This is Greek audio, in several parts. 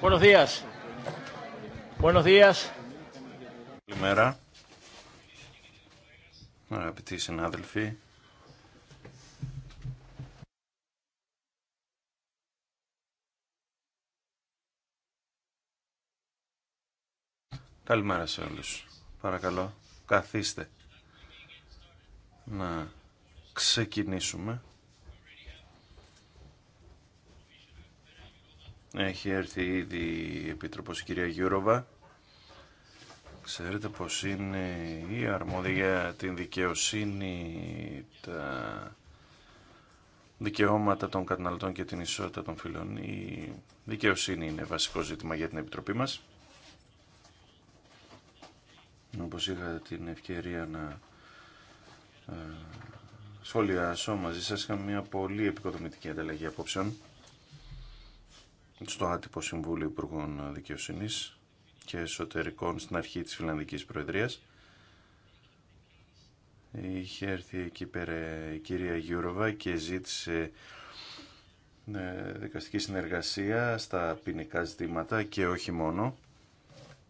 Buenos días. Καλημέρα. Αγαπητοί συνάδελφοι. Καλημέρα σε όλους. Παρακαλώ, καθίστε να ξεκινήσουμε. Έχει έρθει ήδη η Επίτροπος η κυρία Γιούροβα. Ξέρετε πως είναι η αρμόδια για την δικαιοσύνη, τα δικαιώματα των καταναλωτών και την ισότητα των φίλων; Η δικαιοσύνη είναι βασικό ζήτημα για την Επιτροπή μας. Όπως είχα την ευκαιρία να ε, σχολιάσω μαζί σας, είχαμε μια πολύ επικοδομητική ανταλλαγή απόψεων στο άτυπο Συμβούλιο Υπουργών Δικαιοσύνης και Εσωτερικών στην αρχή της Φιλανδικής Προεδρίας. Είχε έρθει εκεί πέρα η κυρία Γιούροβα και ζήτησε ε, δικαστική συνεργασία στα ποινικά ζητήματα και όχι μόνο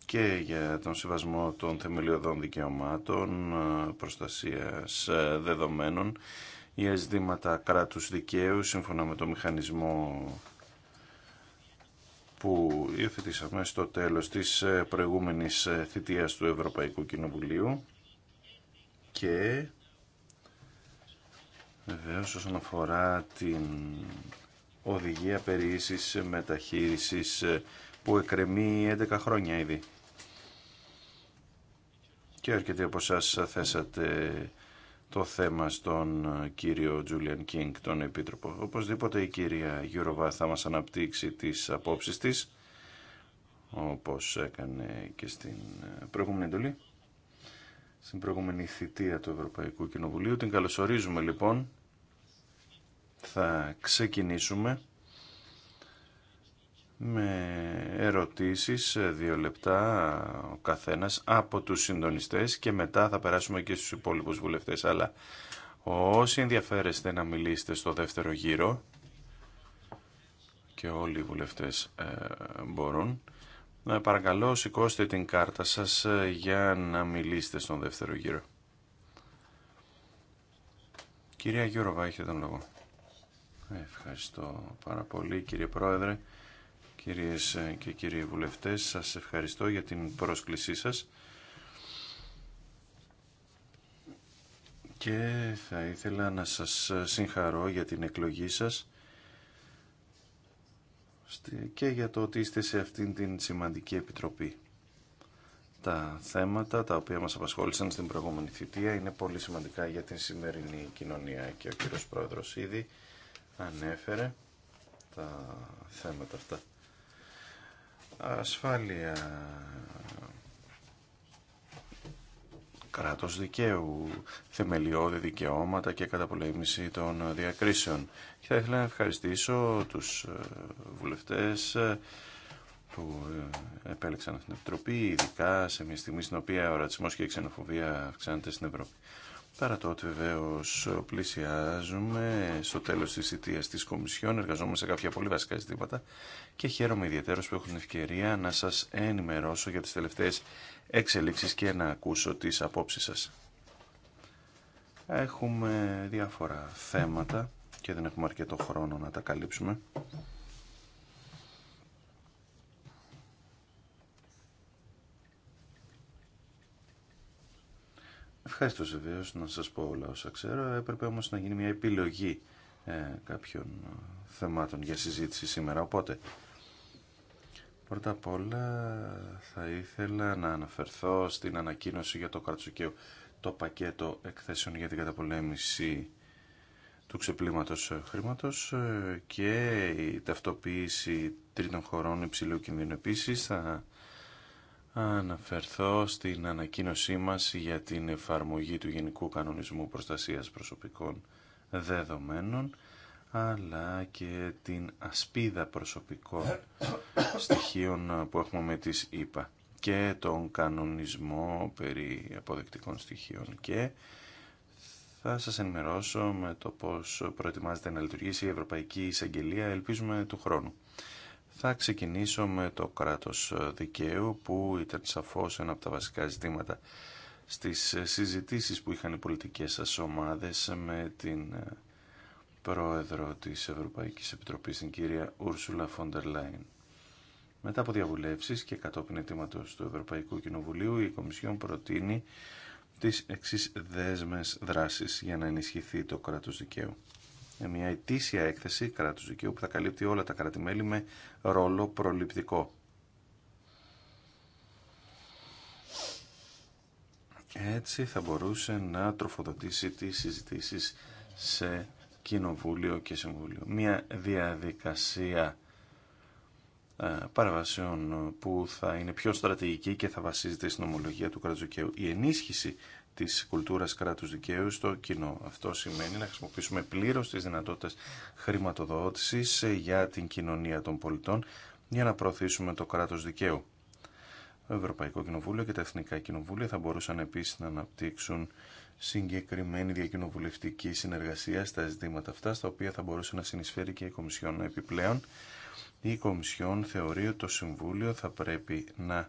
και για τον σεβασμό των θεμελιωδών δικαιωμάτων, ε, προστασίας ε, δεδομένων για ζητήματα κράτους δικαίου σύμφωνα με το μηχανισμό που υιοθετήσαμε στο τέλος της ε, προηγούμενης ε, θητείας του Ευρωπαϊκού Κοινοβουλίου και βεβαίω όσον αφορά την οδηγία περί μεταχείρισης ε, που εκκρεμεί 11 χρόνια ήδη. Και αρκετοί από εσά θέσατε το θέμα στον ε, κύριο Τζούλιαν Κίνγκ, τον Επίτροπο. Οπωσδήποτε η κυρία Γιουροβά θα μας αναπτύξει τις απόψεις της, όπως έκανε και στην ε, προηγούμενη εντολή, στην προηγούμενη θητεία του Ευρωπαϊκού Κοινοβουλίου. Την καλωσορίζουμε λοιπόν. Θα ξεκινήσουμε με ερωτήσεις, ε, δύο λεπτά ο καθένας από τους συντονιστές και μετά θα περάσουμε και στους υπόλοιπους βουλευτές. Αλλά όσοι ενδιαφέρεστε να μιλήσετε στο δεύτερο γύρο και όλοι οι βουλευτές ε, μπορούν, ε, παρακαλώ σηκώστε την κάρτα σας για να μιλήσετε στον δεύτερο γύρο. Κυρία Γιώροβα, έχετε τον λόγο. Ευχαριστώ πάρα πολύ κύριε Πρόεδρε. Κυρίες και κύριοι βουλευτές, σας ευχαριστώ για την πρόσκλησή σας. Και θα ήθελα να σας συγχαρώ για την εκλογή σας και για το ότι είστε σε αυτήν την σημαντική επιτροπή. Τα θέματα τα οποία μας απασχόλησαν στην προηγούμενη θητεία είναι πολύ σημαντικά για την σημερινή κοινωνία και ο κύριος Πρόεδρος ήδη ανέφερε τα θέματα αυτά ασφάλεια κράτος δικαίου, θεμελιώδη δικαιώματα και καταπολέμηση των διακρίσεων. Και θα ήθελα να ευχαριστήσω τους ε, βουλευτές ε, που ε, επέλεξαν αυτήν την επιτροπή, ειδικά σε μια στιγμή στην οποία ο ρατσισμός και η ξενοφοβία αυξάνεται στην Ευρώπη. Πέρα το ότι βεβαίω πλησιάζουμε στο τέλος της θητείας της Κομισιόν, εργαζόμαστε σε κάποια πολύ βασικά ζητήματα και χαίρομαι ιδιαίτερα που έχω την ευκαιρία να σας ενημερώσω για τις τελευταίες εξελίξεις και να ακούσω τις απόψεις σας. Έχουμε διάφορα θέματα και δεν έχουμε αρκετό χρόνο να τα καλύψουμε. Ευχαριστώ βεβαίω να σας πω όλα όσα ξέρω. Έπρεπε όμως να γίνει μια επιλογή ε, κάποιων ε, θεμάτων για συζήτηση σήμερα. Οπότε, πρώτα απ' όλα θα ήθελα να αναφερθώ στην ανακοίνωση για το καρτσοκέο το πακέτο εκθέσεων για την καταπολέμηση του ξεπλήματος χρήματος ε, και η ταυτοποίηση τρίτων χωρών υψηλού κινδύνου επίσης θα αναφερθώ στην ανακοίνωσή μας για την εφαρμογή του Γενικού Κανονισμού Προστασίας Προσωπικών Δεδομένων αλλά και την ασπίδα προσωπικών στοιχείων που έχουμε με τις ΕΠΑ και τον κανονισμό περί αποδεκτικών στοιχείων και θα σας ενημερώσω με το πώς προετοιμάζεται να λειτουργήσει η Ευρωπαϊκή Εισαγγελία ελπίζουμε του χρόνου. Θα ξεκινήσω με το κράτος ε, δικαίου που ήταν σαφώς ένα από τα βασικά ζητήματα στις ε, συζητήσεις που είχαν οι πολιτικές σας ομάδες με την ε, πρόεδρο της Ευρωπαϊκής Επιτροπής, την κυρία Ούρσουλα Φοντερ Λάιν. Μετά από διαβουλεύσεις και κατόπιν αιτήματος του Ευρωπαϊκού Κοινοβουλίου, η Κομισιόν προτείνει τις εξής δέσμες δράσεις για να ενισχυθεί το κράτος δικαίου. Ε, μια ετήσια έκθεση κρατου δικαίου που θα καλύπτει όλα τα κρατη με ρόλο προληπτικό. Έτσι θα μπορούσε να τροφοδοτήσει τις συζητήσεις σε Κοινοβούλιο και Συμβούλιο. Μια διαδικασία ε, παραβασιών που θα είναι πιο στρατηγική και θα βασίζεται στην ομολογία του κρατζοκαίου. Η ενίσχυση της κουλτούρας κράτους δικαίου στο κοινό. Αυτό σημαίνει να χρησιμοποιήσουμε πλήρως τις δυνατότητες χρηματοδότησης ε, για την κοινωνία των πολιτών για να προωθήσουμε το κράτος δικαίου. Το Ευρωπαϊκό Κοινοβούλιο και τα Εθνικά Κοινοβούλια θα μπορούσαν επίσης να αναπτύξουν συγκεκριμένη διακοινοβουλευτική συνεργασία στα ζητήματα αυτά, στα οποία θα μπορούσε να συνεισφέρει και η Κομισιόν επιπλέον. Η Κομισιόν θεωρεί ότι το Συμβούλιο θα πρέπει να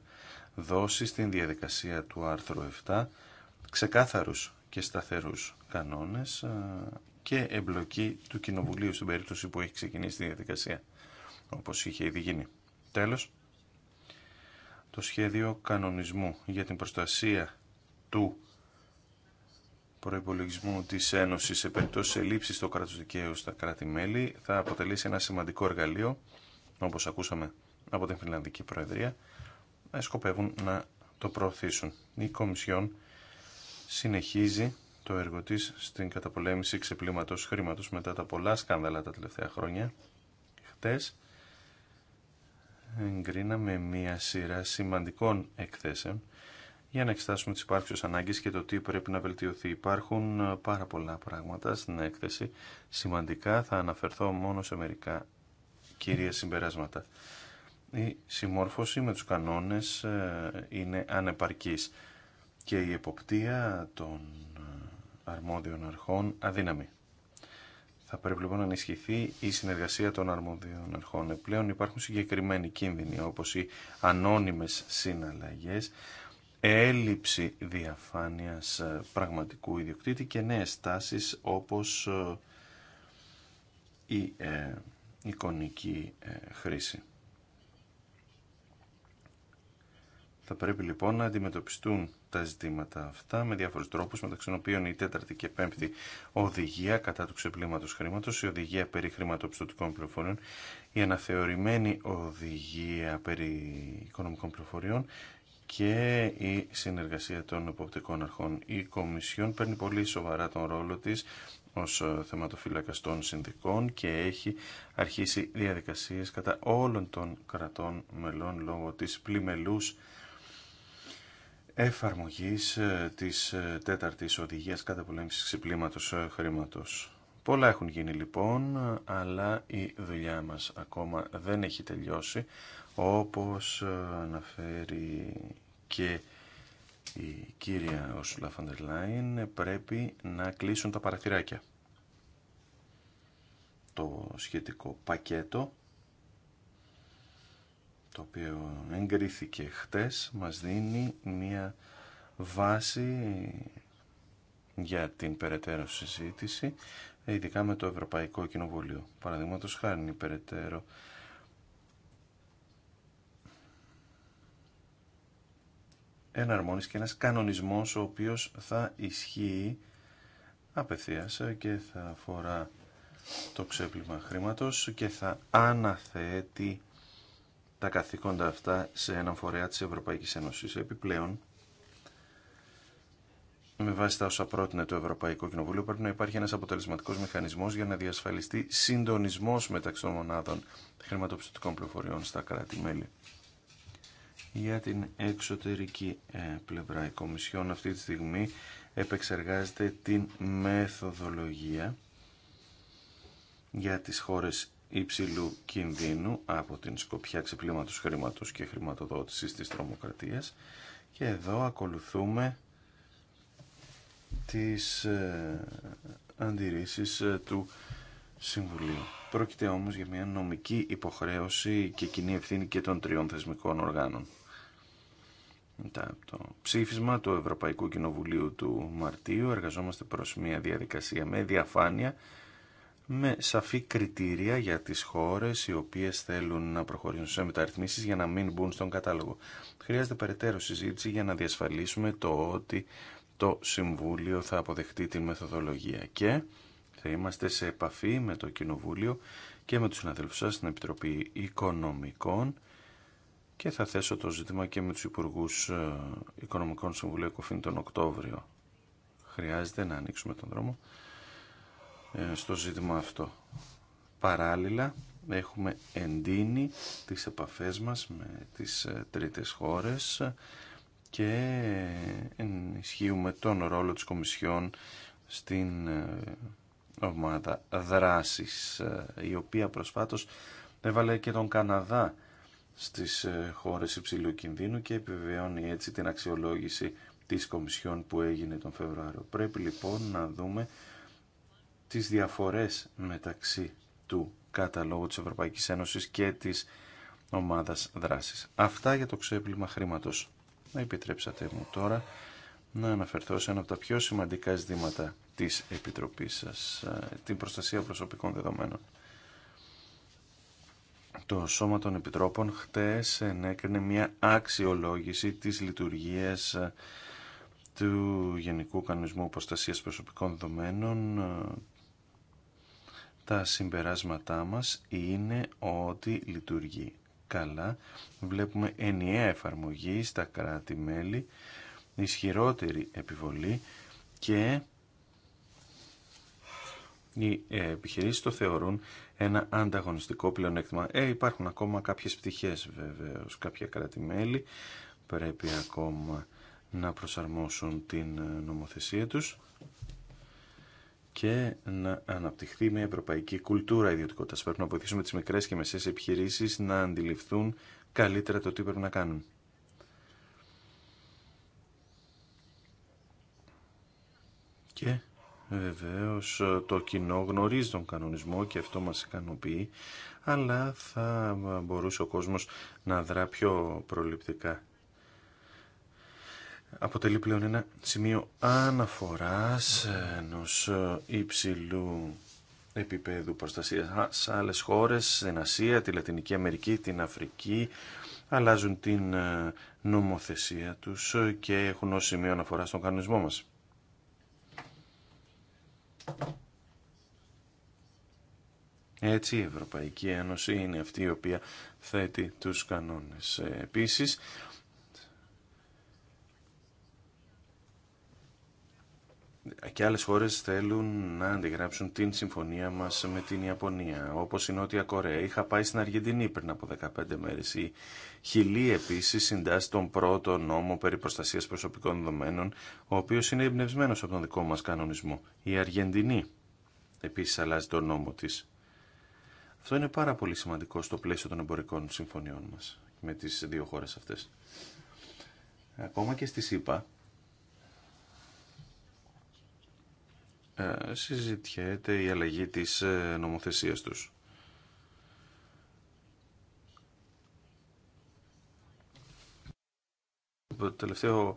δώσει στην διαδικασία του άρθρου 7 ξεκάθαρους και σταθερούς κανόνες ε, και εμπλοκή του Κοινοβουλίου στην περίπτωση που έχει ξεκινήσει τη διαδικασία, όπως είχε ήδη γίνει. Τέλος, το σχέδιο κανονισμού για την προστασία του προϋπολογισμού της Ένωσης σε περίπτωση ελλείψης στο κράτο δικαίου στα κράτη-μέλη θα αποτελεί ένα σημαντικό εργαλείο, όπως ακούσαμε από την Φιλανδική Προεδρία, ε, σκοπεύουν να το προωθήσουν. Η Κομισιόν συνεχίζει το έργο της στην καταπολέμηση ξεπλήματος χρήματος μετά τα πολλά σκάνδαλα τα τελευταία χρόνια. Χτες εγκρίναμε μία σειρά σημαντικών εκθέσεων για να εξετάσουμε τις υπάρχουσες ανάγκες και το τι πρέπει να βελτιωθεί. Υπάρχουν ε, πάρα πολλά πράγματα στην έκθεση. Σημαντικά θα αναφερθώ μόνο σε μερικά κυρία συμπεράσματα. Η συμμόρφωση με τους κανόνες ε, είναι ανεπαρκής και η εποπτεία των ε, αρμόδιων αρχών αδύναμη. Θα πρέπει λοιπόν να ενισχυθεί η συνεργασία των αρμόδιων αρχών. Επλέον υπάρχουν συγκεκριμένοι κίνδυνοι όπως οι ανώνυμες συναλλαγές, έλλειψη διαφάνειας ε, πραγματικού ιδιοκτήτη και νέες τάσεις όπως ε, η εικονική χρήση. Θα πρέπει λοιπόν να αντιμετωπιστούν τα ζητήματα αυτά με διάφορους τρόπους μεταξύ των οποίων η τέταρτη και πέμπτη οδηγία κατά του ξεπλήματος χρήματος, η οδηγία περί χρηματοπιστωτικών πληροφοριών, η αναθεωρημένη οδηγία περί οικονομικών πληροφοριών και η συνεργασία των εποπτικών αρχών. Η Κομισιόν παίρνει πολύ σοβαρά τον ρόλο της ως θεματοφύλακας των συνδικών και έχει αρχίσει διαδικασίες κατά όλων των κρατών μελών λόγω της πλημελού εφαρμογής ε, της ε, τέταρτης οδηγίας πολέμηση ξυπλήματος ε, χρήματος. Πολλά έχουν γίνει λοιπόν, αλλά η δουλειά μας ακόμα δεν έχει τελειώσει, όπως αναφέρει και η κύρια Ωσουλα Φαντερ πρέπει να κλείσουν τα παραθυράκια. Το σχετικό πακέτο το οποίο εγκρίθηκε χτες μας δίνει μια βάση για την περαιτέρω συζήτηση ειδικά με το Ευρωπαϊκό Κοινοβούλιο. Παραδείγματος χάρη περαιτέρω εναρμόνιση και ένας κανονισμός ο οποίος θα ισχύει απευθείας και θα αφορά το ξέπλυμα χρήματος και θα αναθέτει τα καθήκοντα αυτά σε έναν φορέα της Ευρωπαϊκής Ένωσης. Επιπλέον, με βάση τα όσα πρότεινε το Ευρωπαϊκό Κοινοβούλιο, πρέπει να υπάρχει ένας αποτελεσματικός μηχανισμός για να διασφαλιστεί συντονισμός μεταξύ των μονάδων χρηματοπιστωτικών πληροφοριών στα κράτη-μέλη. Για την εξωτερική ε, πλευρά, η Κομισιόν αυτή τη στιγμή επεξεργάζεται την μεθοδολογία για τις χώρες υψηλού κινδύνου από την σκοπιά ξεπλήματος χρήματος και χρηματοδότησης της τρομοκρατίας και εδώ ακολουθούμε τις ε, αντιρρήσεις ε, του Συμβουλίου. Πρόκειται όμως για μια νομική υποχρέωση και κοινή ευθύνη και των τριών θεσμικών οργάνων. Μετά το ψήφισμα του Ευρωπαϊκού Κοινοβουλίου του Μαρτίου εργαζόμαστε προς μια διαδικασία με διαφάνεια με σαφή κριτήρια για τις χώρες οι οποίες θέλουν να προχωρήσουν σε μεταρρυθμίσεις για να μην μπουν στον κατάλογο. Χρειάζεται περαιτέρω συζήτηση για να διασφαλίσουμε το ότι το Συμβούλιο θα αποδεχτεί την μεθοδολογία και θα είμαστε σε επαφή με το Κοινοβούλιο και με τους συναδέλφους σας στην Επιτροπή Οικονομικών και θα θέσω το ζήτημα και με τους Υπουργούς ε, Οικονομικών Συμβουλίου Κοφήν τον Οκτώβριο. Χρειάζεται να ανοίξουμε τον δρόμο ε, στο ζήτημα αυτό. Παράλληλα, έχουμε εντείνει τις επαφές μας με τις ε, τρίτες χώρες και ενισχύουμε τον ρόλο της Κομισιόν στην ε, ομάδα δράσης, η οποία προσφάτως έβαλε και τον Καναδά στις χώρες υψηλού κινδύνου και επιβεβαιώνει έτσι την αξιολόγηση της Κομισιόν που έγινε τον Φεβρουάριο. Πρέπει λοιπόν να δούμε τις διαφορές μεταξύ του καταλόγου της Ευρωπαϊκής Ένωσης και της ομάδας δράσης. Αυτά για το ξέπλυμα χρήματος. Να επιτρέψατε μου τώρα να αναφερθώ σε ένα από τα πιο σημαντικά ζητήματα της Επιτροπής σας, ε, την προστασία προσωπικών δεδομένων. Το Σώμα των Επιτρόπων χτες ενέκρινε μια αξιολόγηση της λειτουργίας ε, του Γενικού Κανονισμού Προστασίας Προσωπικών Δεδομένων ε, τα συμπεράσματά μας είναι ότι λειτουργεί καλά. Βλέπουμε ενιαία εφαρμογή στα κράτη-μέλη, ισχυρότερη επιβολή και οι ε, επιχειρήσεις το θεωρούν ένα ανταγωνιστικό πλεονέκτημα. Ε, υπάρχουν ακόμα κάποιες πτυχές βεβαίως, κάποια κράτη-μέλη πρέπει ακόμα να προσαρμόσουν την ε, νομοθεσία τους και να αναπτυχθεί μια ευρωπαϊκή κουλτούρα ιδιωτικότητας. Πρέπει να βοηθήσουμε τις μικρές και μεσαίες επιχειρήσεις να αντιληφθούν καλύτερα το τι πρέπει να κάνουν. Και βεβαίως το κοινό γνωρίζει τον κανονισμό και αυτό μας ικανοποιεί, αλλά θα μπορούσε ο κόσμος να δρά πιο προληπτικά αποτελεί πλέον ένα σημείο αναφοράς ενός ε, υψηλού επίπεδου Προστασία σε άλλες χώρες, στην Ασία, τη Λατινική Αμερική, την Αφρική, αλλάζουν την ε, νομοθεσία τους ε, και έχουν ως σημείο αναφορά στον κανονισμό μας. Έτσι η Ευρωπαϊκή Ένωση είναι αυτή η οποία θέτει τους κανόνες. Επίσης, και άλλες χώρες θέλουν να αντιγράψουν την συμφωνία μας με την Ιαπωνία, όπως η Νότια Κορέα. Είχα πάει στην Αργεντινή πριν από 15 μέρες. Η Χιλή επίσης συντάσσει τον πρώτο νόμο περί προστασίας προσωπικών δεδομένων, ο οποίος είναι εμπνευσμένο από τον δικό μας κανονισμό. Η Αργεντινή επίσης αλλάζει τον νόμο της. Αυτό είναι πάρα πολύ σημαντικό στο πλαίσιο των εμπορικών συμφωνιών μας με τις δύο χώρες αυτές. Ακόμα και στη ΣΥΠΑ, Ε, συζητιέται η αλλαγή της ε, νομοθεσίας τους. Το τελευταίο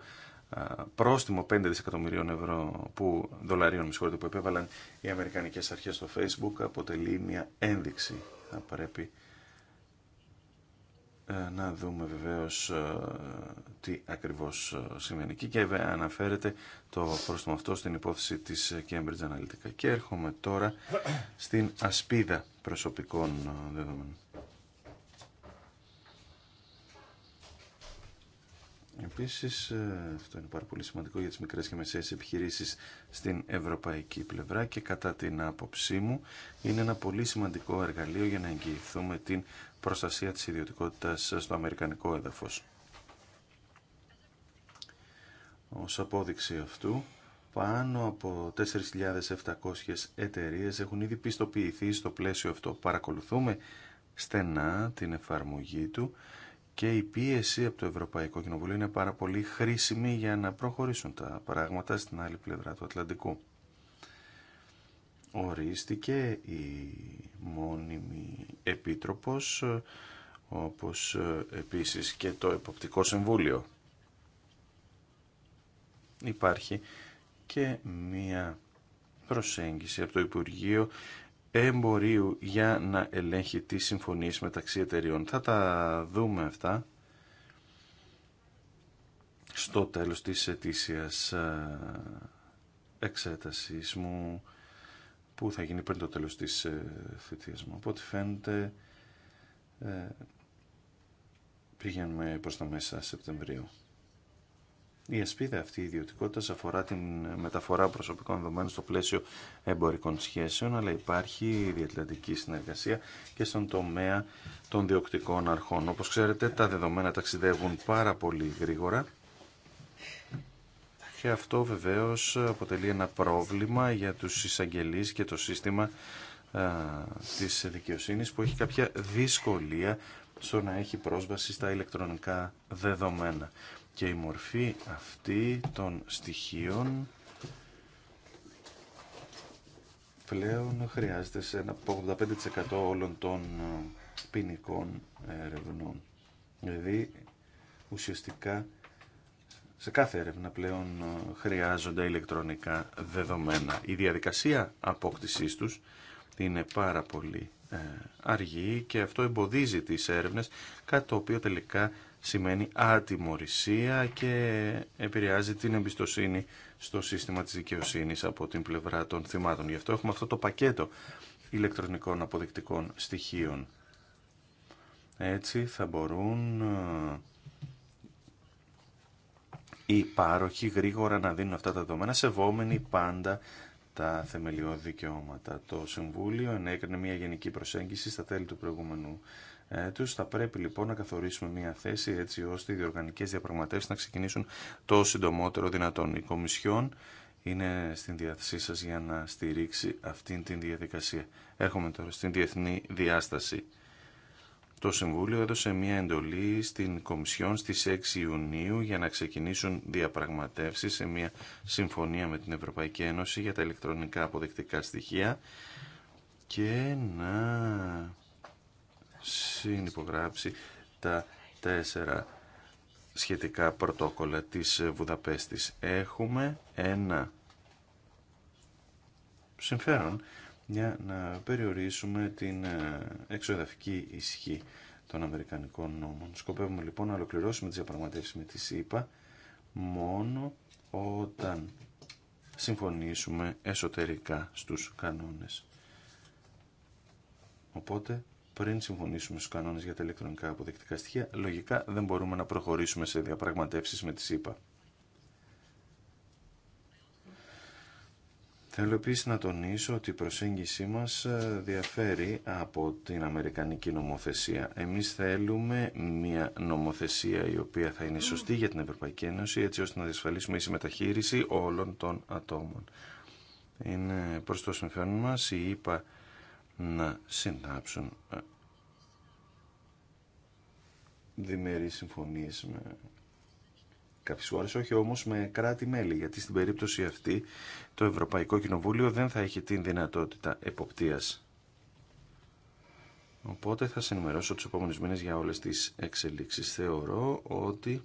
ε, πρόστιμο 5 δισεκατομμυρίων ευρώ που, δολαρίων με που επέβαλαν οι Αμερικανικές αρχές στο Facebook αποτελεί μια ένδειξη. Θα πρέπει ε, να δούμε βεβαίως ε, τι ακριβώς ε, σημαίνει. Και αναφέρεται το πρόστιμο αυτό στην υπόθεση της Cambridge Analytica. Και έρχομαι τώρα στην ασπίδα προσωπικών δεδομένων. Επίσης, αυτό είναι πάρα πολύ σημαντικό για τις μικρές και μεσαίες επιχειρήσεις στην ευρωπαϊκή πλευρά και κατά την άποψή μου είναι ένα πολύ σημαντικό εργαλείο για να εγγυηθούμε την προστασία της ιδιωτικότητας στο αμερικανικό έδαφος. Ως απόδειξη αυτού, πάνω από 4.700 εταιρείες έχουν ήδη πιστοποιηθεί στο πλαίσιο αυτό. Παρακολουθούμε στενά την εφαρμογή του και η πίεση από το Ευρωπαϊκό Κοινοβουλίο είναι πάρα πολύ χρήσιμη για να προχωρήσουν τα πράγματα στην άλλη πλευρά του Ατλαντικού ορίστηκε η μόνιμη επίτροπος όπως ε, επίσης και το Εποπτικό Συμβούλιο. Υπάρχει και μία προσέγγιση από το Υπουργείο Εμπορίου για να ελέγχει τις συμφωνίες μεταξύ εταιριών. Θα τα δούμε αυτά στο τέλος της ετήσιας ε, εξέτασης μου που θα γίνει πριν το τέλος της ε, θητείας μου. Οπότε φαίνεται ε, πηγαίνουμε προς τα μέσα Σεπτεμβρίου. Η ασπίδα αυτή η ιδιωτικότητα αφορά την μεταφορά προσωπικών δεδομένων στο πλαίσιο εμπορικών σχέσεων, αλλά υπάρχει διατλαντική συνεργασία και στον τομέα των διοκτικών αρχών. Όπως ξέρετε, τα δεδομένα ταξιδεύουν πάρα πολύ γρήγορα και αυτό βεβαίως αποτελεί ένα πρόβλημα για τους εισαγγελείς και το σύστημα α, της δικαιοσύνης που έχει κάποια δυσκολία στο να έχει πρόσβαση στα ηλεκτρονικά δεδομένα. Και η μορφή αυτή των στοιχείων πλέον χρειάζεται σε ένα 85% όλων των ποινικών ερευνών. Δηλαδή ουσιαστικά σε κάθε έρευνα πλέον ε, χρειάζονται ηλεκτρονικά δεδομένα. Η διαδικασία απόκτησής τους είναι πάρα πολύ ε, αργή και αυτό εμποδίζει τις έρευνες, κάτι το οποίο τελικά σημαίνει ατιμορρησία και επηρεάζει την εμπιστοσύνη στο σύστημα της δικαιοσύνης από την πλευρά των θυμάτων. Γι' αυτό έχουμε αυτό το πακέτο ηλεκτρονικών αποδεικτικών στοιχείων. Έτσι θα μπορούν ε, οι πάροχοι γρήγορα να δίνουν αυτά τα δεδομένα, σεβόμενοι πάντα τα θεμελιώδη δικαιώματα. Το Συμβούλιο ενέκρινε μια γενική προσέγγιση στα τέλη του προηγούμενου έτου. Θα πρέπει λοιπόν να καθορίσουμε μια θέση έτσι ώστε οι διοργανικέ διαπραγματεύσει να ξεκινήσουν το συντομότερο δυνατόν. Η Κομισιόν είναι στην διάθεσή σα για να στηρίξει αυτήν την διαδικασία. Έρχομαι τώρα στην διεθνή διάσταση το Συμβούλιο έδωσε μια εντολή στην Κομισιόν στις 6 Ιουνίου για να ξεκινήσουν διαπραγματεύσεις σε μια συμφωνία με την Ευρωπαϊκή Ένωση για τα ηλεκτρονικά αποδεκτικά στοιχεία και να συνυπογράψει τα τέσσερα σχετικά πρωτόκολλα της Βουδαπέστης. Έχουμε ένα συμφέρον για να περιορίσουμε την ε, εξοδαφική ισχύ των Αμερικανικών νόμων. Σκοπεύουμε λοιπόν να ολοκληρώσουμε τις διαπραγματεύσεις με τη ΣΥΠΑ μόνο όταν συμφωνήσουμε εσωτερικά στους κανόνες. Οπότε πριν συμφωνήσουμε στους κανόνες για τα ηλεκτρονικά αποδεκτικά στοιχεία, λογικά δεν μπορούμε να προχωρήσουμε σε διαπραγματεύσεις με τη ΣΥΠΑ. Θέλω επίσης να τονίσω ότι η προσέγγιση μας ε, διαφέρει από την Αμερικανική νομοθεσία. Εμείς θέλουμε μια νομοθεσία η οποία θα είναι σωστή για την Ευρωπαϊκή Ένωση έτσι ώστε να διασφαλίσουμε η συμμεταχείριση όλων των ατόμων. Είναι προς το συμφέρον μας η να συνάψουν ε, διμερείς συμφωνίες με κάποιε φορέ όχι όμως με κράτη-μέλη, γιατί στην περίπτωση αυτή το Ευρωπαϊκό Κοινοβούλιο δεν θα έχει την δυνατότητα εποπτείας. Οπότε θα σε ενημερώσω τους επόμενους μήνες για όλες τις εξελίξεις. Θεωρώ ότι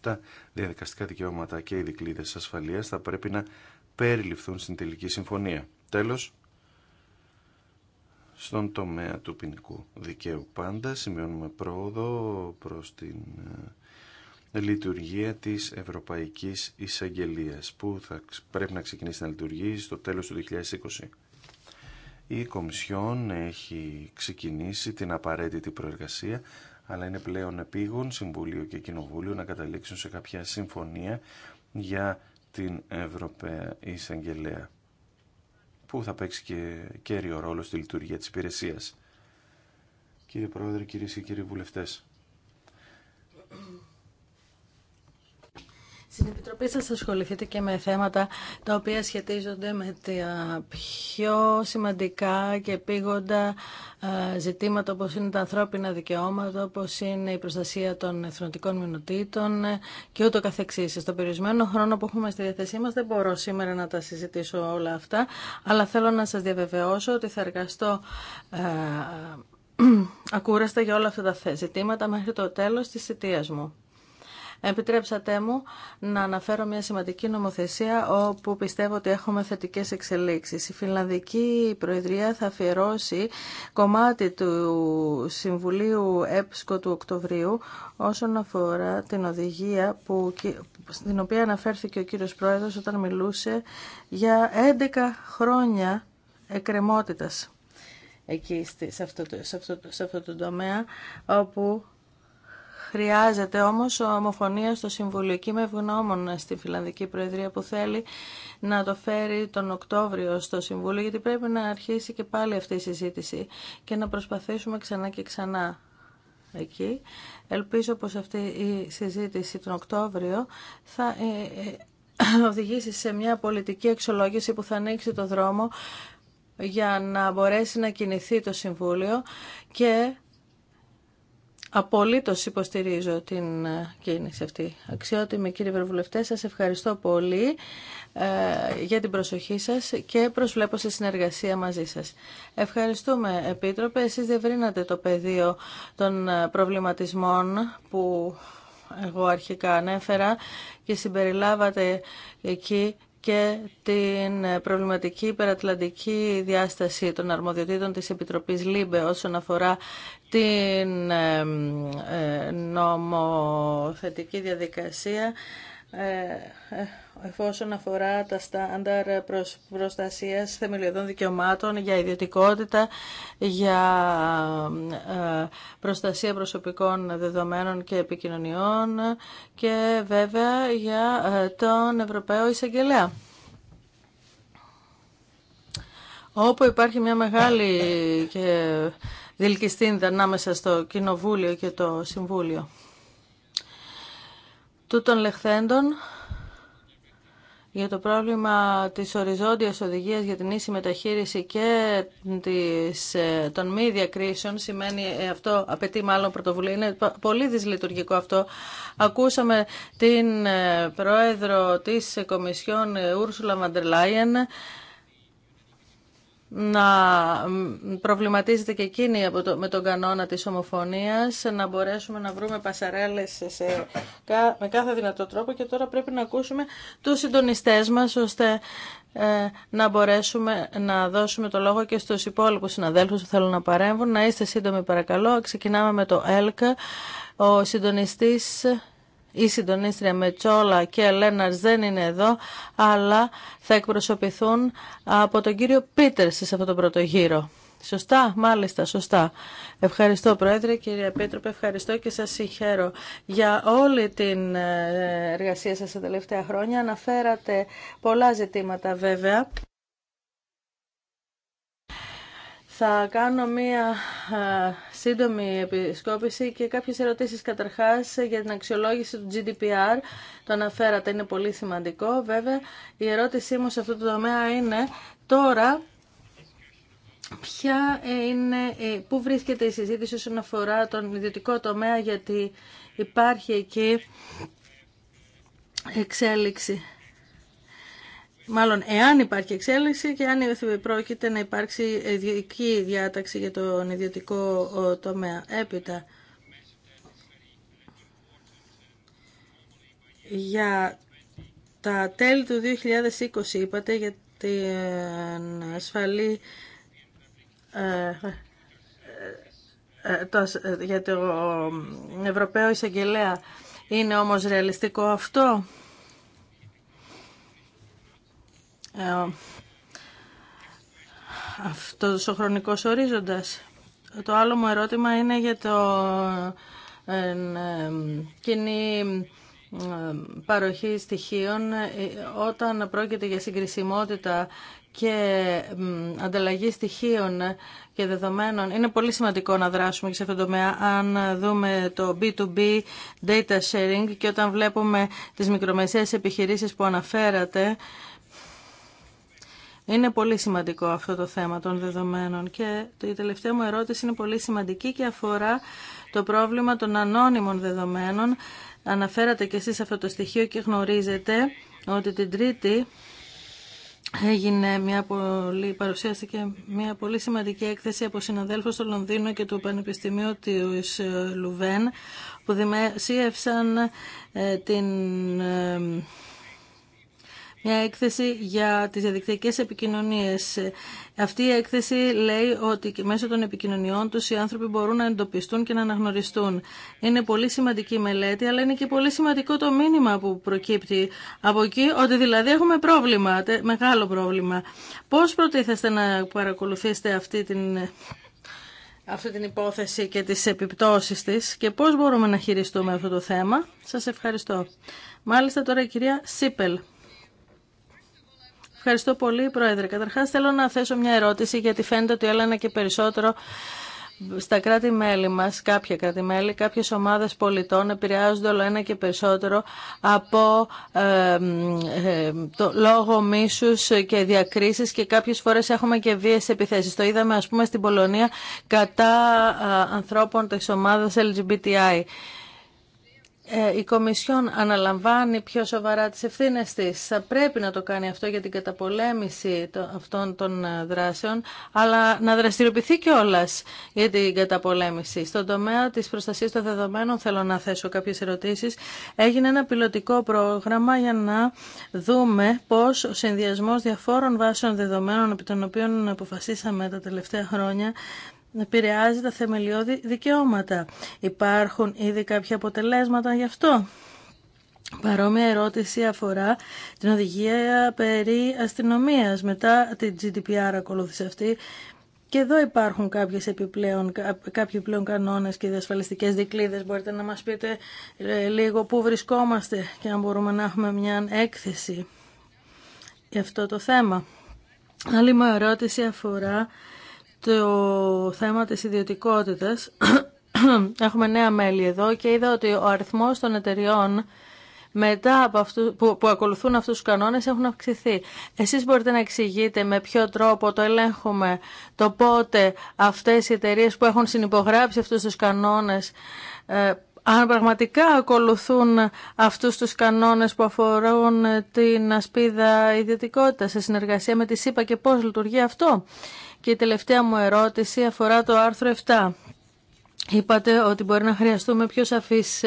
τα διαδικαστικά δικαιώματα και οι δικλείδε ασφαλείας θα πρέπει να περιληφθούν στην τελική συμφωνία. Τέλο, στον τομέα του ποινικού δικαίου πάντα σημειώνουμε πρόοδο προς την ε, λειτουργία της Ευρωπαϊκής εισαγγελία που θα πρέπει να ξεκινήσει να λειτουργεί στο τέλος του 2020. Η Κομισιόν έχει ξεκινήσει την απαραίτητη προεργασία αλλά είναι πλέον επίγον Συμβούλιο και Κοινοβούλιο να καταλήξουν σε κάποια συμφωνία για την Ευρωπαϊκή Εισαγγελέα που θα παίξει και κέριο ρόλο στη λειτουργία της υπηρεσία. Κύριε Πρόεδρε, κυρίε και κύριοι βουλευτές, στην Επιτροπή σας ασχοληθείτε και με θέματα τα οποία σχετίζονται με τα πιο σημαντικά και επίγοντα ε, ζητήματα όπως είναι τα ανθρώπινα δικαιώματα, όπως είναι η προστασία των εθνοτικών μηνοτήτων ε, και ούτω καθεξής. Στο περιορισμένο χρόνο που έχουμε στη διαθεσή μας δεν μπορώ σήμερα να τα συζητήσω όλα αυτά, αλλά θέλω να σας διαβεβαιώσω ότι θα εργαστώ ε, ακούραστα για όλα αυτά τα ζητήματα μέχρι το τέλος της θητείας μου. Επιτρέψατε μου να αναφέρω μια σημαντική νομοθεσία όπου πιστεύω ότι έχουμε θετικές εξελίξεις. Η Φιλανδική Προεδρία θα αφιερώσει κομμάτι του Συμβουλίου ΕΠΣΚΟ του Οκτωβρίου όσον αφορά την οδηγία που, στην οποία αναφέρθηκε ο κύριος Πρόεδρος όταν μιλούσε για 11 χρόνια εκκρεμότητας εκεί σε αυτό, το, σε αυτό το τομέα όπου Χρειάζεται όμως ομοφωνία στο Συμβουλίο και είμαι ευγνώμων στη Φιλανδική Προεδρία που θέλει να το φέρει τον Οκτώβριο στο Συμβούλιο γιατί πρέπει να αρχίσει και πάλι αυτή η συζήτηση και να προσπαθήσουμε ξανά και ξανά εκεί. Ελπίζω πως αυτή η συζήτηση τον Οκτώβριο θα ε, ε, οδηγήσει σε μια πολιτική εξολόγηση που θα ανοίξει το δρόμο για να μπορέσει να κινηθεί το Συμβούλιο και Απολύτως υποστηρίζω την ε, κίνηση αυτή. Αξιότιμη κύριε Ευρωβουλευτέ, σας ευχαριστώ πολύ ε, για την προσοχή σας και προσβλέπω σε συνεργασία μαζί σας. Ευχαριστούμε, Επίτροπε. Εσείς διευρύνατε το πεδίο των ε, προβληματισμών που εγώ αρχικά ανέφερα και συμπεριλάβατε εκεί και την προβληματική υπερατλαντική διάσταση των αρμοδιοτήτων της Επιτροπής ΛΥΜΠΕ όσον αφορά την ε, νομοθετική διαδικασία ε, ε, εφόσον αφορά τα στάνταρ προς προστασίας θεμελιωδών δικαιωμάτων για ιδιωτικότητα, για προστασία προσωπικών δεδομένων και επικοινωνιών και βέβαια για τον Ευρωπαίο Εισαγγελέα. Όπου υπάρχει μια μεγάλη και διελκυστίνεται ανάμεσα στο Κοινοβούλιο και το Συμβούλιο. Τούτων λεχθέντων, για το πρόβλημα της οριζόντιας οδηγίας για την ίση μεταχείριση και της, ε, των μη διακρίσεων σημαίνει ε, αυτό, απαιτεί μάλλον πρωτοβουλία. Είναι πολύ δυσλειτουργικό αυτό. Ακούσαμε την ε, πρόεδρο της Κομισιόν Ούρσουλα Μαντερλάιεν να προβληματίζεται και εκείνη με τον κανόνα της ομοφωνίας, να μπορέσουμε να βρούμε πασαρέλες σε, με κάθε δυνατό τρόπο και τώρα πρέπει να ακούσουμε τους συντονιστές μας ώστε ε, να μπορέσουμε να δώσουμε το λόγο και στους υπόλοιπους συναδέλφους που θέλουν να παρέμβουν. Να είστε σύντομοι παρακαλώ. Ξεκινάμε με το ΕΛΚΑ. Ο συντονιστής η συντονίστρια Μετσόλα και Ελένα δεν είναι εδώ, αλλά θα εκπροσωπηθούν από τον κύριο Πίτερ σε αυτό το πρώτο γύρο. Σωστά, μάλιστα, σωστά. Ευχαριστώ Πρόεδρε, κύριε Πίτροπε, ευχαριστώ και σας συγχαίρω για όλη την ε, εργασία σας τα τελευταία χρόνια. Αναφέρατε πολλά ζητήματα βέβαια. Θα κάνω μία σύντομη επισκόπηση και κάποιες ερωτήσεις καταρχάς για την αξιολόγηση του GDPR. Το αναφέρατε, είναι πολύ σημαντικό. Βέβαια, η ερώτησή μου σε αυτό το τομέα είναι τώρα ποια ε, πού βρίσκεται η συζήτηση όσον αφορά τον ιδιωτικό τομέα γιατί υπάρχει εκεί εξέλιξη μάλλον εάν υπάρχει εξέλιξη και αν πρόκειται να υπάρξει ειδική διάταξη για τον ιδιωτικό τομέα. Έπειτα, για τα τέλη του 2020 είπατε για την ασφαλή ε, ε, ε, για το Ευρωπαίο Εισαγγελέα. Είναι όμως ρεαλιστικό αυτό. Ε, αυτό ο χρονικός ορίζοντας. Το άλλο μου ερώτημα είναι για το ε, ε, κοινή παροχή στοιχείων όταν πρόκειται για συγκρισιμότητα και ανταλλαγή στοιχείων και δεδομένων. Είναι πολύ σημαντικό να δράσουμε σε αυτό το τομέα. Αν δούμε το B2B data sharing και όταν βλέπουμε τις μικρομεσαίες επιχειρήσεις που αναφέρατε, είναι πολύ σημαντικό αυτό το θέμα των δεδομένων και η τελευταία μου ερώτηση είναι πολύ σημαντική και αφορά το πρόβλημα των ανώνυμων δεδομένων. Αναφέρατε και εσείς αυτό το στοιχείο και γνωρίζετε ότι την Τρίτη Έγινε μια πολύ, παρουσιάστηκε μια πολύ σημαντική έκθεση από συναδέλφους στο Λονδίνο και του Πανεπιστημίου της ε, Λουβέν που δημοσίευσαν ε, την ε, μια έκθεση για τις διαδικτυακές επικοινωνίες. Αυτή η έκθεση λέει ότι μέσω των επικοινωνιών τους οι άνθρωποι μπορούν να εντοπιστούν και να αναγνωριστούν. Είναι πολύ σημαντική η μελέτη, αλλά είναι και πολύ σημαντικό το μήνυμα που προκύπτει από εκεί, ότι δηλαδή έχουμε πρόβλημα, μεγάλο πρόβλημα. Πώς προτίθεστε να παρακολουθήσετε αυτή την αυτή την υπόθεση και τις επιπτώσεις της και πώς μπορούμε να χειριστούμε αυτό το θέμα. Σας ευχαριστώ. Μάλιστα τώρα η κυρία Σίπελ. Ευχαριστώ πολύ, Πρόεδρε. Καταρχάς θέλω να θέσω μια ερώτηση, γιατί φαίνεται ότι ένα και περισσότερο στα κράτη-μέλη μας, κάποια κράτη-μέλη, κάποιες ομάδες πολιτών επηρεάζονται όλο ένα και περισσότερο από ε, ε, το λόγο μίσους και διακρίσεις και κάποιες φορές έχουμε και βίες επιθέσεις. Το είδαμε ας πούμε στην Πολωνία κατά ε, ανθρώπων της ομάδας LGBTI. Ε, η Κομισιόν αναλαμβάνει πιο σοβαρά τις ευθύνες της. Θα πρέπει να το κάνει αυτό για την καταπολέμηση αυτών των ε, δράσεων, αλλά να δραστηριοποιηθεί κιόλα για την καταπολέμηση. Στον τομέα της προστασίας των δεδομένων θέλω να θέσω κάποιες ερωτήσεις. Έγινε ένα πιλωτικό πρόγραμμα για να δούμε πώς ο συνδυασμός διαφόρων βάσεων δεδομένων, επί των οποίων αποφασίσαμε τα τελευταία χρόνια, επηρεάζει τα θεμελιώδη δικαιώματα. Υπάρχουν ήδη κάποια αποτελέσματα γι' αυτό. Παρόμοια ερώτηση αφορά την οδηγία περί αστυνομίας. Μετά την GDPR ακολούθησε αυτή. Και εδώ υπάρχουν κάποιες επιπλέον, κάποιοι πλέον κανόνες και διασφαλιστικές δικλείδες. Μπορείτε να μας πείτε ε, λίγο πού βρισκόμαστε και αν μπορούμε να έχουμε μια έκθεση για αυτό το θέμα. Άλλη μου ερώτηση αφορά το θέμα της ιδιωτικότητας, έχουμε νέα μέλη εδώ και είδα ότι ο αριθμός των εταιριών μετά από αυτού, που, ακολουθούν αυτούς τους κανόνες έχουν αυξηθεί. Εσείς μπορείτε να εξηγείτε με ποιο τρόπο το ελέγχουμε, το πότε αυτές οι εταιρείε που έχουν συνυπογράψει αυτούς τους κανόνες ε, αν πραγματικά ακολουθούν αυτούς τους κανόνες που αφορούν την ασπίδα ιδιωτικότητα σε συνεργασία με τη ΣΥΠΑ και πώς λειτουργεί αυτό. Και η τελευταία μου ερώτηση αφορά το άρθρο 7. Είπατε ότι μπορεί να χρειαστούμε πιο σαφείς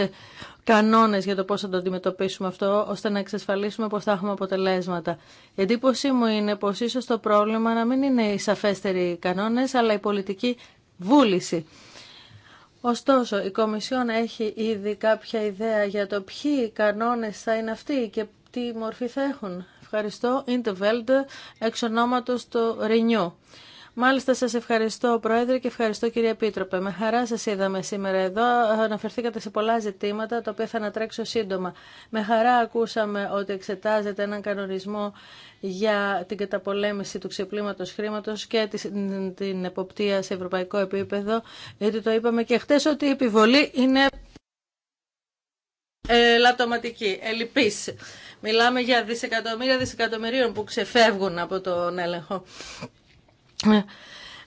κανόνες για το πώς θα το αντιμετωπίσουμε αυτό, ώστε να εξασφαλίσουμε πως θα έχουμε αποτελέσματα. Η εντύπωσή μου είναι πως ίσως το πρόβλημα να μην είναι οι σαφέστεροι κανόνες, αλλά η πολιτική βούληση. Ωστόσο, η Κομισιόν έχει ήδη κάποια ιδέα για το ποιοι κανόνες θα είναι αυτοί και τι μορφή θα έχουν. Ευχαριστώ. Ιντεβέλντ, εξ ονόματος του Ρινιού. Μάλιστα σας ευχαριστώ Πρόεδρε και ευχαριστώ κύριε Επίτροπε. Με χαρά σας είδαμε σήμερα εδώ. Αναφερθήκατε σε πολλά ζητήματα τα οποία θα ανατρέξω σύντομα. Με χαρά ακούσαμε ότι εξετάζεται έναν κανονισμό για την καταπολέμηση του ξεπλήματο χρήματο και την εποπτεία σε ευρωπαϊκό επίπεδο. Γιατί το είπαμε και χτε ότι η επιβολή είναι ε, λατωματική, ελλειπή. Μιλάμε για δισεκατομμύρια δισεκατομμυρίων που ξεφεύγουν από τον έλεγχο.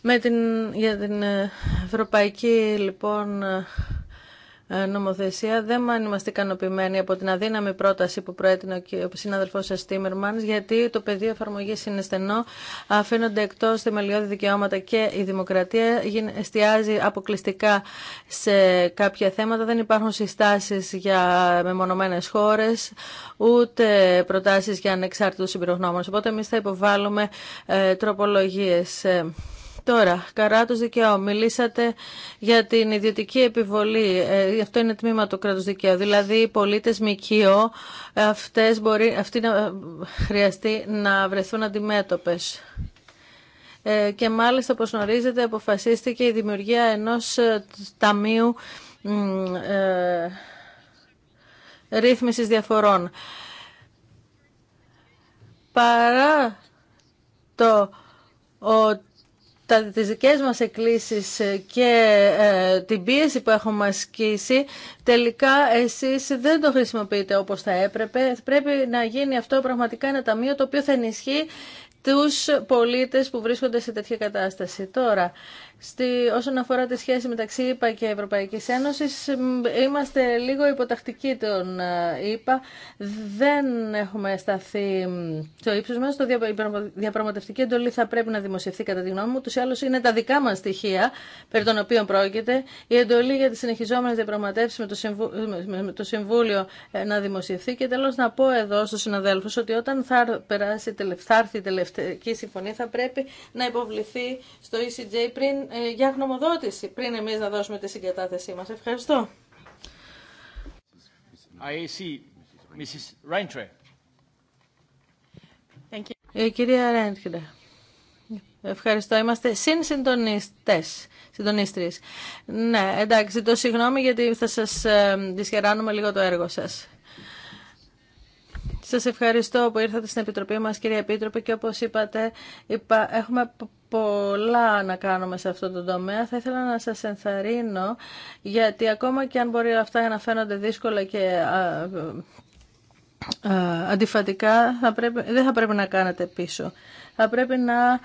Με την, για την ε, ευρωπαϊκή λοιπόν ε, ε, νομοθεσία. Δεν είμαστε ικανοποιημένοι από την αδύναμη πρόταση που προέτεινε ο συνάδελφός σας Τίμερμανς, γιατί το πεδίο εφαρμογή είναι στενό, αφήνονται εκτός θεμελιώδη δικαιώματα και η δημοκρατία εστιάζει αποκλειστικά σε κάποια θέματα. Δεν υπάρχουν συστάσεις για μεμονωμένες χώρες, ούτε προτάσεις για ανεξάρτητου συμπειρογνώμονες. Οπότε εμεί θα υποβάλλουμε ε, τροπολογίες. Ε, Τώρα, καράτος δικαίου. Μιλήσατε για την ιδιωτική επιβολή. Ε, αυτό είναι τμήμα του κράτου δικαίου. Δηλαδή, οι πολίτε ΜΚΙΟ, αυτές μπορεί, αυτοί να, χρειαστεί να βρεθούν αντιμέτωπες ε, και μάλιστα, όπω γνωρίζετε, αποφασίστηκε η δημιουργία ενός ε, ταμείου ε, ρύθμισης διαφορών. Παρά το ότι τα, τις δικές μας εκκλήσεις ε, και ε, την πίεση που έχουμε ασκήσει, τελικά εσείς δεν το χρησιμοποιείτε όπως θα έπρεπε. Πρέπει να γίνει αυτό πραγματικά ένα ταμείο το οποίο θα ενισχύει τους πολίτες που βρίσκονται σε τέτοια κατάσταση. Τώρα, στη, όσον αφορά τη σχέση μεταξύ ΕΠΑ ΕΕ και Ευρωπαϊκής Ένωσης είμαστε λίγο υποτακτικοί των ΕΠΑ. ΕΕ. Δεν έχουμε σταθεί στο ύψος μας. Το διαπραγματευτική εντολή θα πρέπει να δημοσιευθεί κατά τη γνώμη μου. Τους άλλους είναι τα δικά μας στοιχεία περί των οποίων πρόκειται. Η εντολή για τις συνεχιζόμενες διαπραγματεύσεις με το, Συμβου... Συμβούλιο ε, να δημοσιευθεί. Και τέλος να πω εδώ στους συναδέλφους ότι όταν θα, περάσει, θα έρθει η τελευταία συμφωνία θα πρέπει να υποβληθεί στο ECJ πριν ε, για γνωμοδότηση πριν εμείς να δώσουμε τη συγκατάθεσή μας. Ευχαριστώ. Ε, κυρία Ευχαριστώ. Είμαστε συνσυντονίστες. Ναι, εντάξει, το συγγνώμη γιατί θα σα ε, δυσχεράνουμε λίγο το έργο σα. Σας ευχαριστώ που ήρθατε στην Επιτροπή μας, κύριε Επίτροπε, και όπως είπατε, έχουμε πολλά να κάνουμε σε αυτό το τομέα. Θα ήθελα να σας ενθαρρύνω, γιατί ακόμα και αν μπορεί αυτά να φαίνονται δύσκολα και αντιφατικά, θα πρέπει, δεν θα πρέπει να κάνετε πίσω. Θα πρέπει να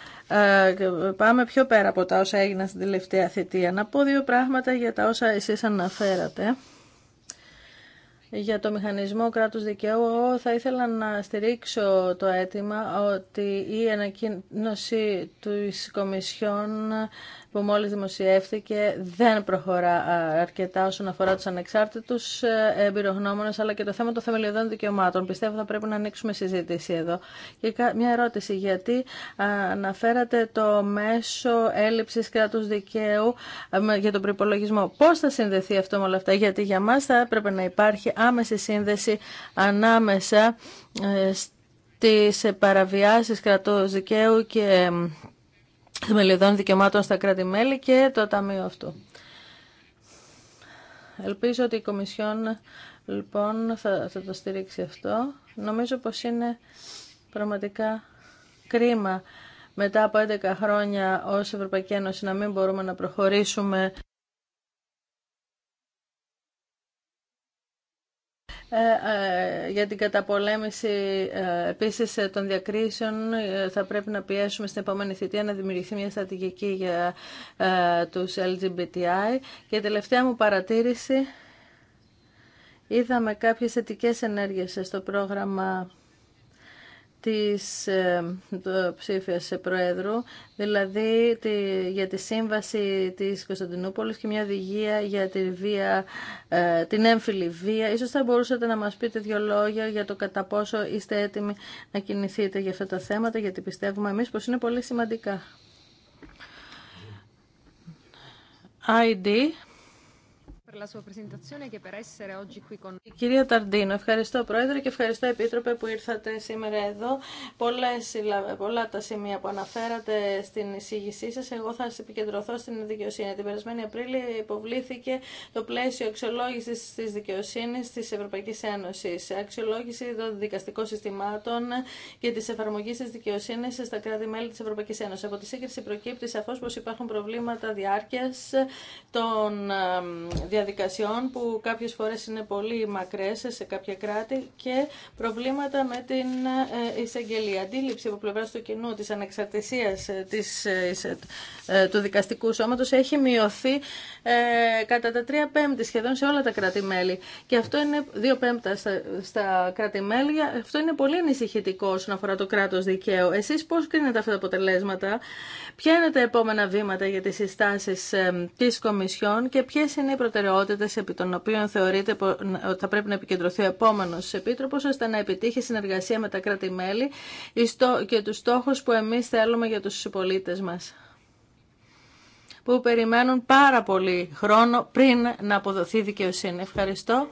πάμε πιο πέρα από τα όσα έγιναν στην τελευταία θητεία. Να πω δύο πράγματα για τα όσα εσείς αναφέρατε για το μηχανισμό κράτους δικαίου, θα ήθελα να στηρίξω το αίτημα ότι η ανακοίνωση της Κομισιόν που μόλις δημοσιεύθηκε δεν προχωρά αρκετά όσον αφορά τους ανεξάρτητους ε, εμπειρογνώμονες αλλά και το θέμα των θεμελιωδών δικαιωμάτων. Πιστεύω θα πρέπει να ανοίξουμε συζήτηση εδώ. Και μια ερώτηση, γιατί αναφέρατε το μέσο έλλειψης κράτους δικαίου για τον προπολογισμό. Πώς θα συνδεθεί αυτό με όλα αυτά, γιατί για μα θα έπρεπε να υπάρχει άμεση σύνδεση ανάμεσα ε, στις παραβιάσεις κρατός δικαίου και θεμελιωδών δικαιωμάτων στα κράτη-μέλη και το Ταμείο αυτού. Ελπίζω ότι η Κομισιόν λοιπόν θα, θα το στηρίξει αυτό. Νομίζω πως είναι πραγματικά κρίμα μετά από 11 χρόνια ως Ευρωπαϊκή Ένωση να μην μπορούμε να προχωρήσουμε Ε, ε, για την καταπολέμηση ε, επίσης των διακρίσεων θα πρέπει να πιέσουμε στην επόμενη θητεία να δημιουργηθεί μια στρατηγική για τους LGBTI. Και η τελευταία μου παρατήρηση, είδαμε κάποιες θετικές ενέργειες στο πρόγραμμα της ε, ψήφιας ε, Προέδρου, δηλαδή για τη σύμβαση της Κωνσταντινούπολης και μια οδηγία για τη βία, ε, την έμφυλη βία. Ίσως θα μπορούσατε να μας πείτε δύο λόγια για το κατά πόσο είστε έτοιμοι να κινηθείτε για αυτά τα θέματα, γιατί πιστεύουμε εμείς πως είναι πολύ σημαντικά. ID, κυρία Ταρντίνο, ευχαριστώ Πρόεδρε και ευχαριστώ Επίτροπε που ήρθατε σήμερα εδώ. Πολλές, πολλά τα σημεία που αναφέρατε στην εισήγησή σας, εγώ θα σας επικεντρωθώ στην δικαιοσύνη. Την περασμένη Απρίλη υποβλήθηκε το πλαίσιο αξιολόγησης της δικαιοσύνης της Ευρωπαϊκής Ένωσης, αξιολόγηση των δικαστικών συστημάτων και της εφαρμογής της δικαιοσύνης στα κράτη-μέλη της Ευρωπαϊκής Ένωσης. Από τη σύγκριση προκύπτει σαφώς πως υπάρχουν προβλήματα διάρκειας των διαδικασίων ε, διαδικασιών που κάποιες φορές είναι πολύ μακρές σε κάποια κράτη και προβλήματα με την ε, εισαγγελία. Αντίληψη από πλευράς του κοινού της ανεξαρτησίας ε, ε, του δικαστικού σώματος έχει μειωθεί κατά τα τρία πέμπτη σχεδόν σε όλα τα κρατη Και αυτό είναι δύο πέμπτα στα, στα κρατη Αυτό είναι πολύ ανησυχητικό όσον αφορά το κράτος δικαίου. Εσείς πώς κρίνετε αυτά τα αποτελέσματα, ποια είναι τα επόμενα βήματα για τις συστάσεις της Κομισιόν και ποιες είναι οι προτεραιότητες προτεραιότητε επί των οποίων θεωρείται ότι θα πρέπει να επικεντρωθεί ο επόμενο επίτροπο ώστε να επιτύχει συνεργασία με τα κράτη-μέλη και του στόχου που εμεί θέλουμε για του συμπολίτε μα. που περιμένουν πάρα πολύ χρόνο πριν να αποδοθεί δικαιοσύνη. Ευχαριστώ.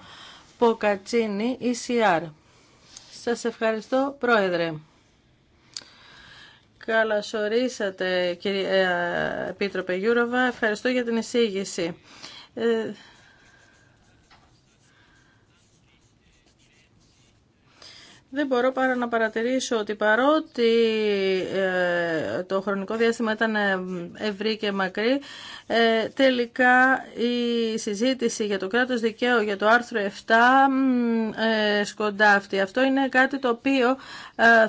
Ποκατσίνη, ECR. Σας ευχαριστώ, Πρόεδρε. Καλώ ορίσατε, κύριε ε, Επίτροπε Γιούροβα. Ευχαριστώ για την εισήγηση. Ε, δεν μπορώ παρά να παρατηρήσω ότι παρότι ε, το χρονικό διάστημα ήταν ε, ευρύ και μακρύ, ε, τελικά η συζήτηση για το κράτος δικαίου, για το άρθρο 7, σκοντάφτει. Αυτό είναι κάτι το οποίο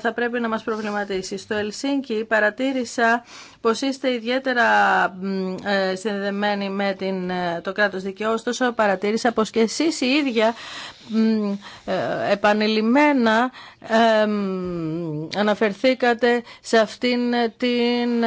θα πρέπει να μας προβληματίσει. Στο Ελσίνκι παρατήρησα πως είστε ιδιαίτερα συνδεδεμένοι με την, το κράτος δικαίου, ωστόσο παρατήρησα πως και εσείς οι ίδια επανειλημμένα αναφερθήκατε σε αυτήν την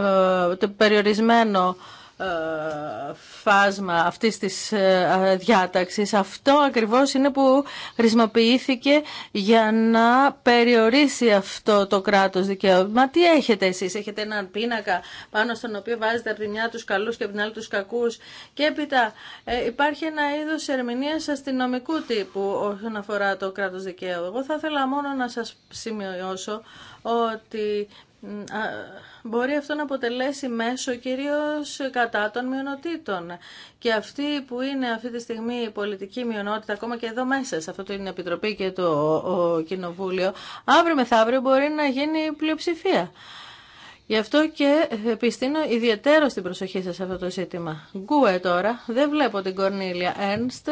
ε, το περιορισμένο ε, φάσμα αυτής της ε, διάταξης. Αυτό ακριβώς είναι που χρησιμοποιήθηκε για να περιορίσει αυτό το κράτος δικαίωμα. Μα τι έχετε εσείς, έχετε έναν πίνακα πάνω στον οποίο βάζετε από τη μια τους καλούς και από την άλλη τους κακούς και έπειτα ε, υπάρχει ένα είδος ερμηνείας αστυνομικού τύπου όσον αφορά το κράτος δικαίου. Εγώ θα ήθελα μόνο να σας σημειώσω ότι μπορεί αυτό να αποτελέσει μέσο κυρίως κατά των μειονοτήτων. Και αυτή που είναι αυτή τη στιγμή η πολιτική μειονότητα, ακόμα και εδώ μέσα, σε αυτό την Επιτροπή και το Κοινοβούλιο, αύριο μεθαύριο μπορεί να γίνει πλειοψηφία. Γι' αυτό και επιστήνω ιδιαίτερο στην προσοχή σας σε αυτό το ζήτημα. Γκουε τώρα, δεν βλέπω την Κορνίλια Ένστ.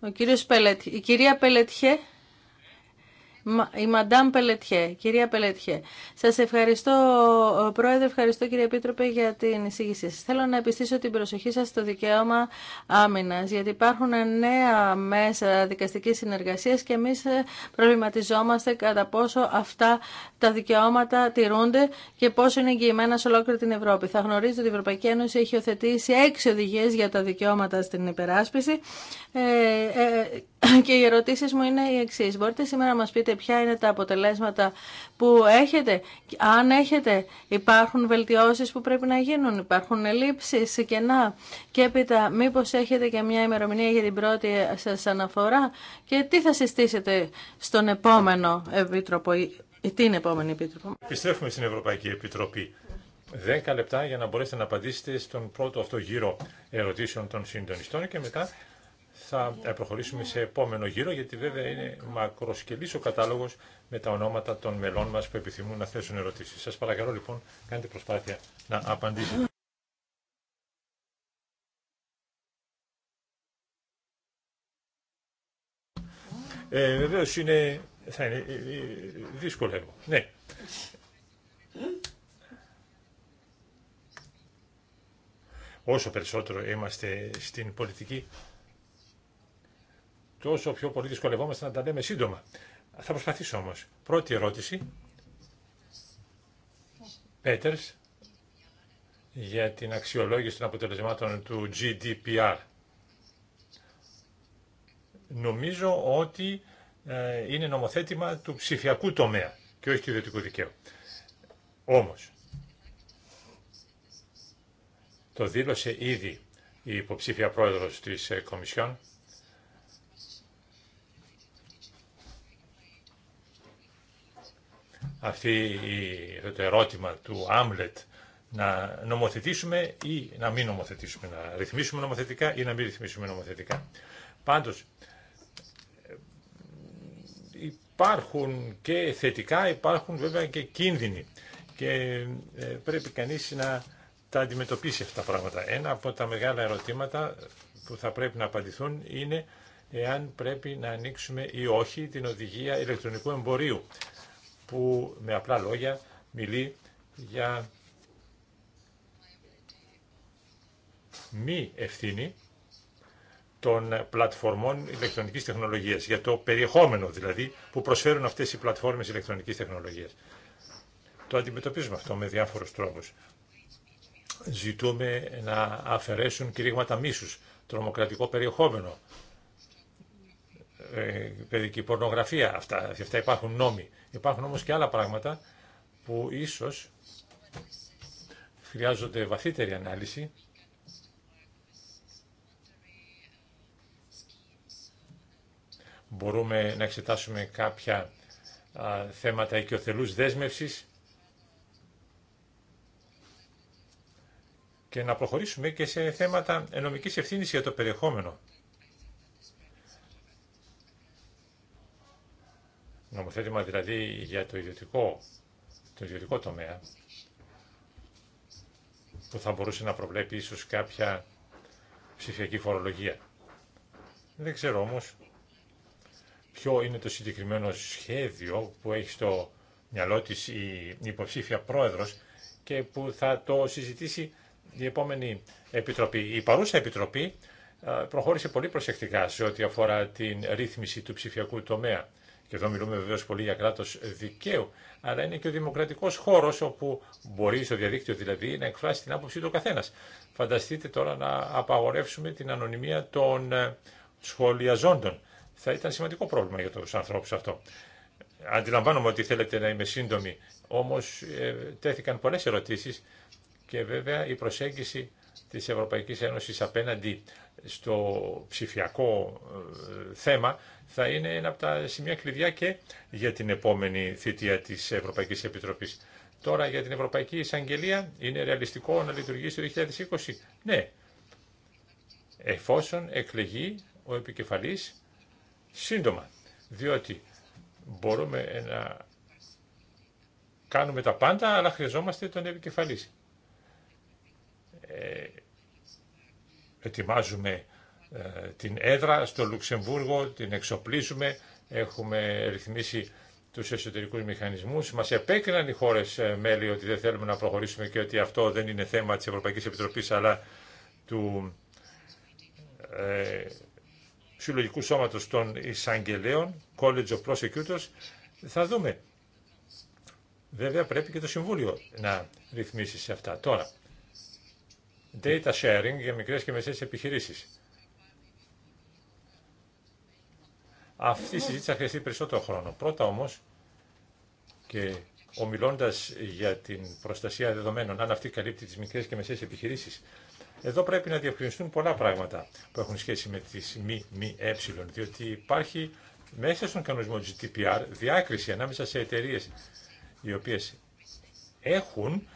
Ο κύριος Πελετ, η κυρία Πελετχέ, η Μαντάμ Πελετιέ, κυρία Πελετιέ. σα ευχαριστώ, Πρόεδρε, ευχαριστώ κύριε Επίτροπε για την εισήγησή σα. Θέλω να επιστήσω την προσοχή σα στο δικαίωμα Άμυνα, γιατί υπάρχουν νέα μέσα δικαστική συνεργασία και εμεί ε, προβληματιζόμαστε κατά πόσο αυτά τα δικαιώματα τηρούνται και πόσο είναι εγγυημένα σε ολόκληρη την Ευρώπη. Θα γνωρίζετε ότι η Ευρωπαϊκή Ένωση έχει οθετήσει έξι οδηγίε για τα δικαιώματα στην υπεράσπιση ε, ε, Και οι ερωτήσεις μου είναι οι εξής. Μπορείτε σήμερα να μας πείτε ποια είναι τα αποτελέσματα που έχετε. Αν έχετε, υπάρχουν βελτιώσεις που πρέπει να γίνουν, υπάρχουν ελλείψεις, κενά. Και έπειτα, μήπως έχετε και μια ημερομηνία για την πρώτη σας αναφορά. Και τι θα συστήσετε στον επόμενο επίτροπο ή την επόμενη επίτροπο. Επιστρέφουμε στην Ευρωπαϊκή Επιτροπή. 10 λεπτά για να μπορέσετε να απαντήσετε στον πρώτο αυτό γύρο ερωτήσεων των συντονιστών και μετά θα προχωρήσουμε σε επόμενο γύρο, γιατί βέβαια είναι μακροσκελής ο κατάλογος με τα ονόματα των μελών μας που επιθυμούν να θέσουν ερωτήσεις. Σας παρακαλώ λοιπόν, κάντε προσπάθεια να απαντήσετε. Ε, Βεβαίω είναι, θα είναι ε, ε, δύσκολο έργο. Ναι. Όσο περισσότερο είμαστε στην πολιτική, τόσο πιο πολύ δυσκολευόμαστε να τα λέμε σύντομα. Θα προσπαθήσω όμως. Πρώτη ερώτηση. Πέτερς για την αξιολόγηση των αποτελεσμάτων του GDPR. Νομίζω ότι ε, είναι νομοθέτημα του ψηφιακού τομέα και όχι του ιδιωτικού δικαίου. Όμως, το δήλωσε ήδη η υποψήφια πρόεδρος της ε, Κομισιόν αυτή, το ερώτημα του Άμλετ να νομοθετήσουμε ή να μην νομοθετήσουμε, να ρυθμίσουμε νομοθετικά ή να μην ρυθμίσουμε νομοθετικά. Πάντως, υπάρχουν και θετικά, υπάρχουν βέβαια και κίνδυνοι και ε, πρέπει κανείς να τα αντιμετωπίσει αυτά τα πράγματα. Ένα από τα μεγάλα ερωτήματα που θα πρέπει να απαντηθούν είναι εάν πρέπει να ανοίξουμε ή όχι την οδηγία ηλεκτρονικού εμπορίου που με απλά λόγια μιλεί για μη ευθύνη των πλατφορμών ηλεκτρονικής τεχνολογίας, για το περιεχόμενο δηλαδή που προσφέρουν αυτές οι πλατφόρμες ηλεκτρονικής τεχνολογίας. Το αντιμετωπίζουμε αυτό με διάφορους τρόπους. Ζητούμε να αφαιρέσουν κηρύγματα μίσους, τρομοκρατικό περιεχόμενο, ε, παιδική πορνογραφία, αυτά, αυτά υπάρχουν νόμοι Υπάρχουν όμως και άλλα πράγματα που ίσως χρειάζονται βαθύτερη ανάλυση μπορούμε να εξετάσουμε κάποια α, θέματα οικειοθελούς δέσμευσης και να προχωρήσουμε και σε θέματα νομικής ευθύνης για το περιεχόμενο. νομοθέτημα δηλαδή για το ιδιωτικό, το ιδιωτικό τομέα που θα μπορούσε να προβλέπει ίσως κάποια ψηφιακή φορολογία. Δεν ξέρω όμως ποιο είναι το συγκεκριμένο σχέδιο που έχει στο μυαλό της η υποψήφια πρόεδρος και που θα το συζητήσει η επόμενη επιτροπή. Η παρούσα επιτροπή προχώρησε πολύ προσεκτικά σε ό,τι αφορά την ρύθμιση του ψηφιακού τομέα και εδώ μιλούμε βεβαίω πολύ για κράτο δικαίου, αλλά είναι και ο δημοκρατικό χώρο όπου μπορεί στο διαδίκτυο δηλαδή να εκφράσει την άποψή του καθένα. καθένας. Φανταστείτε τώρα να απαγορεύσουμε την ανωνυμία των ε, σχολιαζόντων. Θα ήταν σημαντικό πρόβλημα για του ανθρώπου αυτό. Αντιλαμβάνομαι ότι θέλετε να είμαι σύντομη, όμως ε, τέθηκαν πολλέ ερωτήσει και βέβαια η προσέγγιση τη Ευρωπαϊκή Ένωση απέναντι στο ψηφιακό ε, θέμα θα είναι ένα από τα σημεία κλειδιά και για την επόμενη θητεία της Ευρωπαϊκής Επιτροπής. Τώρα για την Ευρωπαϊκή Εισαγγελία είναι ρεαλιστικό να λειτουργήσει το 2020. Ναι, εφόσον εκλεγεί ο επικεφαλής σύντομα, διότι μπορούμε να κάνουμε τα πάντα, αλλά χρειαζόμαστε τον επικεφαλής. Ε, ετοιμάζουμε ε, την έδρα στο Λουξεμβούργο, την εξοπλίζουμε, έχουμε ρυθμίσει τους εσωτερικούς μηχανισμούς. Μας επέκριναν οι χώρες ε, μέλη ότι δεν θέλουμε να προχωρήσουμε και ότι αυτό δεν είναι θέμα της Ευρωπαϊκής Επιτροπής αλλά του ε, Συλλογικού Σώματος των Εισαγγελέων, College of Prosecutors. Θα δούμε. Βέβαια πρέπει και το Συμβούλιο να ρυθμίσει σε αυτά. Τώρα, data sharing για μικρές και μεσαίες επιχειρήσεις. Αυτή η συζήτηση θα χρειαστεί περισσότερο χρόνο. Πρώτα όμω, και ομιλώντα για την προστασία δεδομένων, αν αυτή καλύπτει τι μικρέ και μεσαίε επιχειρήσει, εδώ πρέπει να διευκρινιστούν πολλά πράγματα που έχουν σχέση με τι, μη μη ε, διότι υπάρχει μέσα στον κανονισμό GDPR διάκριση ανάμεσα σε εταιρείε οι οποίε έχουν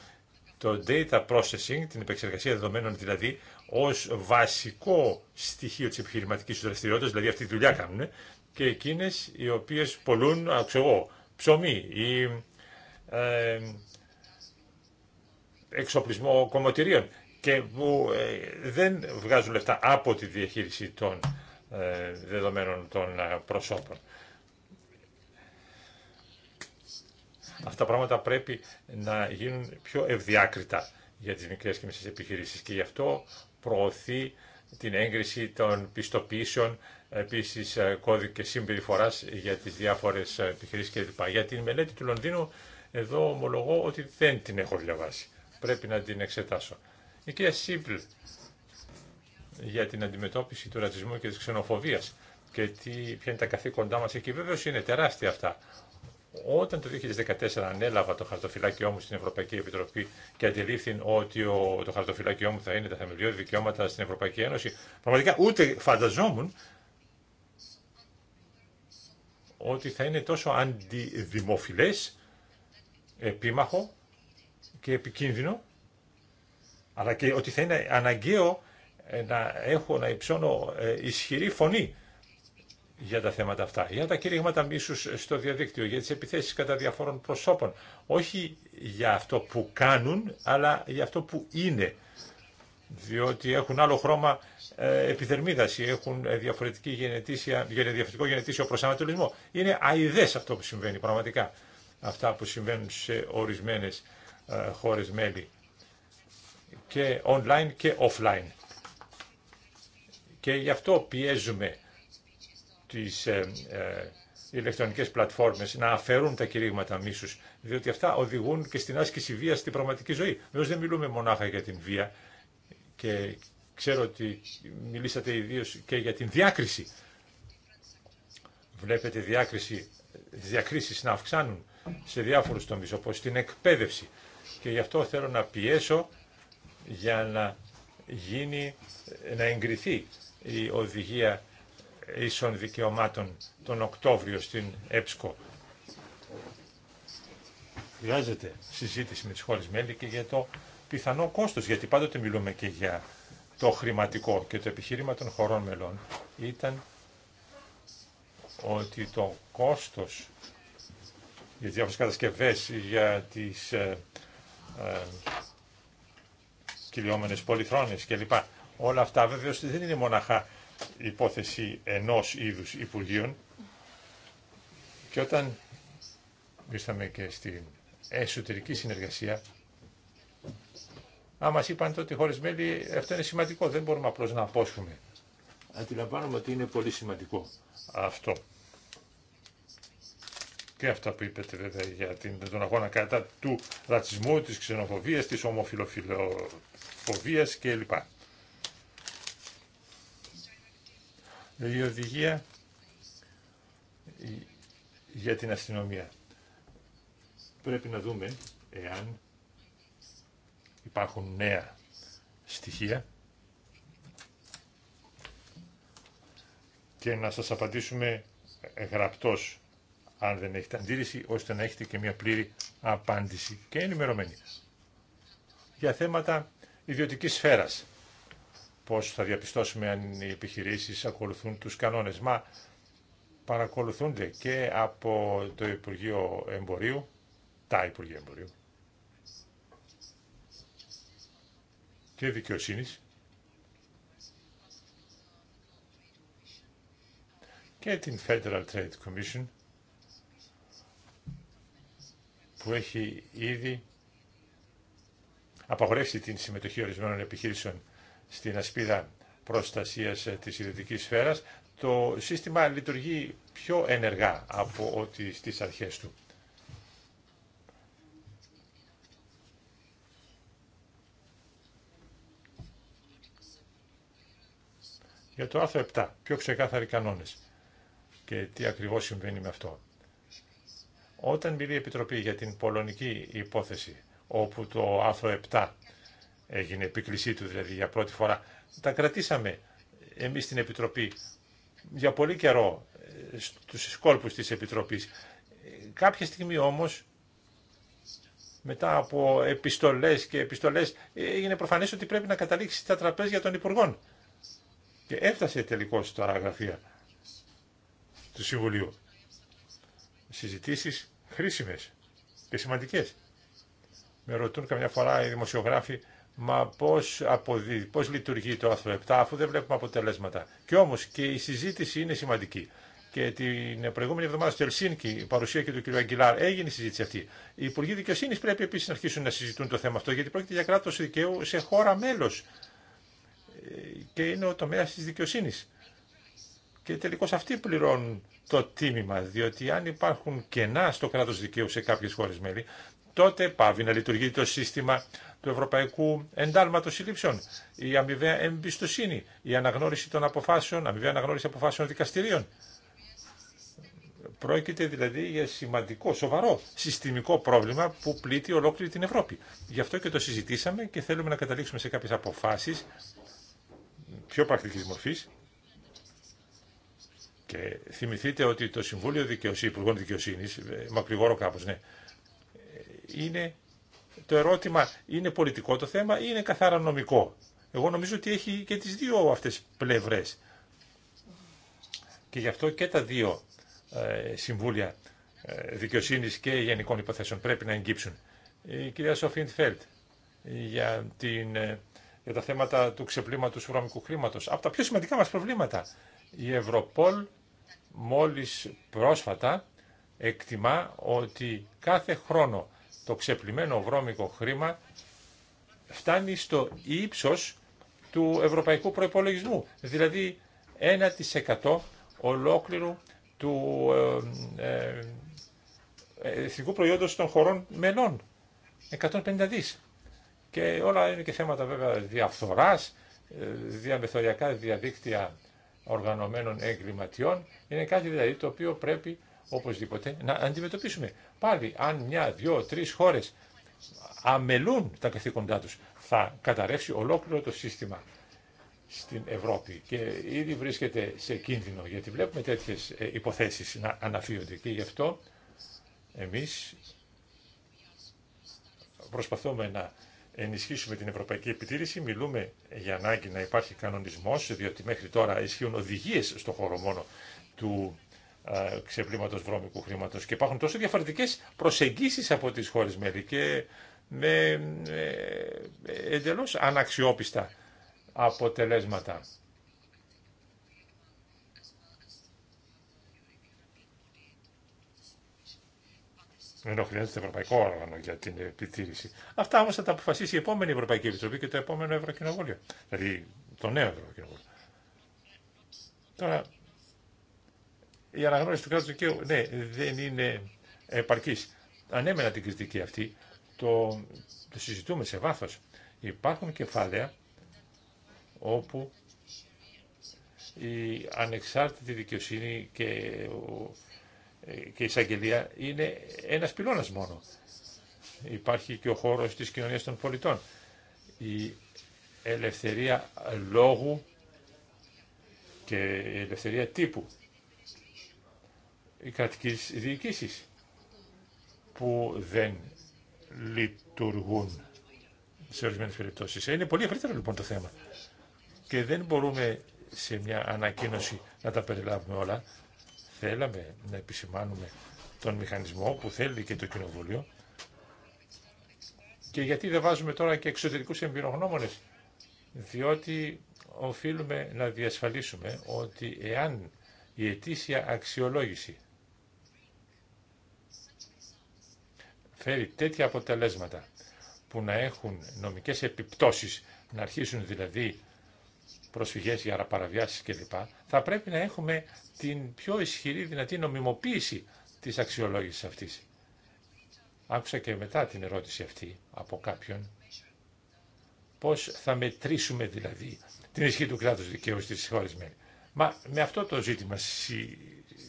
το data processing, την επεξεργασία δεδομένων δηλαδή, ως βασικό στοιχείο της επιχειρηματικής του δραστηριότητας, δηλαδή αυτή τη δουλειά κάνουν, και εκείνες οι οποίες πολλούν, ξέρω ψωμί ή ε, εξοπλισμό κομμωτηρίων και που ε, δεν βγάζουν λεφτά από τη διαχείριση των ε, δεδομένων των προσώπων. Αυτά τα πράγματα πρέπει να γίνουν πιο ευδιάκριτα για τις μικρές και μισές επιχειρήσεις και γι' αυτό προωθεί την έγκριση των πιστοποιήσεων επίσης ε, κώδικες συμπεριφοράς για τις διάφορες ε, επιχειρήσεις κλπ. Για την μελέτη του Λονδίνου εδώ ομολογώ ότι δεν την έχω διαβάσει. Πρέπει να την εξετάσω. Η κυρία Σίπλ για την αντιμετώπιση του ρατσισμού και της ξενοφοβίας και τι, ποια είναι τα καθήκοντά μας εκεί. βέβαια είναι τεράστια αυτά. Όταν το 2014 ανέλαβα το χαρτοφυλάκιό μου στην Ευρωπαϊκή Επιτροπή και αντιλήφθη ότι ο, το χαρτοφυλάκιό μου θα είναι τα θεμελιώδη δικαιώματα στην Ευρωπαϊκή Ένωση, πραγματικά ούτε φανταζόμουν ότι θα είναι τόσο αντιδημοφιλές, επίμαχο και επικίνδυνο, αλλά και ότι θα είναι αναγκαίο ε, να έχω, να υψώνω ε, ισχυρή φωνή για τα θέματα αυτά, για τα κηρύγματα μίσους στο διαδίκτυο, για τις επιθέσεις κατά διαφόρων προσώπων, όχι για αυτό που κάνουν, αλλά για αυτό που είναι διότι έχουν άλλο χρώμα ε, επιθερμίδας έχουν ε, διαφορετική γενετήσια, διαφορετικό γενετήσιο προσανατολισμό. Είναι αειδές αυτό που συμβαίνει πραγματικά, αυτά που συμβαίνουν σε ορισμένες ε, χώρες μέλη και online και offline. Και γι' αυτό πιέζουμε τις ε, ε, ηλεκτρονικές πλατφόρμες να αφαιρούν τα κηρύγματα μίσους, διότι αυτά οδηγούν και στην άσκηση βίας στην πραγματική ζωή. Βέβαια δεν μιλούμε μονάχα για την βία, και ξέρω ότι μιλήσατε ιδίω και για την διάκριση. Βλέπετε διάκριση, διακρίσεις να αυξάνουν σε διάφορους τομείς, όπως την εκπαίδευση. Και γι' αυτό θέλω να πιέσω για να γίνει, να εγκριθεί η οδηγία ίσων δικαιωμάτων τον Οκτώβριο στην ΕΠΣΚΟ. Χρειάζεται συζήτηση με τις χώρες μέλη και για το πιθανό κόστος, γιατί πάντοτε μιλούμε και για το χρηματικό και το επιχείρημα των χωρών μελών ήταν ότι το κόστος για τις διάφορες κατασκευές, για τις ε, ε, κυλιόμενες πολυθρόνες κλπ. Όλα αυτά βεβαίως δεν είναι μοναχά υπόθεση ενός είδους Υπουργείων. Και όταν ήρθαμε και στην εσωτερική συνεργασία, αν μα είπαν τότε χωρί μέλη, αυτό είναι σημαντικό, δεν μπορούμε απλώ να απόσχουμε. Αντιλαμβάνομαι ότι είναι πολύ σημαντικό αυτό. Και αυτά που είπατε βέβαια για την, τον αγώνα κατά του ρατσισμού, της ξενοφοβίας, της ομοφιλοφιλοφοβίας κλπ. Η οδηγία για την αστυνομία. Πρέπει να δούμε εάν υπάρχουν νέα στοιχεία και να σας απαντήσουμε γραπτός αν δεν έχετε αντίρρηση, ώστε να έχετε και μια πλήρη απάντηση και ενημερωμένη. Για θέματα ιδιωτικής σφαίρας, πώς θα διαπιστώσουμε αν οι επιχειρήσεις ακολουθούν τους κανόνες. Μα παρακολουθούνται και από το Υπουργείο Εμπορίου, τα Υπουργεία Εμπορίου, και δικαιοσύνης και την Federal Trade Commission που έχει ήδη απαγορεύσει την συμμετοχή ορισμένων επιχείρησεων στην ασπίδα προστασίας της ιδιωτικής σφαίρας, το σύστημα λειτουργεί πιο ενεργά από ό,τι στις αρχές του. για το άρθρο 7, πιο ξεκάθαροι κανόνες και τι ακριβώς συμβαίνει με αυτό. Όταν μιλεί η Επιτροπή για την πολωνική υπόθεση, όπου το άρθρο 7 έγινε επίκλησή του δηλαδή για πρώτη φορά, τα κρατήσαμε εμείς στην Επιτροπή για πολύ καιρό ε, στους κόλπους της Επιτροπής. Κάποια στιγμή όμως, μετά από επιστολές και επιστολές, ε, έγινε προφανές ότι πρέπει να καταλήξει στα τραπέζια των Υπουργών. Και έφτασε τελικώς στα γραφεία του Συμβουλίου. Συζητήσεις χρήσιμες και σημαντικές. Με ρωτούν καμιά φορά οι δημοσιογράφοι Μα πώς, λειτουργεί το άρθρο 7 αφού δεν βλέπουμε αποτελέσματα. Και όμως και η συζήτηση είναι σημαντική. Και την προηγούμενη εβδομάδα στο Ελσίνκι, η παρουσία και του κ. Αγγιλάρ, έγινε η συζήτηση αυτή. Οι Υπουργοί Δικαιοσύνη πρέπει επίση να αρχίσουν να συζητούν το θέμα αυτό, γιατί πρόκειται για κράτο δικαίου σε χώρα μέλο και είναι ο τομέα τη δικαιοσύνη. Και τελικώ αυτοί πληρώνουν το τίμημα, διότι αν υπάρχουν κενά στο κράτο δικαίου σε κάποιε χώρε μέλη, τότε πάβει να λειτουργεί το σύστημα του Ευρωπαϊκού Εντάλματο Συλλήψεων, η αμοιβαία εμπιστοσύνη, η αναγνώριση των αποφάσεων, αμοιβαία αναγνώριση αποφάσεων δικαστηρίων. Πρόκειται δηλαδή για σημαντικό, σοβαρό, συστημικό πρόβλημα που πλήττει ολόκληρη την Ευρώπη. Γι' αυτό και το συζητήσαμε και θέλουμε να καταλήξουμε σε κάποιε αποφάσει πιο πρακτικής μορφής και θυμηθείτε ότι το Συμβούλιο Δικαιοσύνη, Υπουργών Δικαιοσύνης, ε, μακρηγόρο κάπως, ναι, είναι το ερώτημα, είναι πολιτικό το θέμα ή είναι καθαρά νομικό. Εγώ νομίζω ότι έχει και τις δύο αυτές πλευρές. Και γι' αυτό και τα δύο ε, Συμβούλια ε, Δικαιοσύνης και Γενικών Υποθέσεων πρέπει να εγκύψουν. Η ε, κυρία Σοφίντ Φέλτ για την ε, για τα θέματα του ξεπλήματος βρώμικου χρήματος. Από τα πιο σημαντικά μας προβλήματα. Η Ευρωπόλ μόλις πρόσφατα εκτιμά ότι κάθε χρόνο το ξεπλημένο βρώμικο χρήμα φτάνει στο ύψος του ευρωπαϊκού προϋπολογισμού, δηλαδή 1% ολόκληρου του ε, ε, ε, εθνικού προϊόντος των χωρών μελών, 150 δις. Και όλα είναι και θέματα βέβαια διαφθοράς, ε, διαμεθοριακά διαδίκτυα οργανωμένων εγκληματιών. Είναι κάτι δηλαδή το οποίο πρέπει οπωσδήποτε να αντιμετωπίσουμε. Πάλι αν μια, δυο, τρεις χώρες αμελούν τα καθήκοντά τους θα καταρρεύσει ολόκληρο το σύστημα στην Ευρώπη και ήδη βρίσκεται σε κίνδυνο γιατί βλέπουμε τέτοιες ε, υποθέσεις να αναφύονται και γι' αυτό εμείς προσπαθούμε να ενισχύσουμε την ευρωπαϊκή επιτήρηση, μιλούμε για ανάγκη να υπάρχει κανονισμός, διότι μέχρι τώρα ισχύουν οδηγίες στο χώρο μόνο του ξεπλήματο βρώμικου χρήματο. Και υπάρχουν τόσο διαφορετικέ προσεγγίσεις από τι χώρε μέλη και με ε, εντελώ αναξιόπιστα αποτελέσματα. ενώ χρειάζεται ευρωπαϊκό όργανο για την επιτήρηση. Αυτά όμω θα τα αποφασίσει η επόμενη Ευρωπαϊκή Επιτροπή και το επόμενο Ευρωκοινοβούλιο. Δηλαδή το νέο Ευρωκοινοβούλιο. Τώρα, η αναγνώριση του κράτου δικαίου, ναι, δεν είναι επαρκή. Ανέμενα την κριτική αυτή, το, συζητούμε σε βάθο. Υπάρχουν κεφάλαια όπου η ανεξάρτητη δικαιοσύνη και ε, και η εισαγγελία είναι ένας πυλώνας μόνο. Υπάρχει και ο χώρος της κοινωνίας των πολιτών. Η ελευθερία λόγου και η ελευθερία τύπου. Οι κρατικέ διοικήσεις που δεν λειτουργούν σε ορισμένες περιπτώσεις. Ε, είναι πολύ ευρύτερο λοιπόν το θέμα. Και δεν μπορούμε σε μια ανακοίνωση να τα περιλάβουμε όλα. Θέλαμε να επισημάνουμε τον μηχανισμό που θέλει και το Κοινοβούλιο και γιατί δεν βάζουμε τώρα και εξωτερικούς εμπειρογνώμονες, διότι οφείλουμε να διασφαλίσουμε ότι εάν η ετήσια αξιολόγηση φέρει τέτοια αποτελέσματα που να έχουν νομικές επιπτώσεις, να αρχίσουν δηλαδή προσφυγές για παραβιάσεις κλπ. Θα πρέπει να έχουμε την πιο ισχυρή δυνατή νομιμοποίηση της αξιολόγηση αυτή. Άκουσα και μετά την ερώτηση αυτή από κάποιον. Πώς θα μετρήσουμε δηλαδή την ισχύ του κράτους δικαίου στις χώρε μέλη. Μα με αυτό το ζήτημα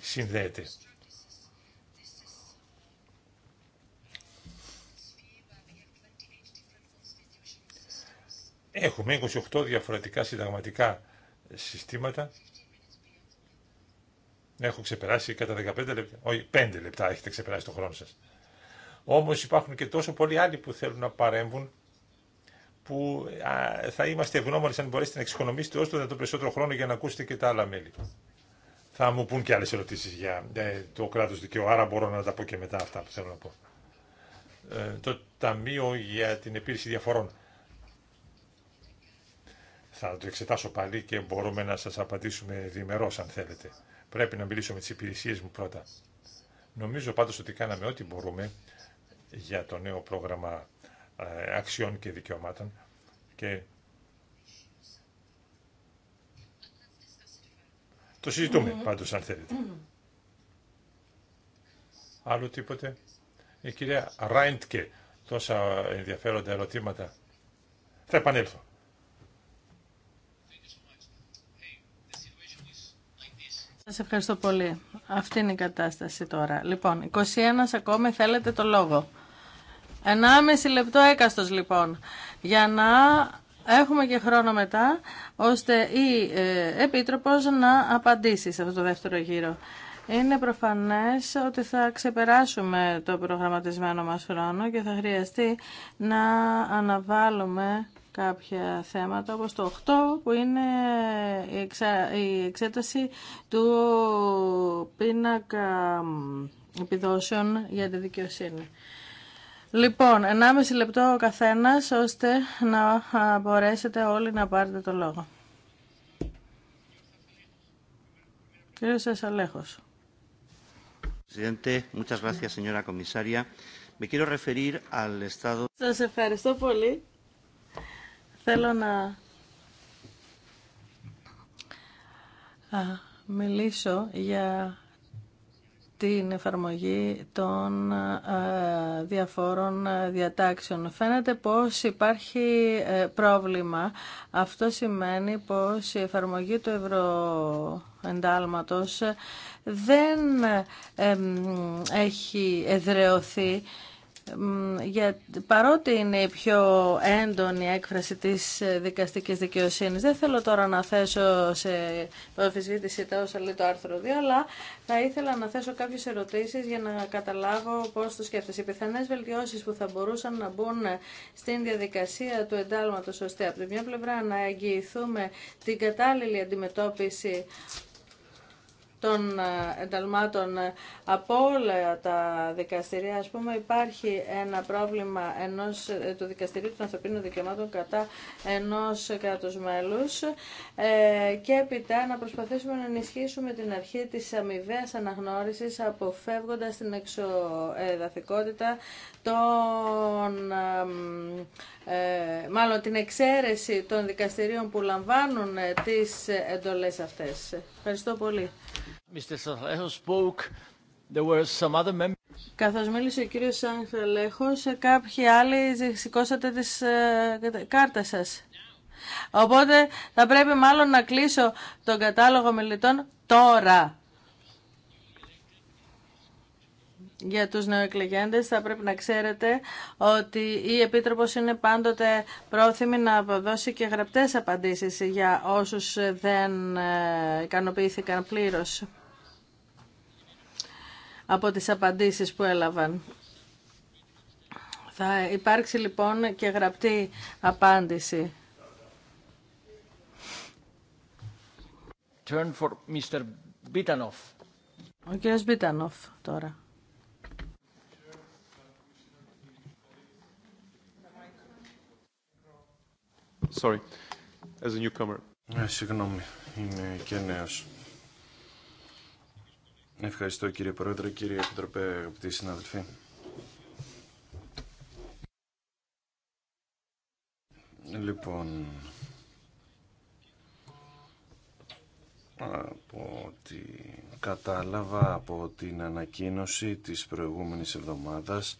συνδέεται. Έχουμε 28 διαφορετικά συνταγματικά συστήματα. Έχω ξεπεράσει κατά 15 λεπτά, όχι 5 λεπτά έχετε ξεπεράσει το χρόνο σας. Όμως υπάρχουν και τόσο πολλοί άλλοι που θέλουν να παρέμβουν που θα είμαστε ευγνώμονες αν μπορέσετε να εξοικονομήσετε όσο το περισσότερο χρόνο για να ακούσετε και τα άλλα μέλη. Θα μου πούν και άλλες ερωτήσεις για ε, το κράτος δικαίου, άρα μπορώ να τα πω και μετά αυτά που θέλω να πω. Ε, το Ταμείο για την Επίρρηση Διαφορών θα το εξετάσω πάλι και μπορούμε να σας απαντήσουμε διμερώς αν θέλετε. Πρέπει να μιλήσω με τις υπηρεσίες μου πρώτα. Νομίζω πάντως ότι κάναμε ό,τι μπορούμε για το νέο πρόγραμμα ε, αξιών και δικαιωμάτων και το συζητούμε πάντως αν θέλετε. Άλλο τίποτε. Η κυρία Ράιντκε τόσα ενδιαφέροντα ερωτήματα. Θα επανέλθω. Σας ευχαριστώ πολύ. Αυτή είναι η κατάσταση τώρα. Λοιπόν, 21 ακόμη θέλετε το λόγο. 1,5 λεπτό έκαστος λοιπόν, για να έχουμε και χρόνο μετά, ώστε η ε, Επίτροπος να απαντήσει σε αυτό το δεύτερο γύρο. Είναι προφανές ότι θα ξεπεράσουμε το προγραμματισμένο μας χρόνο και θα χρειαστεί να αναβάλουμε κάποια θέματα όπως το 8 που είναι η, εξέταση του πίνακα επιδόσεων για τη δικαιοσύνη. Λοιπόν, 1,5 λεπτό ο καθένας ώστε να μπορέσετε όλοι να πάρετε το λόγο. Κύριο Σασαλέχος. Presidente, muchas ευχαριστώ πολύ. Θέλω να μιλήσω για την εφαρμογή των διαφόρων διατάξεων. Φαίνεται πως υπάρχει ε, πρόβλημα. Αυτό σημαίνει πως η εφαρμογή του ευρωεντάλματος δεν έχει εδρεωθεί για, παρότι είναι η πιο έντονη έκφραση της ε, δικαστικής δικαιοσύνης, δεν θέλω τώρα να θέσω σε προφυσβήτηση τα όσα λέει το άρθρο 2, αλλά θα ήθελα να θέσω κάποιες ερωτήσεις για να καταλάβω πώς το σκέφτεσαι. Οι πιθανές βελτιώσεις που θα μπορούσαν να μπουν στην διαδικασία του εντάλματος, ώστε από τη μια πλευρά να εγγυηθούμε την κατάλληλη αντιμετώπιση των ε, ενταλμάτων ε, από όλα τα δικαστηρία. Ας πούμε υπάρχει ένα πρόβλημα ενός, ε, του Δικαστηρίου των Ανθρωπίνων Δικαιωμάτων κατά ενός κράτους μέλους ε, και έπειτα να προσπαθήσουμε να ενισχύσουμε την αρχή της αμοιβαία αναγνώρισης αποφεύγοντας την εξοδαφικότητα τον, ε, μάλλον την εξαίρεση των δικαστηρίων που λαμβάνουν ε, τις εντολές αυτές. Ευχαριστώ πολύ. Καθώς μίλησε ο κύριος Σανθελέχος, κάποιοι άλλοι σηκώσατε τις ε, κάρτες σας. Οπότε θα πρέπει μάλλον να κλείσω τον κατάλογο μιλητών τώρα. για τους νεοεκλεγέντες θα πρέπει να ξέρετε ότι η Επίτροπος είναι πάντοτε πρόθυμη να δώσει και γραπτές απαντήσεις για όσους δεν ε, ικανοποιήθηκαν πλήρως από τις απαντήσεις που έλαβαν. Θα υπάρξει λοιπόν και γραπτή απάντηση. Turn for Mr. Bitanov. Ο κύριος Μπίτανοφ τώρα. Sorry. As a newcomer. Ε, συγγνώμη, είμαι και νέος. Ευχαριστώ κύριε Πρόεδρε, κύριε Επιτροπέ, αγαπητοί συνάδελφοι. Λοιπόν, από ό,τι κατάλαβα από την ανακοίνωση της προηγούμενης εβδομάδας,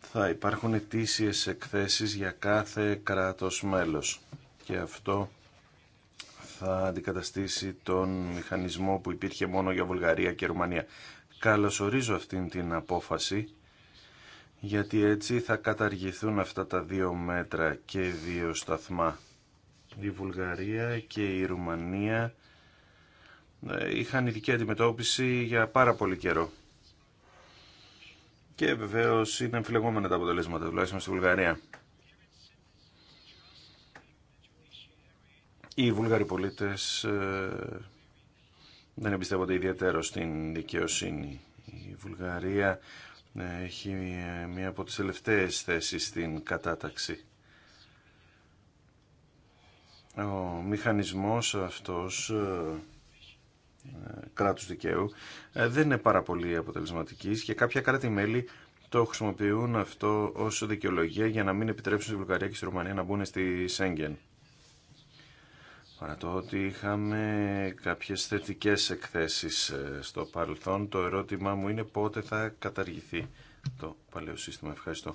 θα υπάρχουν ετήσιες εκθέσεις για κάθε κράτος μέλος και αυτό θα αντικαταστήσει τον μηχανισμό που υπήρχε μόνο για Βουλγαρία και Ρουμανία. Καλωσορίζω αυτήν την απόφαση γιατί έτσι θα καταργηθούν αυτά τα δύο μέτρα και δύο σταθμά. Η Βουλγαρία και η Ρουμανία ε, είχαν ειδική αντιμετώπιση για πάρα πολύ καιρό και βεβαίω είναι εμφυλεγόμενα τα αποτελέσματα, τουλάχιστον στη Βουλγαρία. Οι Βουλγαροί πολίτες ε, δεν εμπιστεύονται ιδιαίτερο στην δικαιοσύνη. Η Βουλγαρία ε, έχει ε, μία από τι τελευταίε θέσει στην κατάταξη. Ο μηχανισμός αυτός ε, κράτους δικαίου ε, δεν είναι πάρα πολύ αποτελεσματικής και κάποια κράτη-μέλη το χρησιμοποιούν αυτό ως δικαιολογία για να μην επιτρέψουν στη Βουλγαρία και στη Ρουμανία να μπουν στη Σέγγεν. Παρά το ότι είχαμε κάποιες θετικές εκθέσεις ε, στο παρελθόν, το ερώτημά μου είναι πότε θα καταργηθεί το παλαιό σύστημα. Ευχαριστώ.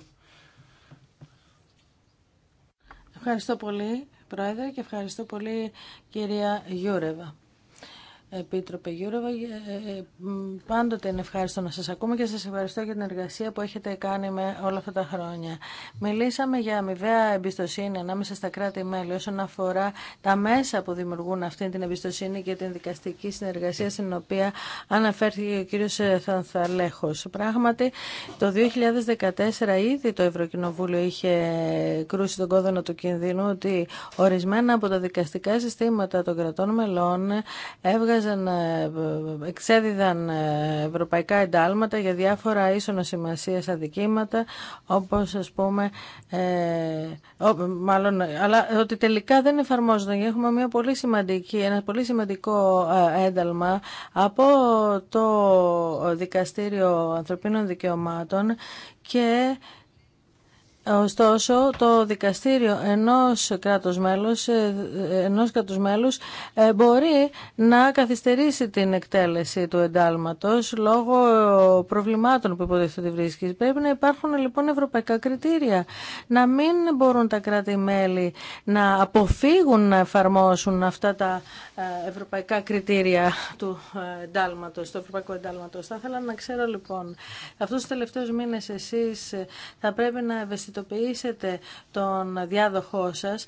Ευχαριστώ πολύ, Πρόεδρε, και ευχαριστώ πολύ, κυρία Γιούρεβα. Επίτροπε Γιούροβα. Ε, ε, πάντοτε είναι ευχάριστο να σας ακούμε και σας ευχαριστώ για την εργασία που έχετε κάνει με όλα αυτά τα χρόνια. Μιλήσαμε για αμοιβαία εμπιστοσύνη ανάμεσα στα κράτη-μέλη όσον αφορά τα μέσα που δημιουργούν αυτή την εμπιστοσύνη και την δικαστική συνεργασία στην οποία αναφέρθηκε ο κύριος ε, Θανθαλέχος. Πράγματι, το 2014 ήδη το Ευρωκοινοβούλιο είχε κρούσει τον κόδωνα του κινδύνου ότι ορισμένα από τα δικαστικά συστήματα των κρατών μελών έβγαζαν ε, ε, εξέδιδαν ε, ευρωπαϊκά εντάλματα για διάφορα ίσονα σημασία αδικήματα, όπως α πούμε, ε, μάλλον, αλλά ότι τελικά δεν εφαρμόζονταν. Έχουμε μια πολύ σημαντική, ένα πολύ σημαντικό ένταλμα από το Δικαστήριο Ανθρωπίνων Δικαιωμάτων και Ωστόσο, το δικαστήριο ενός κράτους μέλους, ε, ενός κράτους μέλους ε, μπορεί να καθυστερήσει την εκτέλεση του εντάλματος λόγω προβλημάτων που υποτίθεται ότι βρίσκει. Πρέπει να υπάρχουν λοιπόν ευρωπαϊκά κριτήρια. Να μην μπορούν τα κράτη-μέλη να αποφύγουν να εφαρμόσουν αυτά τα ε, ευρωπαϊκά κριτήρια του εντάλματος, του ευρωπαϊκού εντάλματος. Θα ήθελα να ξέρω λοιπόν, αυτούς τους τελευταίους μήνες εσείς θα πρέπει να ευαισθητοποιήσετε ευαισθητοποιήσετε τον διάδοχό σας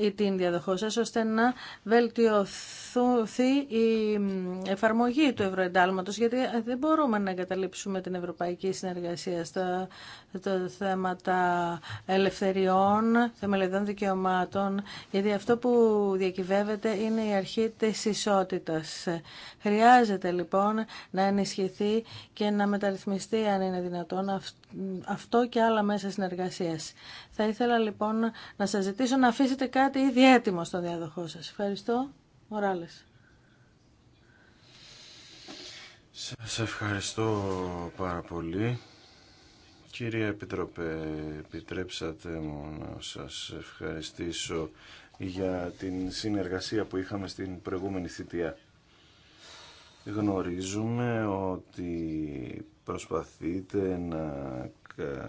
ή την διάδοχό σας ώστε να βελτιωθεί η εφαρμογή του ευρωεντάλματος γιατί ε, δεν μπορούμε να εγκαταλείψουμε την ευρωπαϊκή συνεργασία στα, θέματα ελευθεριών, θεμελιδων δικαιωμάτων γιατί αυτό που διακυβεύεται είναι η αρχή της ισότητας. Χρειάζεται λοιπόν να ενισχυθεί και να μεταρρυθμιστεί αν είναι δυνατόν αυτό αυτό και άλλα μέσα συνεργασία. Θα ήθελα λοιπόν να σας ζητήσω να αφήσετε κάτι ήδη έτοιμο στο διάδοχό σας. Ευχαριστώ. Μοράλες. Σας ευχαριστώ πάρα πολύ. Κύριε Επιτροπέ, επιτρέψατε μου να σας ευχαριστήσω για την συνεργασία που είχαμε στην προηγούμενη θητεία. Γνωρίζουμε ότι προσπαθείτε να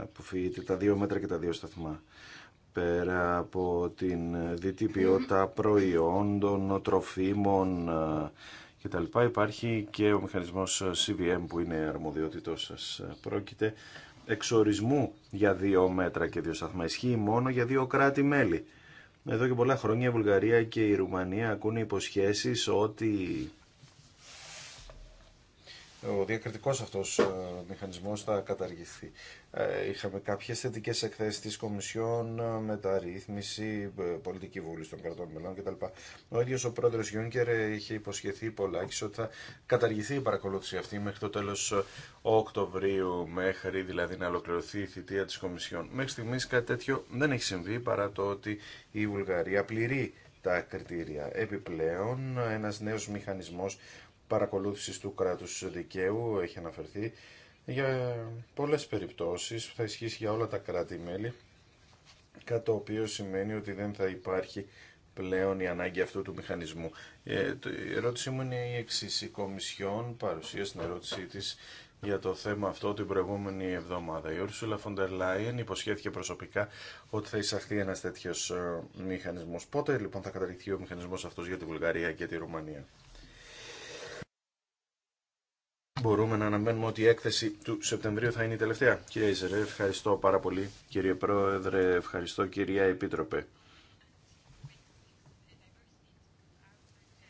αποφύγετε τα δύο μέτρα και τα δύο σταθμά πέρα από την δίτη ποιότητα προϊόντων, τροφίμων ε, κτλ. Υπάρχει και ο μηχανισμός CVM που είναι αρμοδιότητός σας. Πρόκειται εξορισμού για δύο μέτρα και δύο σταθμά. Ισχύει μόνο για δύο κράτη-μέλη. Εδώ και πολλά χρόνια η Βουλγαρία και η Ρουμανία ακούνε υποσχέσεις ότι ο διακριτικός αυτός ε, μηχανισμός θα καταργηθεί. Ε, είχαμε κάποιες θετικές εκθέσεις της Κομισιόν, ε, μεταρρύθμιση, πολιτική βούληση των κρατών μελών κτλ. Ο ίδιος ο πρόεδρος Γιούνκερ είχε υποσχεθεί πολλά και ότι θα καταργηθεί η παρακολούθηση αυτή μέχρι το τέλος Οκτωβρίου, μέχρι δηλαδή να ολοκληρωθεί η θητεία της Κομισιόν. Μέχρι στιγμής κάτι τέτοιο δεν έχει συμβεί παρά το ότι η Βουλγαρία πληρεί τα κριτήρια. Επιπλέον, ένας νέος μηχανισμός παρακολούθησης του κράτους δικαίου έχει αναφερθεί για πολλές περιπτώσεις που θα ισχύσει για όλα τα κράτη-μέλη, κάτι το οποίο σημαίνει ότι δεν θα υπάρχει πλέον η ανάγκη αυτού του μηχανισμού. Ε, η ερώτησή μου είναι η εξή. Η Κομισιόν παρουσίασε την ερώτησή τη για το θέμα αυτό την προηγούμενη εβδομάδα. Η von Φοντερ Λάιεν υποσχέθηκε προσωπικά ότι θα εισαχθεί ένας τέτοιος ε, μηχανισμό. Πότε λοιπόν θα καταληφθεί ο μηχανισμό αυτό για τη Βουλγαρία και τη Ρουμανία μπορούμε να αναμένουμε ότι η έκθεση του Σεπτεμβρίου θα είναι η τελευταία. Κύριε Ιζερέ, ευχαριστώ πάρα πολύ. Κύριε Πρόεδρε, ευχαριστώ κυρία Επίτροπε.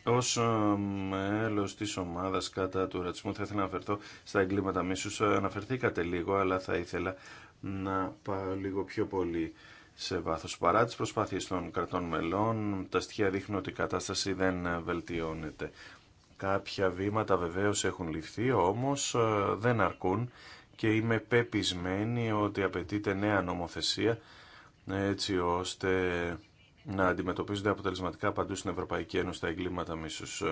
Ω ε, μέλο τη ομάδα κατά του ρατσισμού θα ήθελα να αναφερθώ στα εγκλήματα μίσου. Ε, αναφερθήκατε λίγο, αλλά θα ήθελα να πάω λίγο πιο πολύ σε βάθο Παρά τι προσπάθειε των κρατών μελών, τα στοιχεία δείχνουν ότι η κατάσταση δεν βελτιώνεται. Κάποια βήματα βεβαίως έχουν ληφθεί, όμως ε, δεν αρκούν και είμαι πεπισμένη ότι απαιτείται νέα νομοθεσία έτσι ώστε να αντιμετωπίζονται αποτελεσματικά παντού στην Ευρωπαϊκή Ένωση τα εγκλήματα μίσους.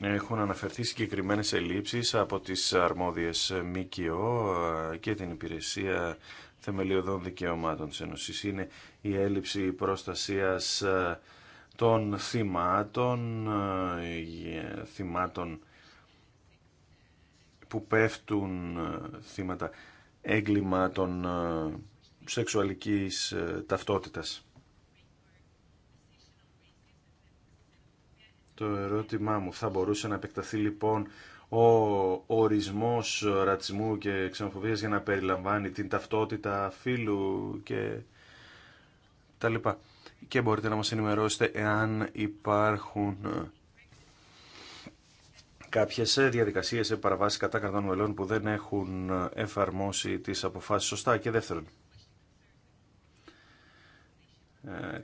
Έχουν αναφερθεί συγκεκριμένες ελλείψεις από τις αρμόδιες ΜΚΟ και την Υπηρεσία Θεμελιωδών Δικαιωμάτων της Ένωσης. Είναι η έλλειψη προστασίας ε, των θυμάτων, ε, ε, θυμάτων που πέφτουν ε, θύματα των σεξουαλικής ταυτότητας. Το ερώτημά μου θα μπορούσε να επεκταθεί λοιπόν ο ορισμός ρατσισμού και ξενοφοβίας για να περιλαμβάνει την ταυτότητα φίλου και τα λοιπά και μπορείτε να μας ενημερώσετε εάν υπάρχουν ε, κάποιες ε, διαδικασίες σε παραβάσεις κατά κρατών μελών που δεν έχουν ε, εφαρμόσει τις αποφάσεις σωστά και δεύτερον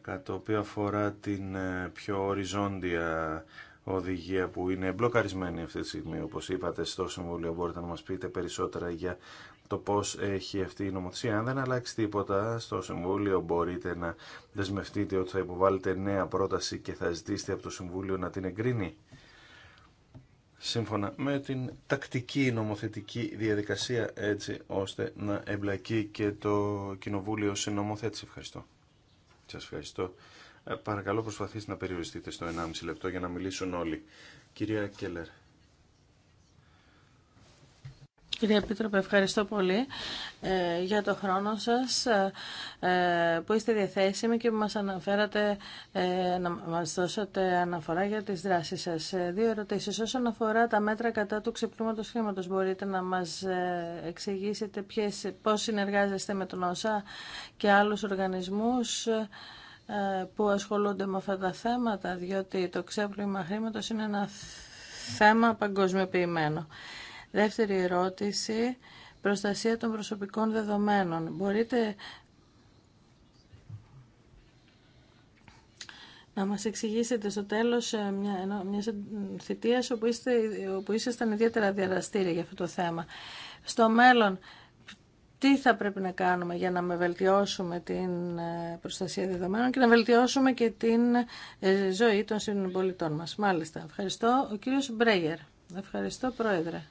κατά το οποίο αφορά την πιο οριζόντια οδηγία που είναι μπλοκαρισμένη αυτή τη στιγμή όπως είπατε στο Συμβούλιο μπορείτε να μας πείτε περισσότερα για το πώ έχει αυτή η νομοθεσία. Αν δεν αλλάξει τίποτα στο Συμβούλιο μπορείτε να δεσμευτείτε ότι θα υποβάλλετε νέα πρόταση και θα ζητήσετε από το Συμβούλιο να την εγκρίνει. Σύμφωνα με την τακτική νομοθετική διαδικασία έτσι ώστε να εμπλακεί και το Κοινοβούλιο σε νομοθέτηση. Ευχαριστώ. Σα ευχαριστώ. Ε, παρακαλώ προσπαθήστε να περιοριστείτε στο 1,5 λεπτό για να μιλήσουν όλοι. Κυρία Κέλλερ. Κύριε Επίτροπε, ευχαριστώ πολύ ε, για το χρόνο σας ε, ε, που είστε διαθέσιμοι και που μας αναφέρατε, να μας δώσατε αναφορά για τις δράσεις σας. Δύο ερωτήσεις. Όσον αφορά τα μέτρα κατά του ξεπλήματος χρήματος, μπορείτε να μας εξηγήσετε ποιες, πώς συνεργάζεστε με τον ΩΣΑ και άλλους οργανισμούς που ασχολούνται με αυτά τα θέματα, διότι το ξέπλήμα χρήματος είναι ένα θέμα παγκοσμιοποιημένο. Δεύτερη ερώτηση, προστασία των προσωπικών δεδομένων. Μπορείτε να μας εξηγήσετε στο τέλος ε, μια, μιας θητείας όπου, είστε, όπου ήσασταν ιδιαίτερα διαδραστήρια για αυτό το θέμα. Στο μέλλον, τι θα πρέπει να κάνουμε για να με βελτιώσουμε την ε, προστασία δεδομένων και να βελτιώσουμε και την ε, ζωή των συμπολιτών μας. Μάλιστα. Ευχαριστώ. Ο κύριος Μπρέγερ. Ευχαριστώ, Πρόεδρε.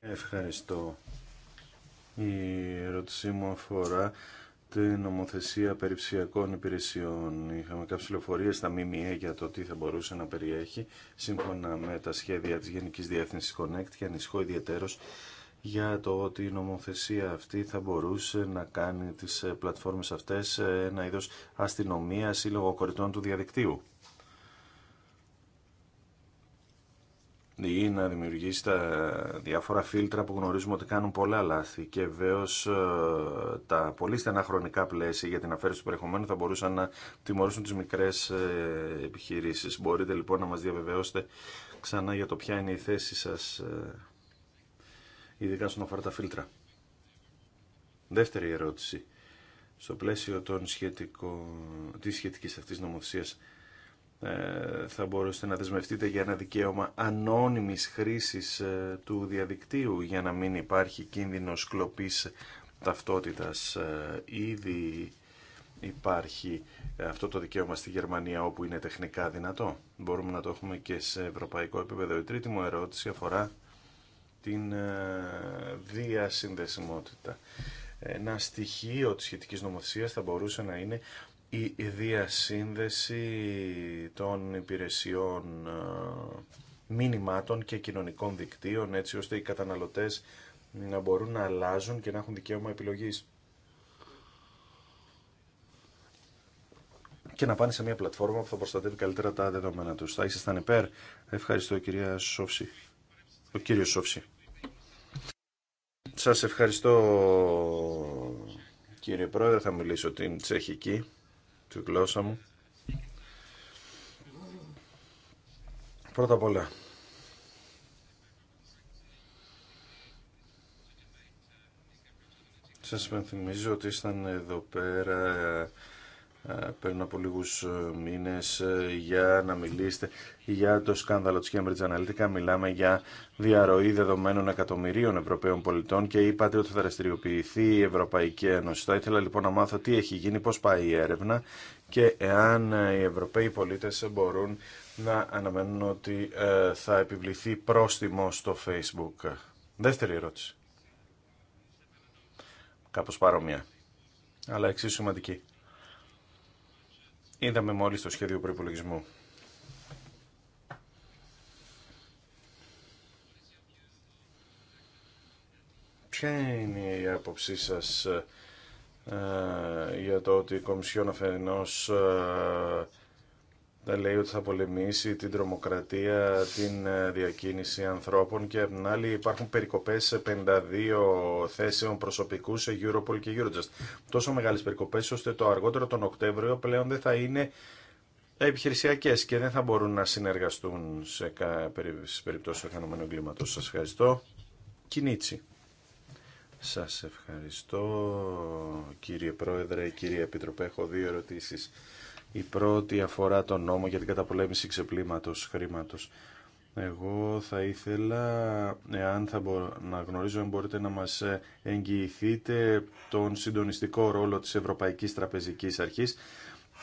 Ευχαριστώ. Η ερώτησή μου αφορά την νομοθεσία περιψιακών υπηρεσιών. Είχαμε κάποιε πληροφορίε στα ΜΜΕ για το τι θα μπορούσε να περιέχει σύμφωνα με τα σχέδια τη Γενική Διεύθυνση Connect και ανησυχώ ιδιαίτερω για το ότι η νομοθεσία αυτή θα μπορούσε να κάνει τις πλατφόρμες αυτές ένα είδος αστυνομία ή λογοκοριτών του διαδικτύου. ή να δημιουργήσει τα διάφορα φίλτρα που γνωρίζουμε ότι κάνουν πολλά λάθη και βεβαίω ε, τα πολύ στενά χρονικά πλαίσια για την αφαίρεση του περιεχομένου θα μπορούσαν να τιμωρήσουν τις μικρές ε, επιχειρήσεις. Μπορείτε λοιπόν να μας διαβεβαιώσετε ξανά για το ποια είναι η θέση σας ε, ειδικά στον αφορά τα φίλτρα. Δεύτερη ερώτηση. Στο πλαίσιο των σχετικό, της σχετικής αυτής νομοθεσίας ε, θα μπορούσατε να δεσμευτείτε για ένα δικαίωμα ανώνυμης χρήσης ε, του διαδικτύου για να μην υπάρχει κίνδυνος κλοπής ταυτότητας. Ε, ήδη υπάρχει αυτό το δικαίωμα στη Γερμανία όπου είναι τεχνικά δυνατό. Μπορούμε να το έχουμε και σε ευρωπαϊκό επίπεδο. Η τρίτη μου ερώτηση αφορά την διασυνδεσιμότητα. Ένα στοιχείο της σχετικής νομοθεσίας θα μπορούσε να είναι η διασύνδεση των υπηρεσιών ε, μήνυμάτων και κοινωνικών δικτύων έτσι ώστε οι καταναλωτές να μπορούν να αλλάζουν και να έχουν δικαίωμα επιλογής. και να πάνε σε μια πλατφόρμα που θα προστατεύει καλύτερα τα δεδομένα τους. Θα ήσασταν υπέρ. Ευχαριστώ κυρία Σόφση. Ο κύριος Σόφση. Σας ευχαριστώ κύριε Πρόεδρε. Θα μιλήσω την Τσεχική τη γλώσσα μου. Πρώτα απ' όλα, σας υπενθυμίζω ότι ήσταν εδώ πέρα ε, πριν από λίγου ε, μήνε ε, για να μιλήσετε για το σκάνδαλο της Cambridge Analytica. Μιλάμε για διαρροή δεδομένων εκατομμυρίων Ευρωπαίων πολιτών και είπατε ότι θα δραστηριοποιηθεί η Ευρωπαϊκή Ένωση. Θα ήθελα λοιπόν να μάθω τι έχει γίνει, πώς πάει η έρευνα και εάν οι Ευρωπαίοι πολίτες μπορούν να αναμένουν ότι θα επιβληθεί πρόστιμο στο Facebook. Δεύτερη ερώτηση. Κάπως παρόμοια, αλλά εξίσου σημαντική είδαμε μόλις το σχέδιο προϋπολογισμού. Ποια είναι η άποψή σας ε, για το ότι η Κομισιόν αφενός ε, δεν λέει ότι θα πολεμήσει την τρομοκρατία, την ε, διακίνηση ανθρώπων και απ' την άλλη υπάρχουν περικοπές σε 52 θέσεων προσωπικού σε Europol και Eurojust. Τόσο μεγάλες περικοπές ώστε το αργότερο τον Οκτέβριο, πλέον δεν θα είναι επιχειρησιακέ και δεν θα μπορούν να συνεργαστούν σε περιπτώσει οργανωμένου εγκλήματος. Σας ευχαριστώ. Κινίτσι. Σας ευχαριστώ κύριε Πρόεδρε, κύριε Επιτροπέ. Έχω δύο ερωτήσεις. Η πρώτη αφορά τον νόμο για την καταπολέμηση ξεπλήματος χρήματος. Εγώ θα ήθελα, εάν θα μπορώ, να γνωρίζω αν μπορείτε να μας εγγυηθείτε τον συντονιστικό ρόλο της Ευρωπαϊκής Τραπεζικής Αρχής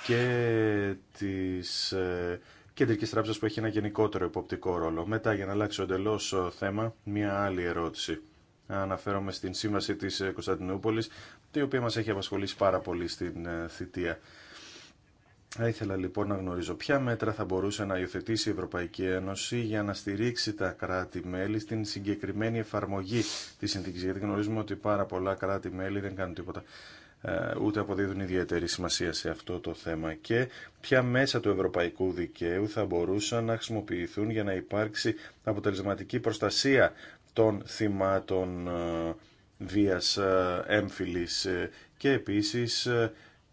και της ε, Κεντρικής Τράπεζας που έχει ένα γενικότερο υποπτικό ρόλο. Μετά, για να αλλάξω εντελώ θέμα, μία άλλη ερώτηση. Αναφέρομαι στην σύμβαση της ε, Κωνσταντινούπολης, η οποία μας έχει απασχολήσει πάρα πολύ στην ε, θητεία. Θα ήθελα λοιπόν να γνωρίζω ποια μέτρα θα μπορούσε να υιοθετήσει η Ευρωπαϊκή Ένωση για να στηρίξει τα κράτη-μέλη στην συγκεκριμένη εφαρμογή τη συνθήκη. Γιατί γνωρίζουμε ότι πάρα πολλά κράτη-μέλη δεν κάνουν τίποτα ε, ούτε αποδίδουν ιδιαίτερη σημασία σε αυτό το θέμα και ποια μέσα του ευρωπαϊκού δικαίου θα μπορούσαν να χρησιμοποιηθούν για να υπάρξει αποτελεσματική προστασία των θυμάτων ε, βίας ε, έμφυλης και επίσης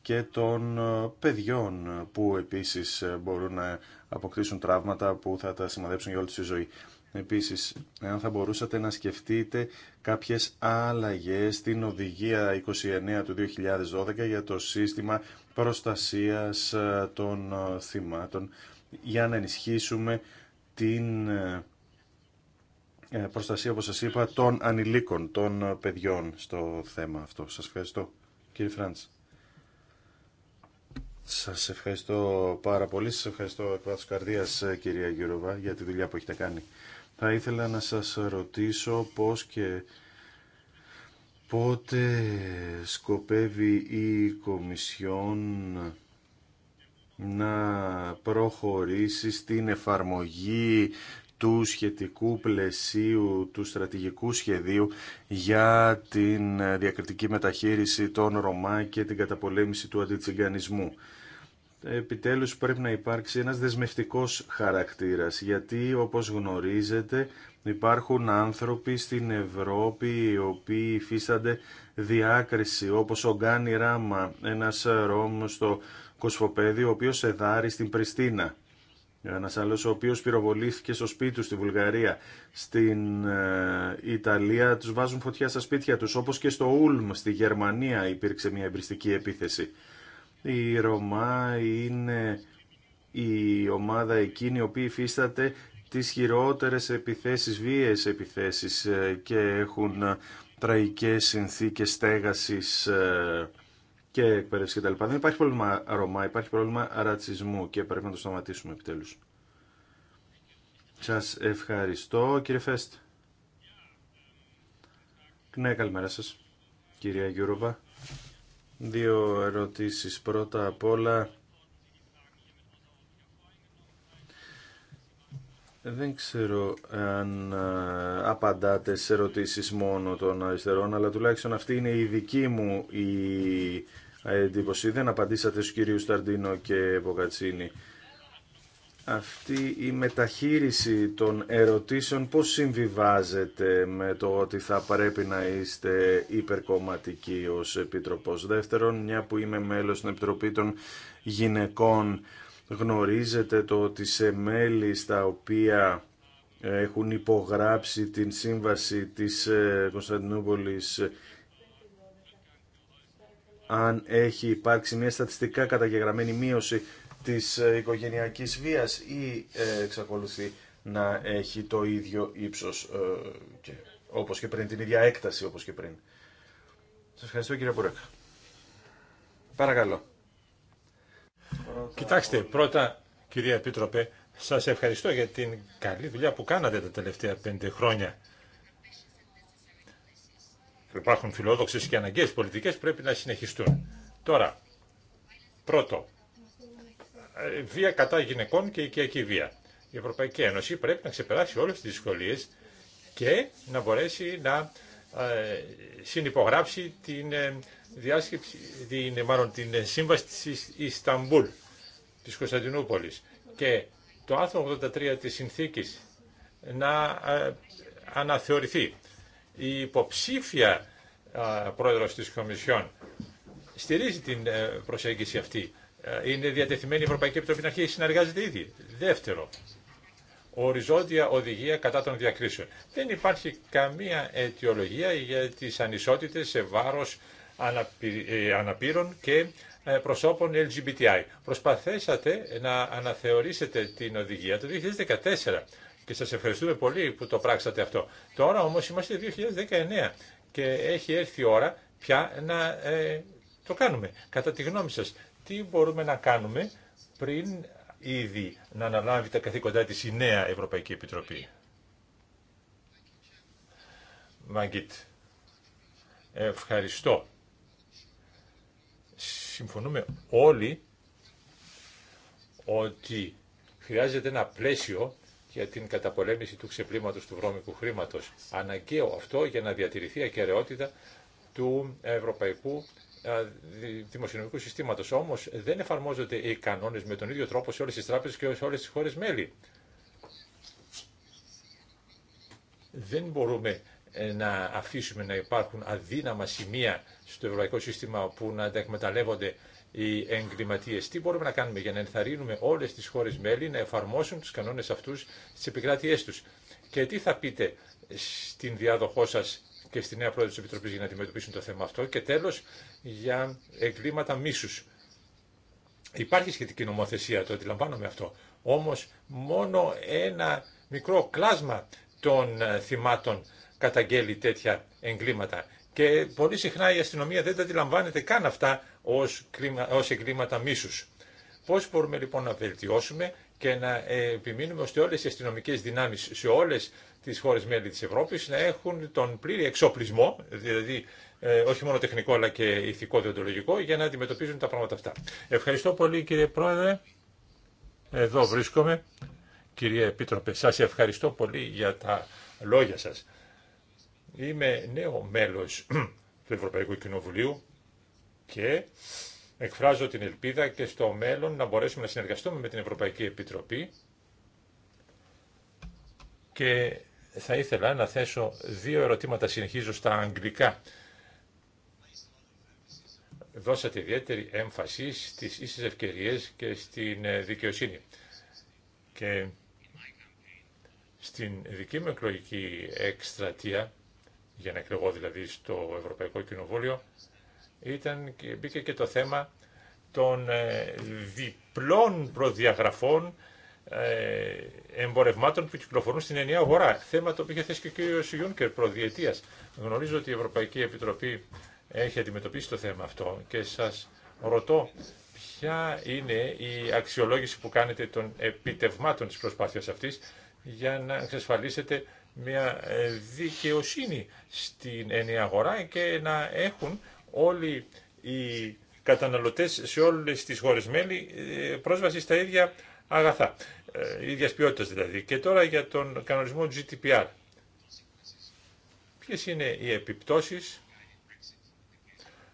και των ε, παιδιών ε, που επίσης ε, μπορούν να αποκτήσουν τραύματα που θα τα σημαδέψουν για όλη τη ζωή. Επίσης, αν θα μπορούσατε να σκεφτείτε κάποιες άλλαγες στην Οδηγία 29 του 2012 για το σύστημα προστασίας των θυμάτων για να ενισχύσουμε την προστασία, όπως σας είπα, των ανηλίκων, των παιδιών στο θέμα αυτό. Σας ευχαριστώ. Κύριε Φράντς. Σας ευχαριστώ πάρα πολύ. Σας ευχαριστώ εκ καρδίας ε, κυρία Γιουροβά για τη δουλειά που έχετε κάνει. Θα ήθελα να σας ρωτήσω πώς και πότε σκοπεύει η Κομισιόν να προχωρήσει στην εφαρμογή του σχετικού πλαισίου του στρατηγικού σχεδίου για την διακριτική μεταχείριση των Ρωμά και την καταπολέμηση του αντιτσιγκανισμού επιτέλους πρέπει να υπάρξει ένας δεσμευτικός χαρακτήρας, γιατί όπως γνωρίζετε υπάρχουν άνθρωποι στην Ευρώπη οι οποίοι υφίστανται διάκριση, όπως ο Γκάνι Ράμα, ένας Ρώμ στο Κοσφοπέδιο ο οποίος εδάρει στην Πριστίνα. Ένας άλλος ο οποίος πυροβολήθηκε στο σπίτι του στη Βουλγαρία, στην ε, Ιταλία τους βάζουν φωτιά στα σπίτια τους, όπως και στο Ούλμ στη Γερμανία υπήρξε μια εμπριστική επίθεση. Η Ρωμά είναι η ομάδα εκείνη η οποία υφίσταται τις χειρότερες επιθέσεις, βίαιες επιθέσεις ε, και έχουν ε, τραγικές συνθήκες στέγασης ε, και εκπαίδευση κτλ. Δεν υπάρχει πρόβλημα Ρωμά, υπάρχει πρόβλημα ρατσισμού και πρέπει να το σταματήσουμε επιτέλους. Σας ευχαριστώ κύριε Φέστ. Ναι, καλημέρα σας κυρία Γιούροβα. Δύο ερωτήσεις. Πρώτα απ' όλα, δεν ξέρω αν απαντάτε σε ερωτήσεις μόνο των αριστερών, αλλά τουλάχιστον αυτή είναι η δική μου η εντύπωση. Δεν απαντήσατε στους κυρίους Σταρντίνο και Ποκατσίνη αυτή η μεταχείριση των ερωτήσεων πώς συμβιβάζεται με το ότι θα πρέπει να είστε υπερκομματικοί ως Επιτροπός. Δεύτερον, μια που είμαι μέλος στην Επιτροπή των Γυναικών, γνωρίζετε το ότι σε μέλη στα οποία έχουν υπογράψει την σύμβαση της ε, Κωνσταντινούπολης αν έχει υπάρξει μια στατιστικά καταγεγραμμένη μείωση της ε, οικογενειακής βίας ή ε, εξακολουθεί να έχει το ίδιο ύψος ε, και, όπως και πριν, την ίδια έκταση όπως και πριν. Σας ευχαριστώ κύριε Μπουρέκα. Παρακαλώ. Κοιτάξτε, πρώτα κυρία Επίτροπε, σας ευχαριστώ για την καλή δουλειά που κάνατε τα τελευταία πέντε χρόνια. Υπάρχουν φιλόδοξες και αναγκαίες πολιτικές, πρέπει να συνεχιστούν. Τώρα, πρώτο, βία κατά γυναικών και οικιακή βία. Η Ευρωπαϊκή Ένωση πρέπει να ξεπεράσει όλες τις δυσκολίες και να μπορέσει να ε, συνυπογράψει την ε, διάσκεψη, την, ε, μάλλον την σύμβαση της Ισταμπούλ της Κωνσταντινούπολης και το άρθρο 83 της συνθήκης να αναθεωρηθεί. Η υποψήφια πρόεδρος της Κομισιόν στηρίζει την προσέγγιση αυτή. Ε, είναι διατεθειμένη η Ευρωπαϊκή Επιτροπή να αρχίσει να εργάζεται ήδη. Δεύτερο, οριζόντια οδηγία κατά των διακρίσεων. Δεν υπάρχει καμία αιτιολογία για τις ανισότητες σε βάρος ε, αναπήρων και ε, προσώπων LGBTI. Προσπαθήσατε να αναθεωρήσετε την οδηγία το 2014 και σας ευχαριστούμε πολύ που το πράξατε αυτό. Τώρα όμως είμαστε 2019 και έχει έρθει η ώρα πια να το κάνουμε. Κατά τη γνώμη σας, τι μπορούμε να κάνουμε πριν ήδη να αναλάβει τα καθήκοντά της η νέα Ευρωπαϊκή Επιτροπή. Μαγκίτ, ευχαριστώ. Συμφωνούμε όλοι ότι χρειάζεται ένα πλαίσιο για την καταπολέμηση του ξεπλήματος του βρώμικου χρήματος. Αναγκαίο αυτό για να διατηρηθεί η ακεραιότητα του ευρωπαϊκού δημοσιονομικού συστήματο. Όμω, δεν εφαρμόζονται οι κανόνε με τον ίδιο τρόπο σε όλε τι τράπεζε και σε όλες τις χώρες μέλη. Δεν μπορούμε ε, να αφήσουμε να υπάρχουν αδύναμα σημεία στο ευρωπαϊκό σύστημα που να τα εκμεταλλεύονται οι εγκληματίε. Τι μπορούμε να κάνουμε για να ενθαρρύνουμε όλε τι χώρε μέλη να εφαρμόσουν του κανόνε αυτού στι επικράτειέ του. Και τι θα πείτε στην διάδοχό σας και στη νέα πρόεδρο τη Επιτροπή για να αντιμετωπίσουν το θέμα αυτό. Και τέλο, για εγκλήματα μίσου. Υπάρχει σχετική νομοθεσία, το αντιλαμβάνομαι αυτό. Όμω, μόνο ένα μικρό κλάσμα των ε, θυμάτων καταγγέλει τέτοια εγκλήματα. Και πολύ συχνά η αστυνομία δεν τα αντιλαμβάνεται καν αυτά ως, ως εγκλήματα μίσους. Πώς μπορούμε λοιπόν να βελτιώσουμε και να ε, επιμείνουμε ώστε όλες οι αστυνομικές δυνάμεις σε όλες τις χώρες μέλη της Ευρώπης να έχουν τον πλήρη εξοπλισμό, δηλαδή ε, όχι μόνο τεχνικό αλλά και ηθικό διοντολογικό, για να αντιμετωπίζουν τα πράγματα αυτά. Ευχαριστώ πολύ κύριε Πρόεδρε. Εδώ βρίσκομαι. Κύριε Επίτροπε, σας ευχαριστώ πολύ για τα λόγια σας. Είμαι νέο μέλος του Ευρωπαϊκού Κοινοβουλίου και εκφράζω την ελπίδα και στο μέλλον να μπορέσουμε να συνεργαστούμε με την Ευρωπαϊκή Επιτροπή και θα ήθελα να θέσω δύο ερωτήματα συνεχίζω στα αγγλικά. Δώσατε ιδιαίτερη έμφαση στις ίσες ευκαιρίες και στην ε, δικαιοσύνη. Και στην δική μου εκλογική εκστρατεία, για να εκλεγώ δηλαδή στο Ευρωπαϊκό Κοινοβούλιο, ήταν και μπήκε και το θέμα των ε, διπλών προδιαγραφών ε, εμπορευμάτων που κυκλοφορούν στην ενιαία αγορά. Θέμα το οποίο είχε θέσει και ο κ. Ιούνκερ προδιετία. Γνωρίζω ότι η Ευρωπαϊκή Επιτροπή έχει αντιμετωπίσει το θέμα αυτό και σα ρωτώ ποια είναι η αξιολόγηση που κάνετε των επιτευμάτων της προσπάθειας αυτής για να εξασφαλίσετε μια ε, δικαιοσύνη στην ενιαία αγορά και να έχουν όλοι οι καταναλωτές σε όλες τις χώρες μέλη ε, πρόσβαση στα ίδια αγαθά ε, ίδιας ποιότητας δηλαδή. Και τώρα για τον κανονισμό GDPR. Ποιες είναι οι επιπτώσεις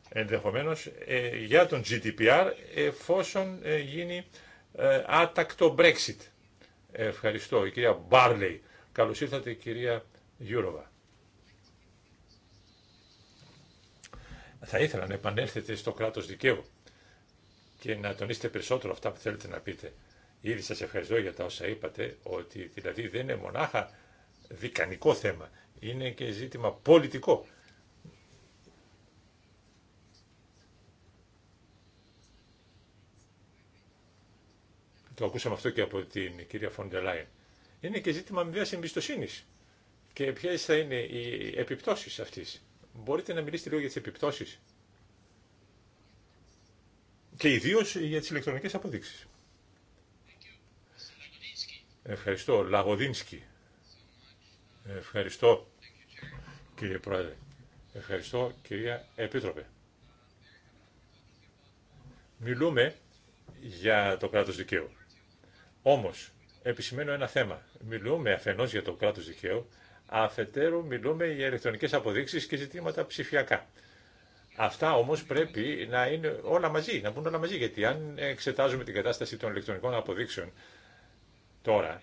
ενδεχομένως ε, για τον GDPR εφόσον ε, γίνει ε, άτακτο Brexit. Ευχαριστώ. Η κυρία Μπάρλεϊ. Καλώς ήρθατε κυρία Γιούροβα. Θα ήθελα να επανέλθετε στο κράτος δικαίου και να τονίσετε περισσότερο αυτά που θέλετε να πείτε. Ήδη σας ευχαριστώ για τα όσα είπατε, ότι δηλαδή δεν είναι μονάχα δικανικό θέμα, είναι και ζήτημα πολιτικό. Το ακούσαμε αυτό και από την κυρία Φοντελάιν. Είναι και ζήτημα μηδέας εμπιστοσύνη. Και ποιε θα είναι οι επιπτώσεις αυτής. Μπορείτε να μιλήσετε λίγο για τις επιπτώσεις. Και ιδίω για τις ηλεκτρονικές αποδείξεις. Ευχαριστώ. Λαγοδίνσκι. Ευχαριστώ κύριε Πρόεδρε. Ευχαριστώ κυρία Επίτροπε. Μιλούμε για το κράτος δικαίου. Όμως, επισημαίνω ένα θέμα. Μιλούμε αφενός για το κράτος δικαίου, αφετέρου μιλούμε για ηλεκτρονικές αποδείξεις και ζητήματα ψηφιακά. Αυτά όμως πρέπει να είναι όλα μαζί, να μπουν όλα μαζί, γιατί αν εξετάζουμε την κατάσταση των ηλεκτρονικών αποδείξεων, τώρα,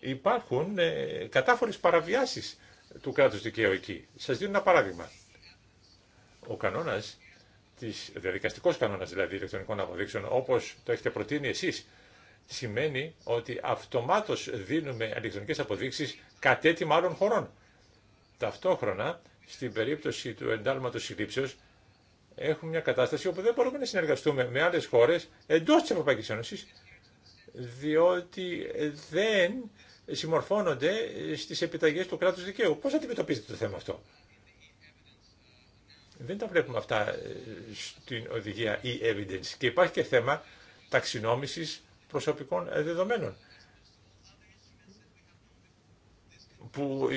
υπάρχουν ε, κατάφορες παραβιάσεις του κράτους δικαίου εκεί. Σας δίνω ένα παράδειγμα. Ο κανόνας, της, διαδικαστικός κανόνας δηλαδή ηλεκτρονικών αποδείξεων, όπως το έχετε προτείνει εσείς, σημαίνει ότι αυτομάτως δίνουμε ηλεκτρονικές αποδείξεις κατ' έτοιμα άλλων χωρών. Ταυτόχρονα, στην περίπτωση του εντάλματος συλλήψεως, έχουμε μια κατάσταση όπου δεν μπορούμε να συνεργαστούμε με άλλες χώρες εντός της Ευρωπαϊκής Ένωσης διότι δεν συμμορφώνονται στις επιταγές του κράτους δικαίου. Πώς αντιμετωπίζετε το θέμα αυτό. Δεν τα βλέπουμε αυτά ε, στην οδηγία e-evidence. Και υπάρχει και θέμα ταξινόμησης προσωπικών ε, δεδομένων. Που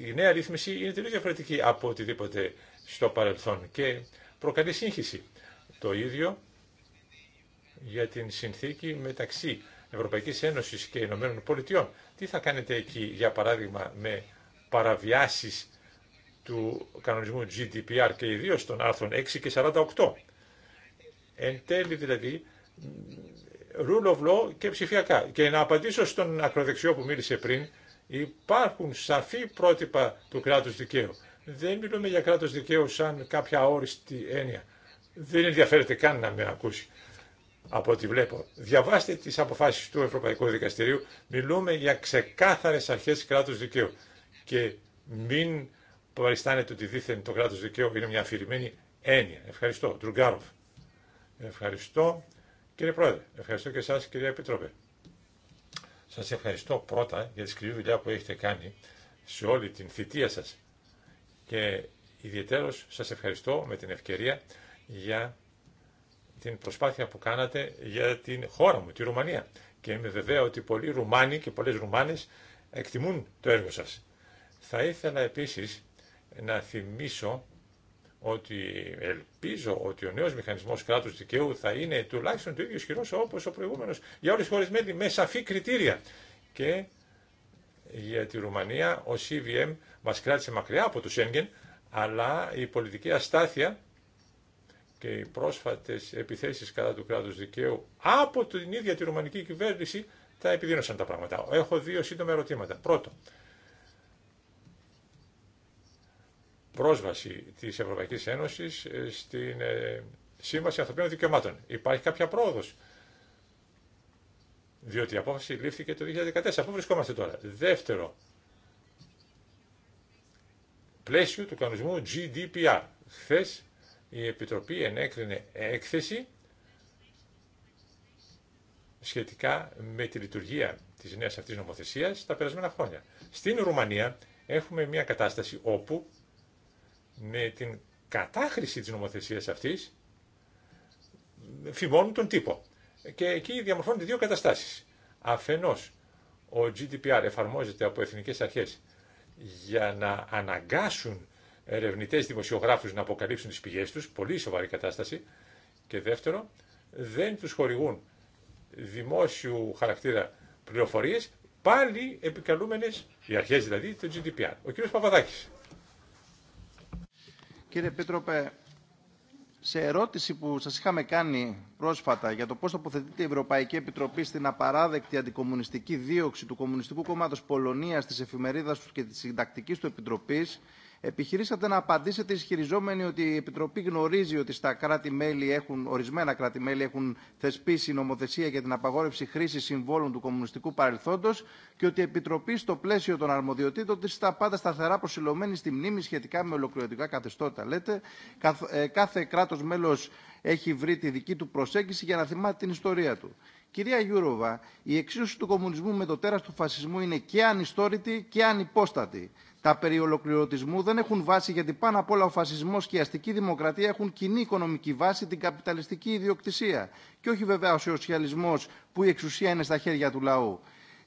η νέα ρύθμιση είναι τελείως διαφορετική από οτιδήποτε στο παρελθόν και προκαλεί σύγχυση. Το ίδιο για την συνθήκη μεταξύ Ευρωπαϊκής Ένωσης και Ηνωμένων Πολιτειών. Τι θα κάνετε εκεί, για παράδειγμα, με παραβιάσεις του κανονισμού GDPR και ιδίω των άρθρων 6 και 48. Εν τέλει δηλαδή, rule of law και ψηφιακά. Και να απαντήσω στον ακροδεξιό που μίλησε πριν, υπάρχουν σαφή πρότυπα του κράτους δικαίου. Δεν μιλούμε για κράτος δικαίου σαν κάποια όριστη έννοια. Δεν ενδιαφέρεται καν να με ακούσει από ό,τι βλέπω. Διαβάστε τις αποφάσεις του Ευρωπαϊκού Δικαστηρίου. Μιλούμε για ξεκάθαρες αρχές κράτους δικαίου. Και μην παριστάνετε ότι δίθεν το κράτος δικαίου είναι μια αφηρημένη έννοια. Ευχαριστώ. Τρουγκάροφ. Ευχαριστώ κύριε Πρόεδρε. Ευχαριστώ και εσάς κυρία Επιτρόπε. Σας ευχαριστώ πρώτα για τη σκληρή δουλειά που έχετε κάνει σε όλη την θητεία σας. Και ιδιαίτερος σας ευχαριστώ με την ευκαιρία για την προσπάθεια που κάνατε για την χώρα μου, τη Ρουμανία. Και είμαι βεβαία ότι πολλοί Ρουμάνοι και πολλές Ρουμάνες εκτιμούν το έργο σας. Θα ήθελα επίσης να θυμίσω ότι ελπίζω ότι ο νέος μηχανισμός κράτους δικαίου θα είναι τουλάχιστον το ίδιο ισχυρό όπως ο προηγούμενος για όλες τις χώρες μέλη με σαφή κριτήρια. Και για τη Ρουμανία ο CVM μας κράτησε μακριά από το Σέγγεν αλλά η πολιτική αστάθεια και οι πρόσφατες επιθέσεις κατά του κράτους δικαίου από την ίδια τη ρουμανική κυβέρνηση τα επιδίνωσαν τα πράγματα. Έχω δύο σύντομα ερωτήματα. Πρώτο, πρόσβαση της Ευρωπαϊκής Ένωσης ε, στην ε, Σύμβαση Ανθρωπίνων Δικαιωμάτων. Υπάρχει κάποια πρόοδος. Διότι η απόφαση λήφθηκε το 2014. Πού βρισκόμαστε τώρα. Δεύτερο, πλαίσιο του κανονισμού GDPR. Χθε η Επιτροπή ενέκρινε έκθεση σχετικά με τη λειτουργία της νέας αυτής νομοθεσίας τα περασμένα χρόνια. Στην Ρουμανία έχουμε μια κατάσταση όπου με την κατάχρηση της νομοθεσίας αυτής φημώνουν τον τύπο. Και εκεί διαμορφώνονται δύο καταστάσεις. Αφενός, ο GDPR εφαρμόζεται από εθνικές αρχές για να αναγκάσουν Ερευνητέ δημοσιογράφου να αποκαλύψουν τι πηγέ του, πολύ σοβαρή κατάσταση. Και δεύτερο, δεν του χορηγούν δημόσιου χαρακτήρα πληροφορίε, πάλι επικαλούμενε οι αρχέ, δηλαδή, το GDPR. Ο κύριος Παπαδάκης. Κύριε Πίτροπε, σε ερώτηση που σας είχαμε κάνει πρόσφατα για το πώς τοποθετείται η Ευρωπαϊκή Επιτροπή στην απαράδεκτη αντικομουνιστική δίωξη του Κομμουνιστικού Κόμματος Πολωνία, τη εφημερίδα του και τη συντακτική του Επιτροπής, Επιχειρήσατε να απαντήσετε ισχυριζόμενοι ότι η Επιτροπή γνωρίζει ότι στα κράτη-μέλη έχουν, ορισμένα κράτη-μέλη έχουν θεσπίσει νομοθεσία για την απαγόρευση χρήση συμβόλων του κομμουνιστικού παρελθόντο και ότι η Επιτροπή στο πλαίσιο των αρμοδιοτήτων τη ήταν πάντα σταθερά προσιλωμένη στη μνήμη σχετικά με ολοκληρωτικά καθεστώτα, λέτε. Ε, κάθε κράτο μέλο έχει βρει τη δική του προσέγγιση για να θυμάται την ιστορία του. Κυρία Γιούροβα, η εξίσωση του κομμουνισμού με το τέρα του φασισμού είναι και ανιστόρητη και ανυπόστατη. Τα περί ολοκληρωτισμού δεν έχουν βάση γιατί πάνω απ' όλα ο φασισμό και η αστική δημοκρατία έχουν κοινή οικονομική βάση την καπιταλιστική ιδιοκτησία. Και όχι βέβαια ο σοσιαλισμό που η εξουσία είναι στα χέρια του λαού.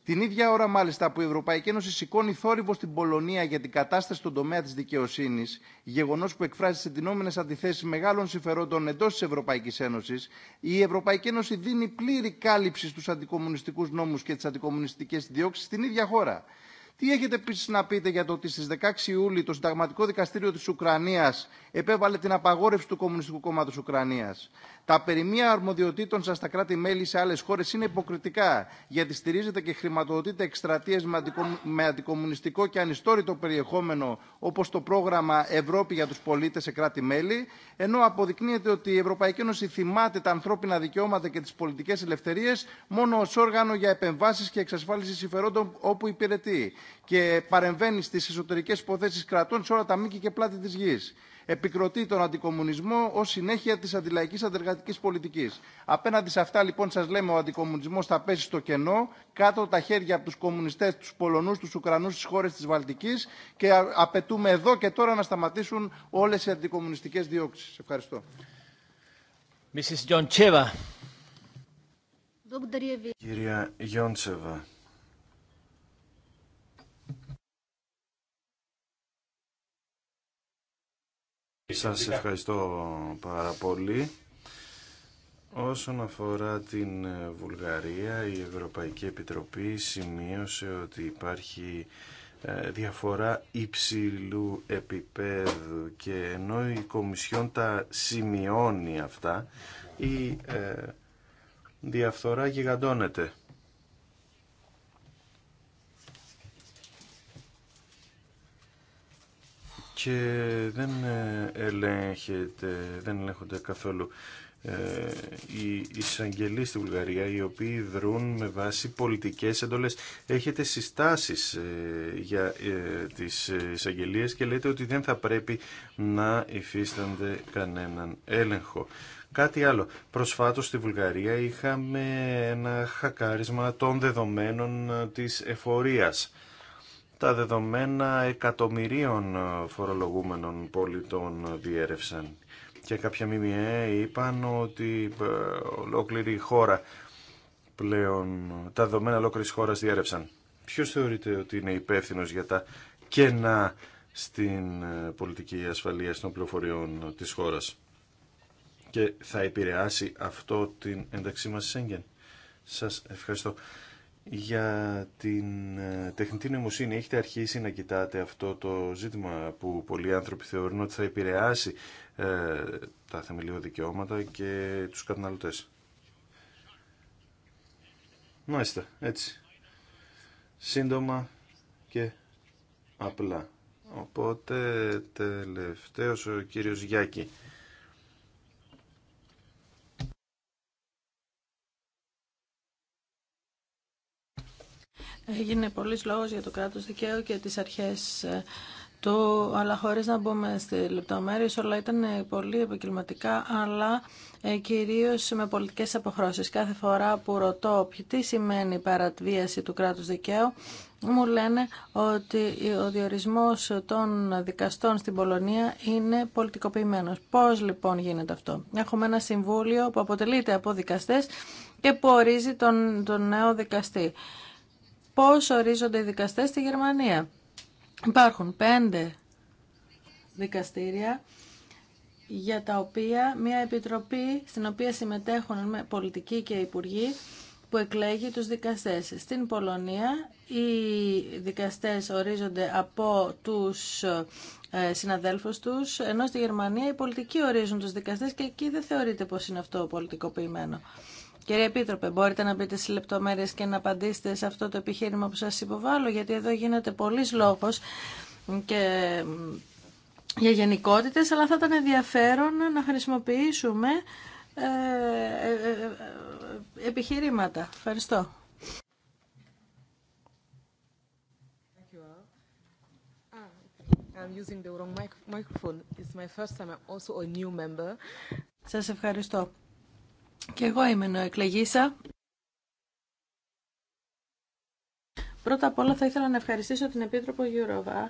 Την ίδια ώρα, μάλιστα, που η Ευρωπαϊκή Ένωση σηκώνει θόρυβο στην Πολωνία για την κατάσταση στον τομέα τη δικαιοσύνη, γεγονό που εκφράζει συντηνόμενε αντιθέσει μεγάλων συμφερόντων εντό τη Ευρωπαϊκή Ένωση, η Ευρωπαϊκή Ένωση δίνει πλήρη κάλυψη στου αντικομουνιστικού νόμου και τι αντικομουνιστικέ διώξει στην ίδια χώρα. Τι έχετε επίση να πείτε για το ότι στι 16 Ιούλη το Συνταγματικό Δικαστήριο τη Ουκρανία επέβαλε την απαγόρευση του Κομμουνιστικού Κόμματο Ουκρανία. Τα περιμία αρμοδιοτήτων σα στα κράτη-μέλη σε άλλε χώρε είναι υποκριτικά, γιατί στηρίζετε και χρηματοδοτείτε εκστρατείε με, αντικομ... αντικομουνιστικό και ανιστόρητο περιεχόμενο, όπω το πρόγραμμα Ευρώπη για του πολίτε σε κράτη-μέλη, ενώ αποδεικνύεται ότι η Ευρωπαϊκή Ένωση θυμάται τα ανθρώπινα δικαιώματα και τι πολιτικέ ελευθερίε μόνο ω όργανο για επεμβάσει και εξασφάλιση συμφερόντων όπου υπηρετεί και παρεμβαίνει στι εσωτερικέ υποθέσει κρατών σε όλα τα μήκη και πλάτη τη γη. Επικροτεί τον αντικομουνισμό ω συνέχεια τη αντιλαϊκή αντεργατική πολιτική. Απέναντι σε αυτά λοιπόν σα λέμε ο αντικομουνισμό θα πέσει στο κενό, κάτω τα χέρια από του κομμουνιστέ, του Πολωνού, του Ουκρανού, τι χώρε τη Βαλτική και απαιτούμε εδώ και τώρα να σταματήσουν όλε οι αντικομουνιστικέ διώξει. Ευχαριστώ. Κυρία Γιόντσεβα, Σας ευχαριστώ πάρα πολύ. Όσον αφορά την ε, Βουλγαρία, η Ευρωπαϊκή Επιτροπή σημείωσε ότι υπάρχει ε, διαφορά υψηλού επίπεδου και ενώ η Κομισιόν τα σημειώνει αυτά, η ε, διαφθορά γιγαντώνεται. και δεν ε, ελέγχεται, δεν ελέγχονται καθόλου ε, οι εισαγγελείς στη Βουλγαρία οι οποίοι δρούν με βάση πολιτικές εντολές. Έχετε συστάσεις ε, για τις εισαγγελίε και λέτε ότι δεν θα πρέπει να υφίστανται κανέναν έλεγχο. Κάτι άλλο. Προσφάτως στη Βουλγαρία είχαμε ένα χακάρισμα των δεδομένων της εφορίας τα δεδομένα εκατομμυρίων φορολογούμενων πολιτών διέρευσαν. Και κάποια ΜΜΕ είπαν ότι ε, ολόκληρη χώρα πλέον, τα δεδομένα ολόκληρη χώρας διέρευσαν. Ποιος θεωρείτε ότι είναι υπεύθυνο για τα κενά στην ε, πολιτική ασφαλείας των πληροφοριών της χώρας και θα επηρεάσει αυτό την ένταξή μας Σέγγεν. Σας ευχαριστώ για την ε, τεχνητή νοημοσύνη έχετε αρχίσει να κοιτάτε αυτό το ζήτημα που πολλοί άνθρωποι θεωρούν ότι θα επηρεάσει ε, τα θεμελιώδη δικαιώματα και τους καταναλωτές. Μάλιστα, έτσι. Σύντομα και απλά. Οπότε τελευταίος ο κύριος Γιάκη. Έγινε πολλής λόγος για το κράτος δικαίου και τις αρχές ε, του, αλλά χωρίς να μπούμε στη λεπτομέρειε, όλα ήταν πολύ επαγγελματικά, αλλά ε, κυρίως με πολιτικές αποχρώσεις. Κάθε φορά που ρωτώ τι σημαίνει η παρατβίαση του κράτους δικαίου, μου λένε ότι ο διορισμός των δικαστών στην Πολωνία είναι πολιτικοποιημένος. Πώς λοιπόν γίνεται αυτό. Έχουμε ένα συμβούλιο που αποτελείται από δικαστές και που ορίζει τον, τον νέο δικαστή πώς ορίζονται οι δικαστές στη Γερμανία. Υπάρχουν πέντε δικαστήρια για τα οποία μια επιτροπή στην οποία συμμετέχουν με πολιτικοί και υπουργοί που εκλέγει τους δικαστές. Στην Πολωνία οι δικαστές ορίζονται από τους ε, συναδέλφους τους, ενώ στη Γερμανία οι πολιτικοί ορίζουν τους δικαστές και εκεί δεν θεωρείται πως είναι αυτό πολιτικοποιημένο. Κύριε Επίτροπε, μπορείτε να μπείτε σε λεπτομέρειες και να απαντήσετε σε αυτό το επιχείρημα που σας υποβάλλω, γιατί εδώ γίνεται πολλής λόγος και για γενικότητες, αλλά θα ήταν ενδιαφέρον να χρησιμοποιήσουμε ε, ε, ε, ε επιχειρήματα. Ευχαριστώ. Σας ευχαριστώ. Και εγώ είμαι νοεκλεγίσα. Πρώτα απ' όλα θα ήθελα να ευχαριστήσω την Επίτροπο Γιούροβα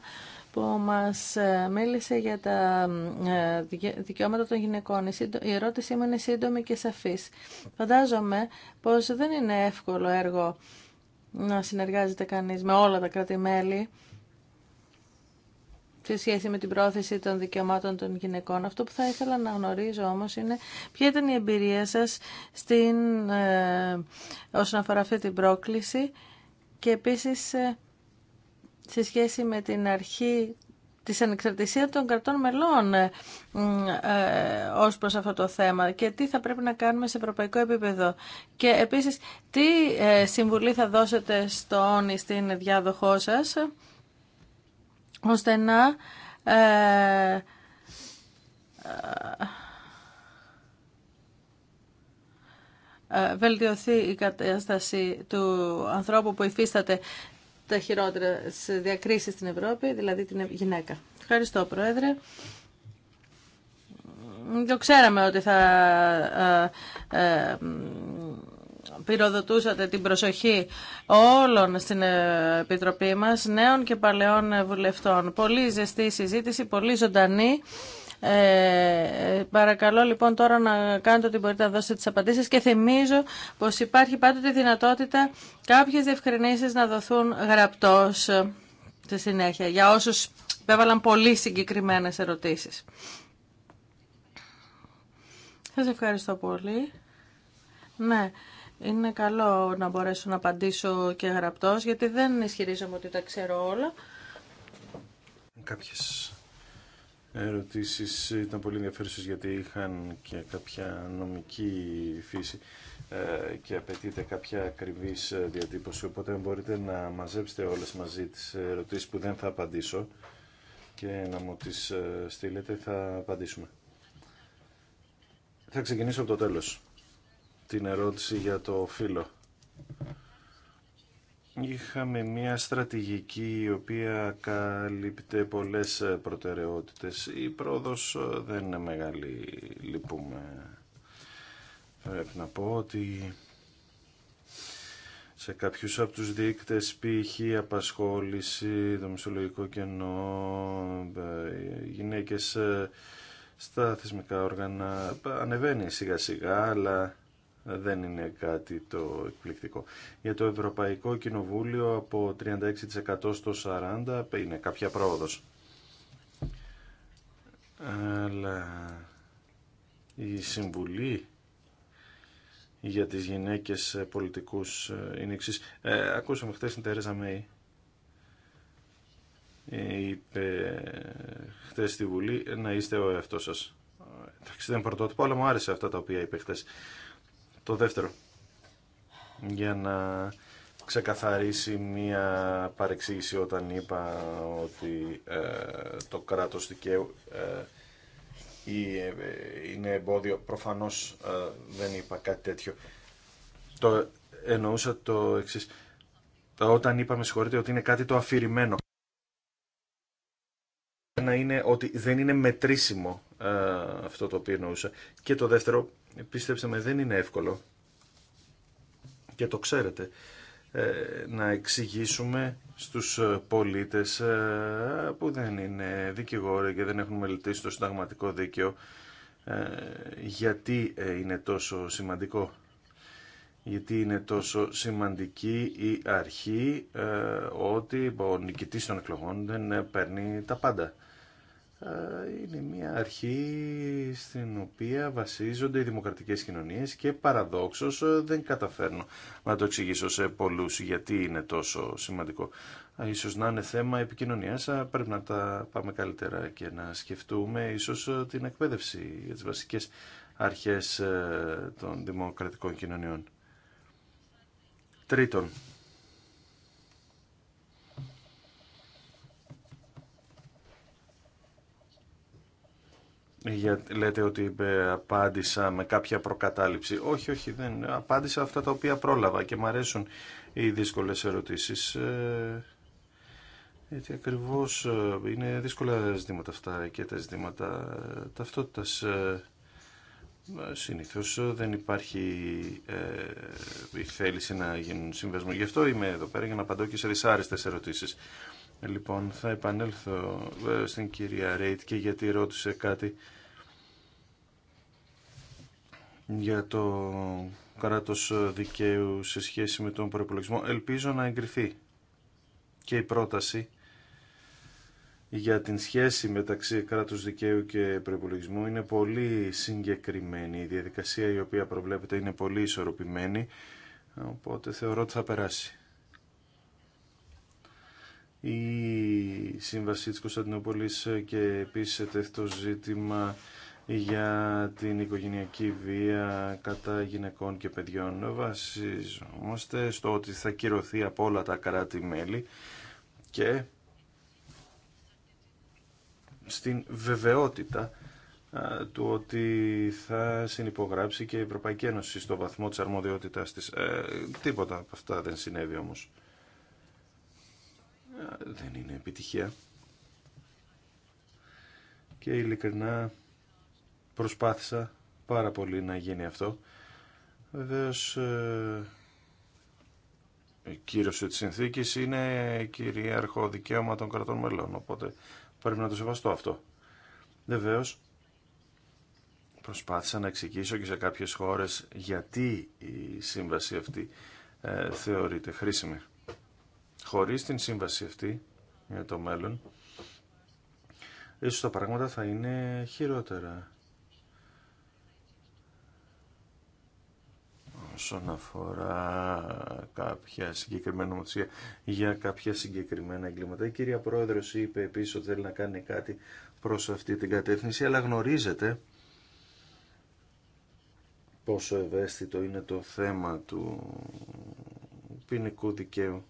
που μας ε, μίλησε για τα ε, δικαιώματα των γυναικών. Η ερώτησή μου είναι σύντομη και σαφής. Φαντάζομαι πως δεν είναι εύκολο έργο να συνεργάζεται κανείς με όλα τα κράτη-μέλη σε σχέση με την πρόθεση των δικαιωμάτων των γυναικών. Αυτό που θα ήθελα να γνωρίζω όμως είναι ποια ήταν η εμπειρία σας στην, ε, όσον αφορά αυτή την πρόκληση και επίσης ε, σε σχέση με την αρχή της ανεξαρτησίας των κρατών μελών ε, ε, ως προς αυτό το θέμα και τι θα πρέπει να κάνουμε σε ευρωπαϊκό επίπεδο. Και επίσης, τι ε, συμβουλή θα δώσετε στον ή στην διάδοχό σας ώστε να ε, ε, ε, βελτιωθεί η κατάσταση του ανθρώπου που υφίσταται τα χειρότερα διακρίσεις στην Ευρώπη, δηλαδή την γυναίκα. Ευχαριστώ, Πρόεδρε. Το ξέραμε ότι θα πυροδοτούσατε την προσοχή όλων στην ε, Επιτροπή μας, νέων και παλαιών ε, βουλευτών. Πολύ ζεστή συζήτηση, πολύ ζωντανή. Ε, παρακαλώ λοιπόν τώρα να κάνετε ό,τι μπορείτε να δώσετε τις απαντήσεις και θυμίζω πως υπάρχει πάντοτε δυνατότητα κάποιες διευκρινήσεις να δοθούν γραπτός στη συνέχεια για όσους πέβαλαν πολύ συγκεκριμένες ερωτήσεις. Σας ευχαριστώ πολύ. Ναι, είναι καλό να μπορέσω να απαντήσω και γραπτός, γιατί δεν ισχυρίζομαι ότι τα ξέρω όλα. Κάποιες ερωτήσεις ήταν πολύ ενδιαφέρουσες γιατί είχαν και κάποια νομική φύση ε, και απαιτείται κάποια ακριβής ε, διατύπωση, οπότε μπορείτε να μαζέψετε όλες μαζί τις ερωτήσεις που δεν θα απαντήσω και να μου τις ε, στείλετε, θα απαντήσουμε. Θα ξεκινήσω από το τέλος την ερώτηση για το φύλλο. Είχαμε μια στρατηγική η οποία καλύπτε πολλές προτεραιότητες. Η πρόοδος ε, δεν είναι μεγάλη, λυπούμε. Πρέπει να πω ότι σε κάποιους από τους δείκτες π.χ. απασχόληση, το μισολογικό κενό, ε, γυναίκες ε, στα θεσμικά όργανα ανεβαίνει σιγά σιγά αλλά δεν είναι κάτι το εκπληκτικό. Για το Ευρωπαϊκό Κοινοβούλιο από 36% στο 40% είναι κάποια πρόοδος. Αλλά η Συμβουλή για τις γυναίκες πολιτικούς είναι εξής. ακούσαμε χθες την Τερέζα Μέη ε, είπε χθε στη Βουλή να είστε ο εαυτός σας. Ε, εντάξει, δεν πρωτότυπο, αλλά μου άρεσε αυτά τα οποία είπε χθε το δεύτερο για να ξεκαθαρίσει μία παρεξήγηση όταν είπα ότι ε, το κράτος δικαίου ε, ε είναι εμπόδιο. Προφανώς ε, δεν είπα κάτι τέτοιο. Το εννοούσα το εξής. Όταν είπαμε συγχωρείτε ότι είναι κάτι το αφηρημένο. Να είναι ότι δεν είναι μετρήσιμο αυτό το οποίο εννοούσα. Και το δεύτερο, πίστεψτε με, δεν είναι εύκολο και το ξέρετε ε, να εξηγήσουμε στους ε, πολίτες ε, που δεν είναι δικηγόροι και δεν έχουν μελετήσει το συνταγματικό δίκαιο γιατί είναι τόσο σημαντικό. Γιατί είναι τόσο σημαντική η αρχή ότι ο νικητής των εκλογών δεν παίρνει τα πάντα είναι μια αρχή στην οποία βασίζονται οι δημοκρατικές κοινωνίες και παραδόξως ε, δεν καταφέρνω να το εξηγήσω σε πολλούς γιατί είναι τόσο σημαντικό. Ίσως να είναι θέμα επικοινωνίας, πρέπει να τα πάμε καλύτερα και να σκεφτούμε ίσως ε, την εκπαίδευση για τις βασικές αρχές ε, των δημοκρατικών κοινωνιών. Τρίτον, Για, λέτε ότι ε, απάντησα με κάποια προκατάληψη. Όχι, όχι, δεν. Απάντησα αυτά τα οποία πρόλαβα και μου αρέσουν οι δύσκολες ερωτήσεις. Ε, γιατί ακριβώς ε, είναι δύσκολα ζητήματα αυτά και τα ζητήματα ταυτότητας. Συνήθως δεν υπάρχει η θέληση να γίνουν συμβασμοί. Γι' αυτό είμαι εδώ πέρα για να απαντώ και σε δυσάρεστες ερωτήσεις. Ε, λοιπόν, θα επανέλθω ε, στην κυρία Ρέιτ και γιατί ρώτησε κάτι για το κράτος δικαίου σε σχέση με τον προπολογισμό. Ελπίζω να εγκριθεί και η πρόταση για την σχέση μεταξύ κράτους δικαίου και προπολογισμού είναι πολύ συγκεκριμένη. Η διαδικασία η οποία προβλέπεται είναι πολύ ισορροπημένη, οπότε θεωρώ ότι θα περάσει η Σύμβαση της Κωνσταντινούπολης και επίσης το ζήτημα για την οικογενειακή βία κατά γυναικών και παιδιών. Βασιζόμαστε στο ότι θα κυρωθεί από όλα τα κράτη-μέλη και στην βεβαιότητα του ότι θα συνυπογράψει και η Ευρωπαϊκή Ένωση στο βαθμό της αρμοδιότητάς της. Ε, τίποτα από αυτά δεν συνέβη όμως δεν είναι επιτυχία. Και ειλικρινά προσπάθησα πάρα πολύ να γίνει αυτό. Βεβαίως ε, η κύρωση της συνθήκης είναι κυρίαρχο δικαίωμα των κρατών μελών, οπότε πρέπει να το σεβαστώ αυτό. Βεβαίως προσπάθησα να εξηγήσω και σε κάποιες χώρες γιατί η σύμβαση αυτή ε, θεωρείται χρήσιμη χωρίς την σύμβαση αυτή για το μέλλον, ίσως τα πράγματα θα είναι χειρότερα. όσον αφορά κάποια συγκεκριμένα νομοθεσία για κάποια συγκεκριμένα εγκλήματα. Η κυρία Πρόεδρος είπε επίσης ότι θέλει να κάνει κάτι προς αυτή την κατεύθυνση, αλλά γνωρίζετε πόσο ευαίσθητο είναι το θέμα του ποινικού δικαίου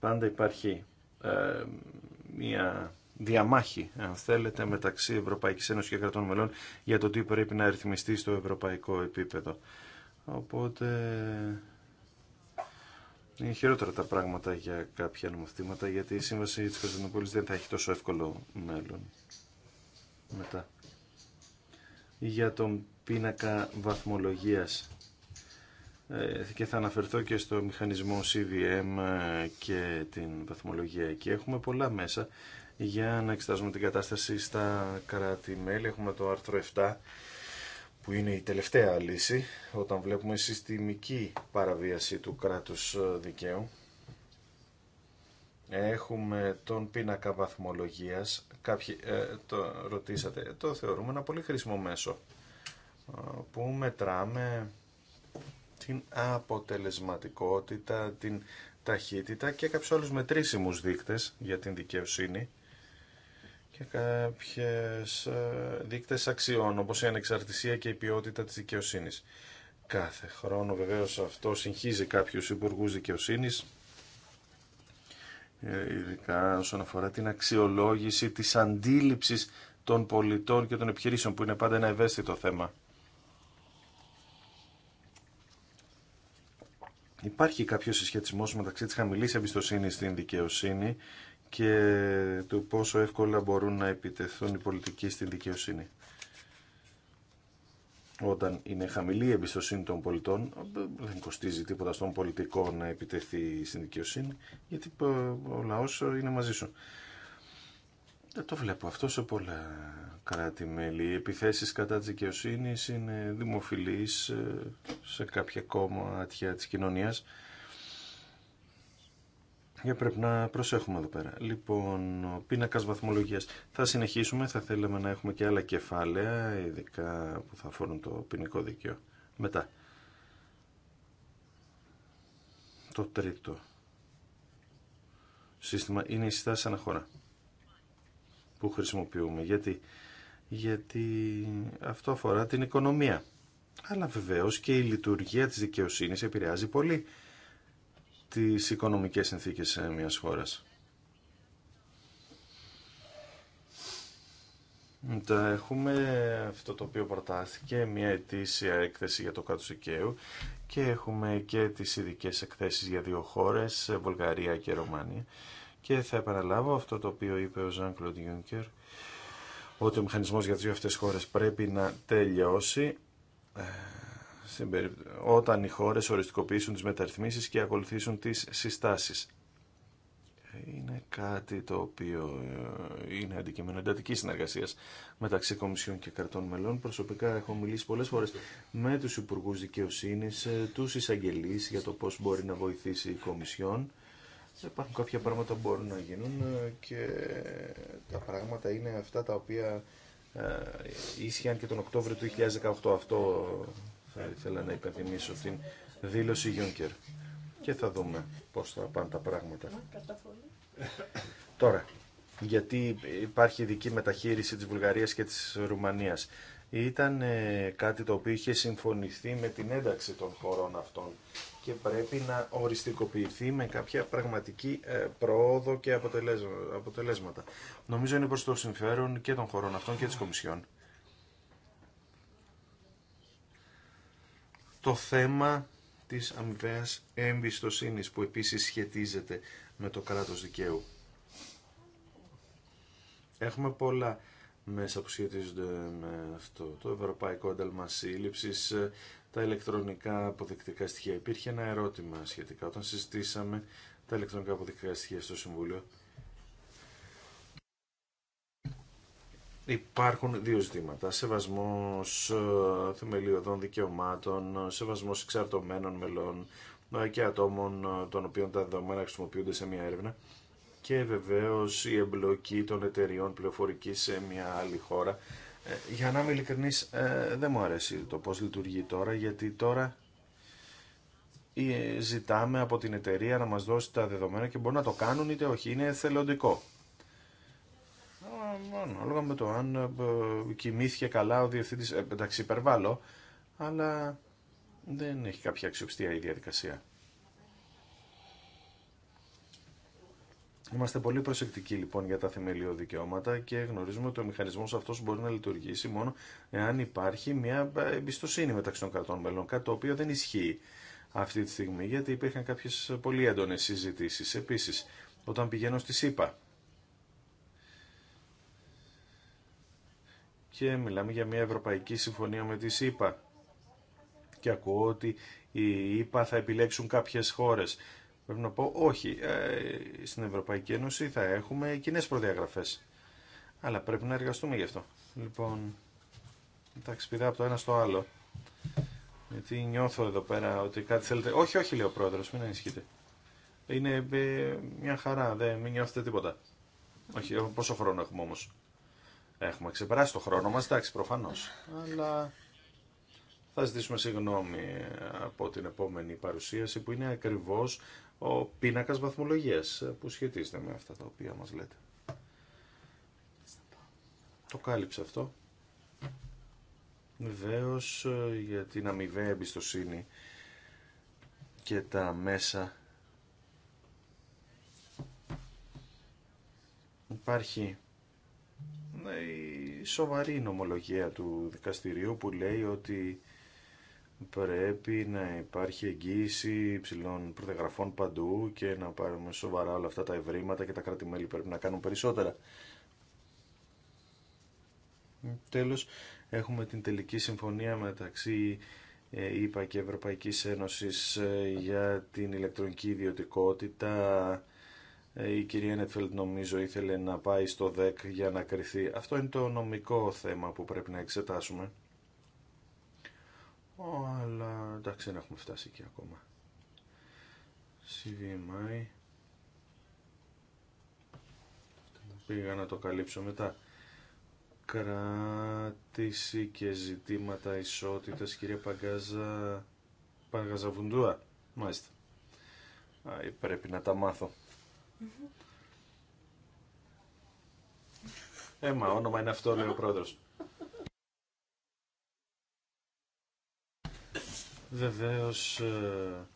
πάντα υπάρχει ε, μια διαμάχη, αν θέλετε, μεταξύ Ευρωπαϊκής Ένωσης και κρατών μελών για το τι πρέπει να ρυθμιστεί στο ευρωπαϊκό επίπεδο. Οπότε είναι χειρότερα τα πράγματα για κάποια νομοθετήματα γιατί η σύμβαση της Κωνσταντινούπολης δεν θα έχει τόσο εύκολο μέλλον μετά. Για τον πίνακα βαθμολογίας ε, και θα αναφερθώ και στο μηχανισμό CVM ε, και την βαθμολογία εκεί. Έχουμε πολλά μέσα για να εξετάζουμε την κατάσταση στα κράτη-μέλη. Έχουμε το άρθρο 7 που είναι η τελευταία λύση όταν βλέπουμε συστημική παραβίαση του κράτους ε, δικαίου. Έχουμε τον πίνακα βαθμολογίας. Κάποιοι το ρωτήσατε. Το θεωρούμε ένα πολύ χρήσιμο μέσο που μετράμε την αποτελεσματικότητα, την ταχύτητα και κάποιους άλλους μετρήσιμους δείκτες για την δικαιοσύνη και κάποιες ε, δείκτες αξιών όπως η ανεξαρτησία και η ποιότητα της δικαιοσύνης. Κάθε χρόνο βεβαίως αυτό συγχύζει κάποιους υπουργούς δικαιοσύνης ε, ειδικά όσον αφορά την αξιολόγηση της αντίληψης των πολιτών και των επιχειρήσεων που είναι πάντα ένα ευαίσθητο θέμα. υπάρχει κάποιο συσχετισμός μεταξύ τη χαμηλή εμπιστοσύνη στην δικαιοσύνη και του πόσο εύκολα μπορούν να επιτεθούν οι πολιτικοί στην δικαιοσύνη. Όταν είναι χαμηλή η εμπιστοσύνη των πολιτών, δεν κοστίζει τίποτα στον πολιτικό να επιτεθεί στην δικαιοσύνη, γιατί ο λαός είναι μαζί σου. Δεν το βλέπω αυτό σε πολλά κράτη-μέλη. Οι επιθέσεις κατά της δικαιοσύνη είναι δημοφιλείς ε, σε κάποια κόμματα της κοινωνίας. Για πρέπει να προσέχουμε εδώ πέρα. Λοιπόν, ο πίνακας βαθμολογίας. Θα συνεχίσουμε, θα θέλαμε να έχουμε και άλλα κεφάλαια, ειδικά που θα αφορούν το ποινικό δίκαιο. Μετά. Το τρίτο σύστημα είναι η στάση αναχώρα που χρησιμοποιούμε. Γιατί, γιατί αυτό αφορά την οικονομία. Αλλά βεβαίως και η λειτουργία της δικαιοσύνης επηρεάζει πολύ τις οικονομικές συνθήκες μιας χώρας. Τα έχουμε αυτό το οποίο προτάθηκε, μια ετήσια έκθεση για το κάτω δικαίου και έχουμε και τις ειδικέ εκθέσεις για δύο χώρες, Βουλγαρία και Ρωμανία και θα επαναλάβω αυτό το οποίο είπε ο Ζαν Κλοντ Γιούνκερ, ότι ο μηχανισμός για τις δύο αυτές χώρες πρέπει να τελειώσει ε, όταν οι χώρες οριστικοποιήσουν τις μεταρρυθμίσεις και ακολουθήσουν τις συστάσεις. Είναι κάτι το οποίο ε, είναι αντικείμενο εντατική συνεργασία μεταξύ Κομισιών και Κρατών Μελών. Προσωπικά έχω μιλήσει πολλέ φορέ με του Υπουργού Δικαιοσύνη, ε, του εισαγγελεί για το πώ μπορεί να βοηθήσει η Κομισιόν Υπάρχουν κάποια πράγματα που μπορούν να γίνουν ε, και τα πράγματα είναι αυτά τα οποία ε, ίσχυαν και τον Οκτώβριο του 2018. Αυτό θα ήθελα να υπενθυμίσω την δήλωση Γιούνκερ. Και θα δούμε πώς θα πάνε τα πράγματα. Τώρα, γιατί υπάρχει ειδική μεταχείριση της Βουλγαρίας και της Ρουμανίας. Ήταν ε, κάτι το οποίο είχε συμφωνηθεί με την ένταξη των χωρών αυτών και πρέπει να οριστικοποιηθεί με κάποια πραγματική ε, πρόοδο και αποτελέσματα. Νομίζω είναι προς το συμφέρον και των χωρών αυτών και της Κομισιόν. Το θέμα της αμοιβαίας εμπιστοσύνης που επίσης σχετίζεται με το κράτος δικαίου. Έχουμε πολλά μέσα που σχετίζονται με αυτό το ευρωπαϊκό ένταλμα τα ηλεκτρονικά αποδεικτικά στοιχεία. Υπήρχε ένα ερώτημα σχετικά όταν συζητήσαμε τα ηλεκτρονικά αποδεικτικά στοιχεία στο Συμβούλιο. Υπάρχουν δύο ζητήματα. Σεβασμός ε, θεμελιωδών δικαιωμάτων, σεβασμός εξαρτωμένων μελών ε, και ατόμων ε, των οποίων τα δεδομένα χρησιμοποιούνται σε μια έρευνα και βεβαίως η εμπλοκή των εταιριών πληροφορικής σε μια άλλη χώρα. Ε, για να είμαι ειλικρινής, ε, δεν μου αρέσει το πώς λειτουργεί τώρα, γιατί τώρα ε, ζητάμε από την εταιρεία να μας δώσει τα δεδομένα και μπορεί να το κάνουν είτε όχι, είναι θελοντικό. Ανάλογα με το αν κοιμήθηκε καλά ο διευθύντης, εντάξει υπερβάλλω, αλλά δεν έχει κάποια αξιοπιστία η διαδικασία. Είμαστε πολύ προσεκτικοί λοιπόν για τα θεμελιώδη δικαιώματα και γνωρίζουμε ότι ο μηχανισμό αυτό μπορεί να λειτουργήσει μόνο εάν υπάρχει μια ε, εμπιστοσύνη μεταξύ των κρατών μελών. Κάτι το οποίο δεν ισχύει αυτή τη στιγμή γιατί υπήρχαν κάποιε πολύ έντονε συζητήσει. Επίση, όταν πηγαίνω στη ΣΥΠΑ και μιλάμε για μια ευρωπαϊκή συμφωνία με τη ΣΥΠΑ και ακούω ότι οι ΙΠΑ θα επιλέξουν κάποιες χώρες. Πρέπει να πω όχι. Ε, στην Ευρωπαϊκή Ένωση θα έχουμε κοινέ προδιαγραφέ. Αλλά πρέπει να εργαστούμε γι' αυτό. Λοιπόν, εντάξει, πηδά από το ένα στο άλλο. Γιατί νιώθω εδώ πέρα ότι κάτι θέλετε. Όχι, όχι, λέει ο πρόεδρο, μην ανησυχείτε. Είναι ε, μια χαρά, δεν μην νιώθετε τίποτα. Όχι, ε, πόσο χρόνο έχουμε όμω. Έχουμε ξεπεράσει το χρόνο μα, εντάξει, προφανώ. Αλλά θα ζητήσουμε συγγνώμη από την επόμενη παρουσίαση που είναι ακριβώ ο πίνακας βαθμολογίας ε, που σχετίζεται με αυτά τα οποία μας λέτε. Το κάλυψε αυτό. Βεβαίω ε, για την αμοιβαία εμπιστοσύνη και τα μέσα. Υπάρχει ε, η σοβαρή νομολογία του δικαστηρίου που λέει ότι πρέπει να υπάρχει εγγύηση υψηλών προτεγραφών παντού και να πάρουμε σοβαρά όλα αυτά τα ευρήματα και τα κράτη-μέλη πρέπει να κάνουν περισσότερα. Τέλος, έχουμε την τελική συμφωνία μεταξύ ε, ΕΕ και Ευρωπαϊκής Ένωσης ε, για την ηλεκτρονική ιδιωτικότητα. Ε, η κυρία Νετφελτ νομίζω ήθελε να πάει στο ΔΕΚ για να κρυθεί. Αυτό είναι το νομικό θέμα που πρέπει να εξετάσουμε αλλά εντάξει δεν έχουμε φτάσει εκεί ακόμα. CVMI. Πήγα να το καλύψω μετά. Κράτηση και ζητήματα ισότητας, κύριε Παγκάζα... Βουντούα Μάλιστα. Α, πρέπει να τα μάθω. Έμα, ε, όνομα είναι αυτό, λέει ο πρόεδρος. Βεβαίως ε,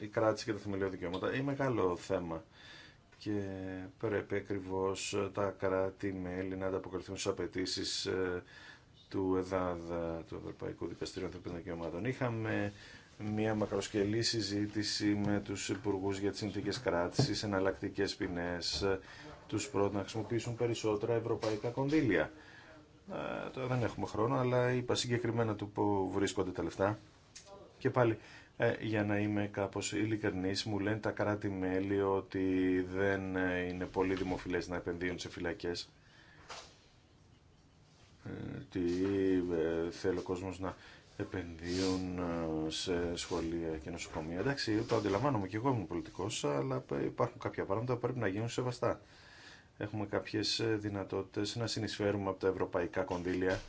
η κράτηση και τα θεμελιώδη δικαιώματα είναι μεγάλο θέμα και πρέπει ακριβώ τα κράτη-μέλη να ανταποκριθούν στις απαιτήσει ε, του ΕΔΑΔ, του Ευρωπαϊκού Δικαστηρίου Ανθρωπίνων Δικαιωμάτων. Είχαμε μια μακροσκελή συζήτηση με τους υπουργού για τις συνθήκες κράτησης, εναλλακτικέ ποινές, ε, τους πρώτους να χρησιμοποιήσουν περισσότερα ευρωπαϊκά κονδύλια. Ε, τώρα δεν έχουμε χρόνο, αλλά είπα συγκεκριμένα του που βρίσκονται τα λεφτά. Και πάλι, ε, για να είμαι κάπως ειλικρινής, μου λένε τα κράτη-μέλη ότι δεν ε, είναι πολύ δημοφιλές να επενδύουν σε φυλακές. Ε, ότι θέλει ο κόσμος να επενδύουν σε σχολεία και νοσοκομεία. Εντάξει, το αντιλαμβάνομαι και εγώ είμαι πολιτικός, αλλά υπάρχουν κάποια πράγματα που πρέπει να γίνουν σεβαστά έχουμε κάποιες ε, δυνατότητες να συνεισφέρουμε από τα ευρωπαϊκά κονδύλια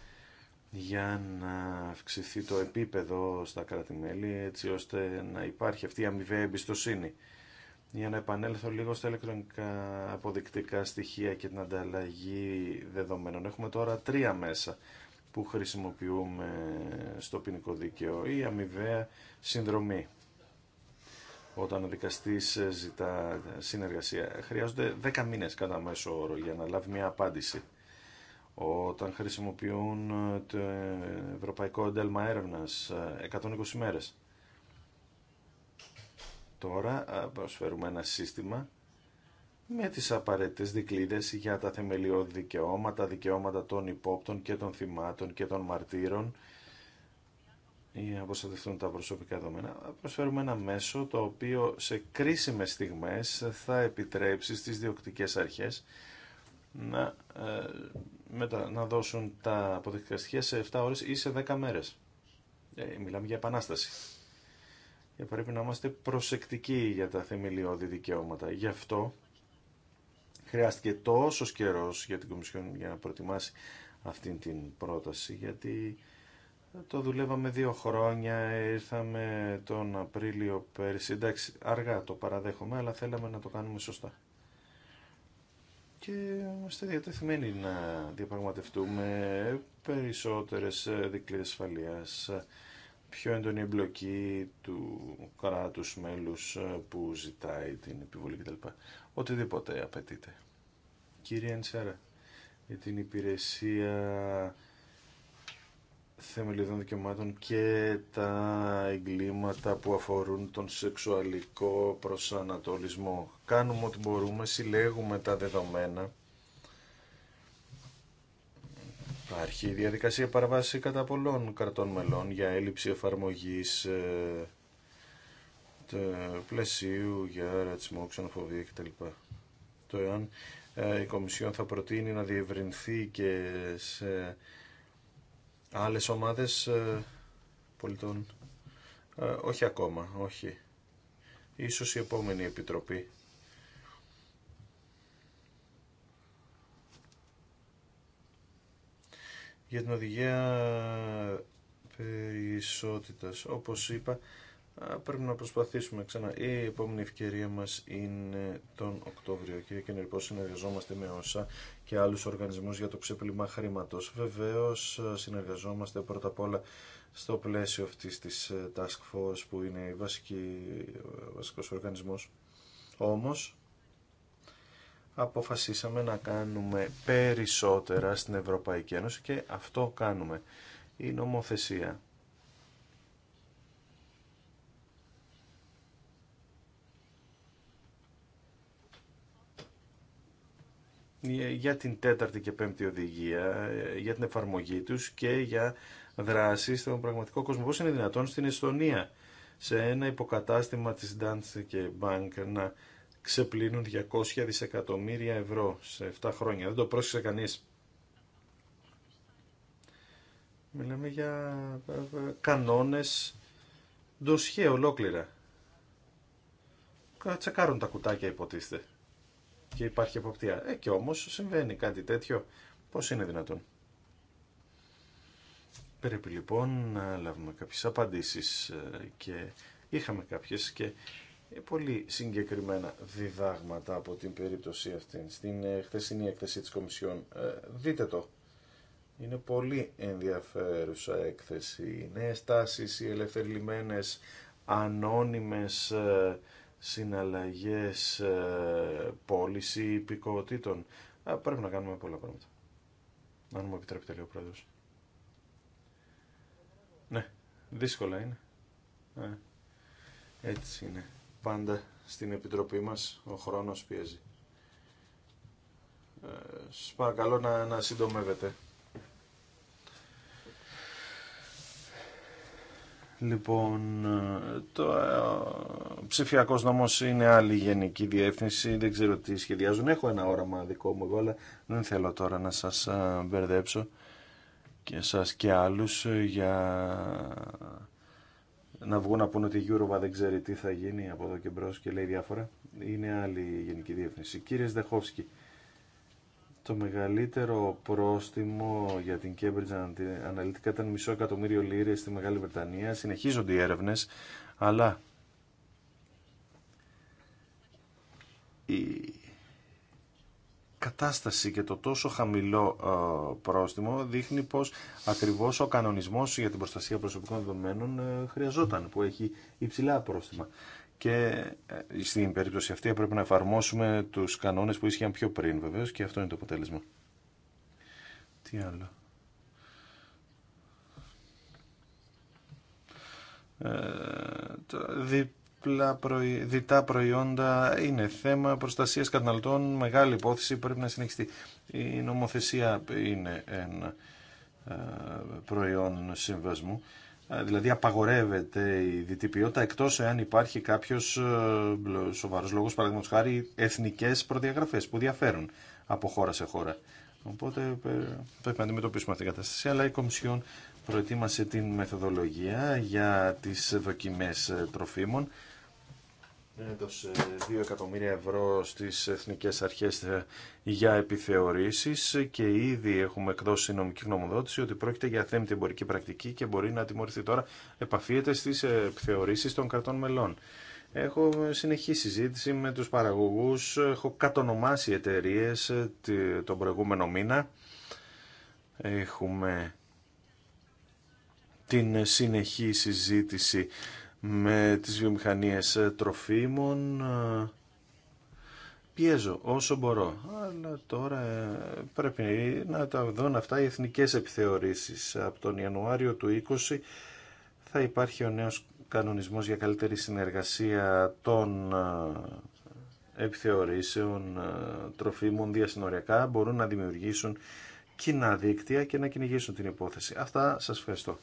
για να αυξηθεί το επίπεδο στα κράτη-μέλη έτσι ώστε να υπάρχει αυτή η αμοιβαία εμπιστοσύνη. Για να επανέλθω λίγο στα ηλεκτρονικά αποδεικτικά στοιχεία και την ανταλλαγή δεδομένων. Έχουμε τώρα τρία μέσα που χρησιμοποιούμε στο ποινικό δίκαιο. Η αμοιβαία συνδρομή όταν ο δικαστή ε, ζητά ε, συνεργασία. Χρειάζονται 10 μήνε κατά μέσο όρο για να λάβει μια απάντηση. Όταν χρησιμοποιούν ε, το Ευρωπαϊκό Εντέλμα έρευνα 120 μέρες. Τώρα προσφέρουμε ένα σύστημα με τις απαραίτητες δικλείδες για τα θεμελιώδη δικαιώματα, δικαιώματα των υπόπτων και των θυμάτων και των μαρτύρων ή να προστατευτούν τα προσωπικά δεδομένα, προσφέρουμε ένα μέσο το οποίο σε κρίσιμες στιγμές θα επιτρέψει στις διοκτικές αρχές να, ε, να δώσουν τα αποδεικτικά στοιχεία σε 7 ώρες ή σε 10 μέρες. Ε, μιλάμε για επανάσταση. Και πρέπει να είμαστε προσεκτικοί για τα θεμελιώδη δικαιώματα. Γι' αυτό χρειάστηκε τόσο καιρό για την Κομισιόν για να προετοιμάσει αυτή την πρόταση, γιατί το δουλεύαμε δύο χρόνια, ήρθαμε τον Απρίλιο πέρσι. Εντάξει, αργά το παραδέχομαι, αλλά θέλαμε να το κάνουμε σωστά. Και είμαστε διατεθειμένοι να διαπραγματευτούμε περισσότερες δικλείδες ασφαλείας, πιο έντονη εμπλοκή του κράτους μέλους που ζητάει την επιβολή κτλ. Οτιδήποτε απαιτείται. Κύριε Ενσέρα, για την υπηρεσία θεμελιωδών δικαιωμάτων και τα εγκλήματα που αφορούν τον σεξουαλικό προσανατολισμό. Κάνουμε ό,τι μπορούμε, συλλέγουμε τα δεδομένα. Υπάρχει διαδικασία παραβάση κατά πολλών κρατών μελών για έλλειψη εφαρμογής ε, του πλαισίου για ρατσισμό, ξενοφοβία κτλ. Το εάν ε, η Κομισιόν θα προτείνει να διευρυνθεί και σε Άλλες ομάδες ε, πολιτών ε, όχι ακόμα, όχι. Ίσως η επόμενη επιτροπή. Για την οδηγία ε, περισσότητας, όπως είπα, πρέπει να προσπαθήσουμε ξανά. Η επόμενη ευκαιρία μας είναι τον Οκτώβριο. και Κενερικό, συνεργαζόμαστε με όσα και άλλους οργανισμούς για το ξεπλήμα χρήματος. Βεβαίως, συνεργαζόμαστε πρώτα απ' όλα στο πλαίσιο αυτής της ε, Task Force που είναι βασική, ο βασικός οργανισμός. Όμως, αποφασίσαμε να κάνουμε περισσότερα στην Ευρωπαϊκή Ένωση και αυτό κάνουμε. Η νομοθεσία Ε, για την τέταρτη και πέμπτη οδηγία, ε, για την εφαρμογή τους και για δράσεις στον πραγματικό κόσμο. Πώς είναι δυνατόν στην Εστονία, σε ένα υποκατάστημα της Danske και Bank να ξεπλύνουν 200 δισεκατομμύρια ευρώ σε 7 χρόνια. Δεν το πρόσεξε κανείς. Μιλάμε για ε, κανόνες ντοσχέ ολόκληρα. Τσεκάρουν τα κουτάκια υποτίθεται και υπάρχει εποπτεία. Ε, και όμως συμβαίνει κάτι τέτοιο. Πώς είναι δυνατόν. Πρέπει λοιπόν να λάβουμε κάποιες απαντήσεις ε, και είχαμε κάποιες και πολύ συγκεκριμένα διδάγματα από την περίπτωση αυτή. Στην ε, χθεσινή έκθεση της Κομισιόν, ε, δείτε το. Είναι πολύ ενδιαφέρουσα έκθεση. Οι νέες τάσεις, οι ελευθερλημένες, ανώνυμες συναλλαγές, ε, πώληση υπηκοτήτων. Πρέπει να κάνουμε πολλά πράγματα. Αν μου επιτρέπετε λέει πρόεδρος. Ναι, δύσκολα είναι. Έτσι είναι. Πάντα στην Επιτροπή μας ο χρόνος πιέζει. Ε, σας παρακαλώ να, να συντομεύετε. Λοιπόν, ε, το ε, ψηφιακό νόμο είναι άλλη γενική διεύθυνση. Δεν ξέρω τι σχεδιάζουν. Έχω ένα όραμα δικό μου εγώ, αλλά δεν θέλω τώρα να σας ε, μπερδέψω και σας και άλλους για να βγουν να πούνε ότι η Γιούροβα δεν ξέρει τι θα γίνει από εδώ και μπρος και λέει διάφορα. Είναι άλλη γενική διεύθυνση. Κύριε Σδεχόφσκι, το μεγαλύτερο πρόστιμο για την Cambridge Analytica ήταν μισό εκατομμύριο λίρες στη Μεγάλη Βρετανία. Συνεχίζονται οι έρευνες, αλλά η κατάσταση και το τόσο χαμηλό ε, πρόστιμο δείχνει πως ακριβώς ο κανονισμός για την προστασία προσωπικών δεδομένων ε, χρειαζόταν, που έχει υψηλά πρόστιμα και ε, στην περίπτωση αυτή πρέπει να εφαρμόσουμε τους κανόνες που ίσχυαν πιο πριν βεβαίως και αυτό είναι το αποτέλεσμα. Τι άλλο. Ε, διπλά διτά προϊόντα είναι θέμα προστασίας καταναλωτών, μεγάλη υπόθεση πρέπει να συνεχιστεί. Η νομοθεσία είναι ένα ε, προϊόν συμβασμού δηλαδή απαγορεύεται η διτυπιότητα εκτός εάν υπάρχει κάποιος ε, σοβαρός λόγος, παραδείγματος χάρη εθνικές προδιαγραφές που διαφέρουν από χώρα σε χώρα. Οπότε ε, πρέπει να αντιμετωπίσουμε αυτή την κατάσταση. Αλλά η Κομισιόν προετοίμασε την μεθοδολογία για τις δοκιμές ε, τροφίμων έδωσε 2 εκατομμύρια ευρώ στις εθνικές αρχές ε, για επιθεωρήσεις και ήδη έχουμε εκδώσει νομική γνωμοδότηση ότι πρόκειται για την εμπορική πρακτική και μπορεί να τιμωρηθεί τώρα επαφίεται στις ε, επιθεωρήσεις των κρατών μελών. Έχω συνεχή συζήτηση με τους παραγωγούς, έχω κατονομάσει εταιρείε ε, τον προηγούμενο μήνα. Έχουμε την συνεχή συζήτηση με τις βιομηχανίες τροφίμων. Πιέζω όσο μπορώ, αλλά τώρα πρέπει να τα δουν αυτά οι εθνικές επιθεωρήσεις. Από τον Ιανουάριο του 20 θα υπάρχει ο νέος κανονισμός για καλύτερη συνεργασία των ε, επιθεωρήσεων ε, τροφίμων διασυνοριακά μπορούν να δημιουργήσουν κοινά δίκτυα και να κυνηγήσουν την υπόθεση. Αυτά σας ευχαριστώ.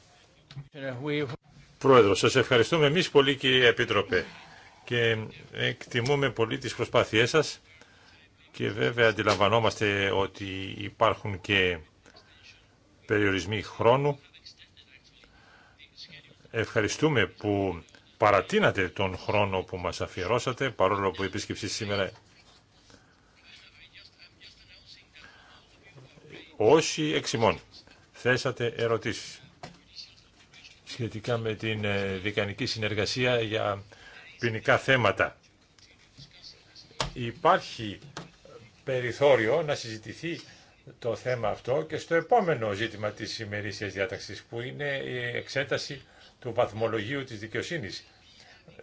Πρόεδρο, σας ευχαριστούμε εμείς πολύ κύριε Επίτροπε και εκτιμούμε πολύ τις προσπάθειές σας και βέβαια αντιλαμβανόμαστε ότι υπάρχουν και περιορισμοί χρόνου. Ευχαριστούμε που παρατείνατε τον χρόνο που μας αφιερώσατε, παρόλο που η επίσκεψη σήμερα... Όσοι εξημών θέσατε ερωτήσεις σχετικά με την ε, δικανική συνεργασία για ποινικά θέματα. Υπάρχει περιθώριο να συζητηθεί το θέμα αυτό και στο επόμενο ζήτημα της ημερήσιας διάταξης που είναι η εξέταση του βαθμολογίου της δικαιοσύνης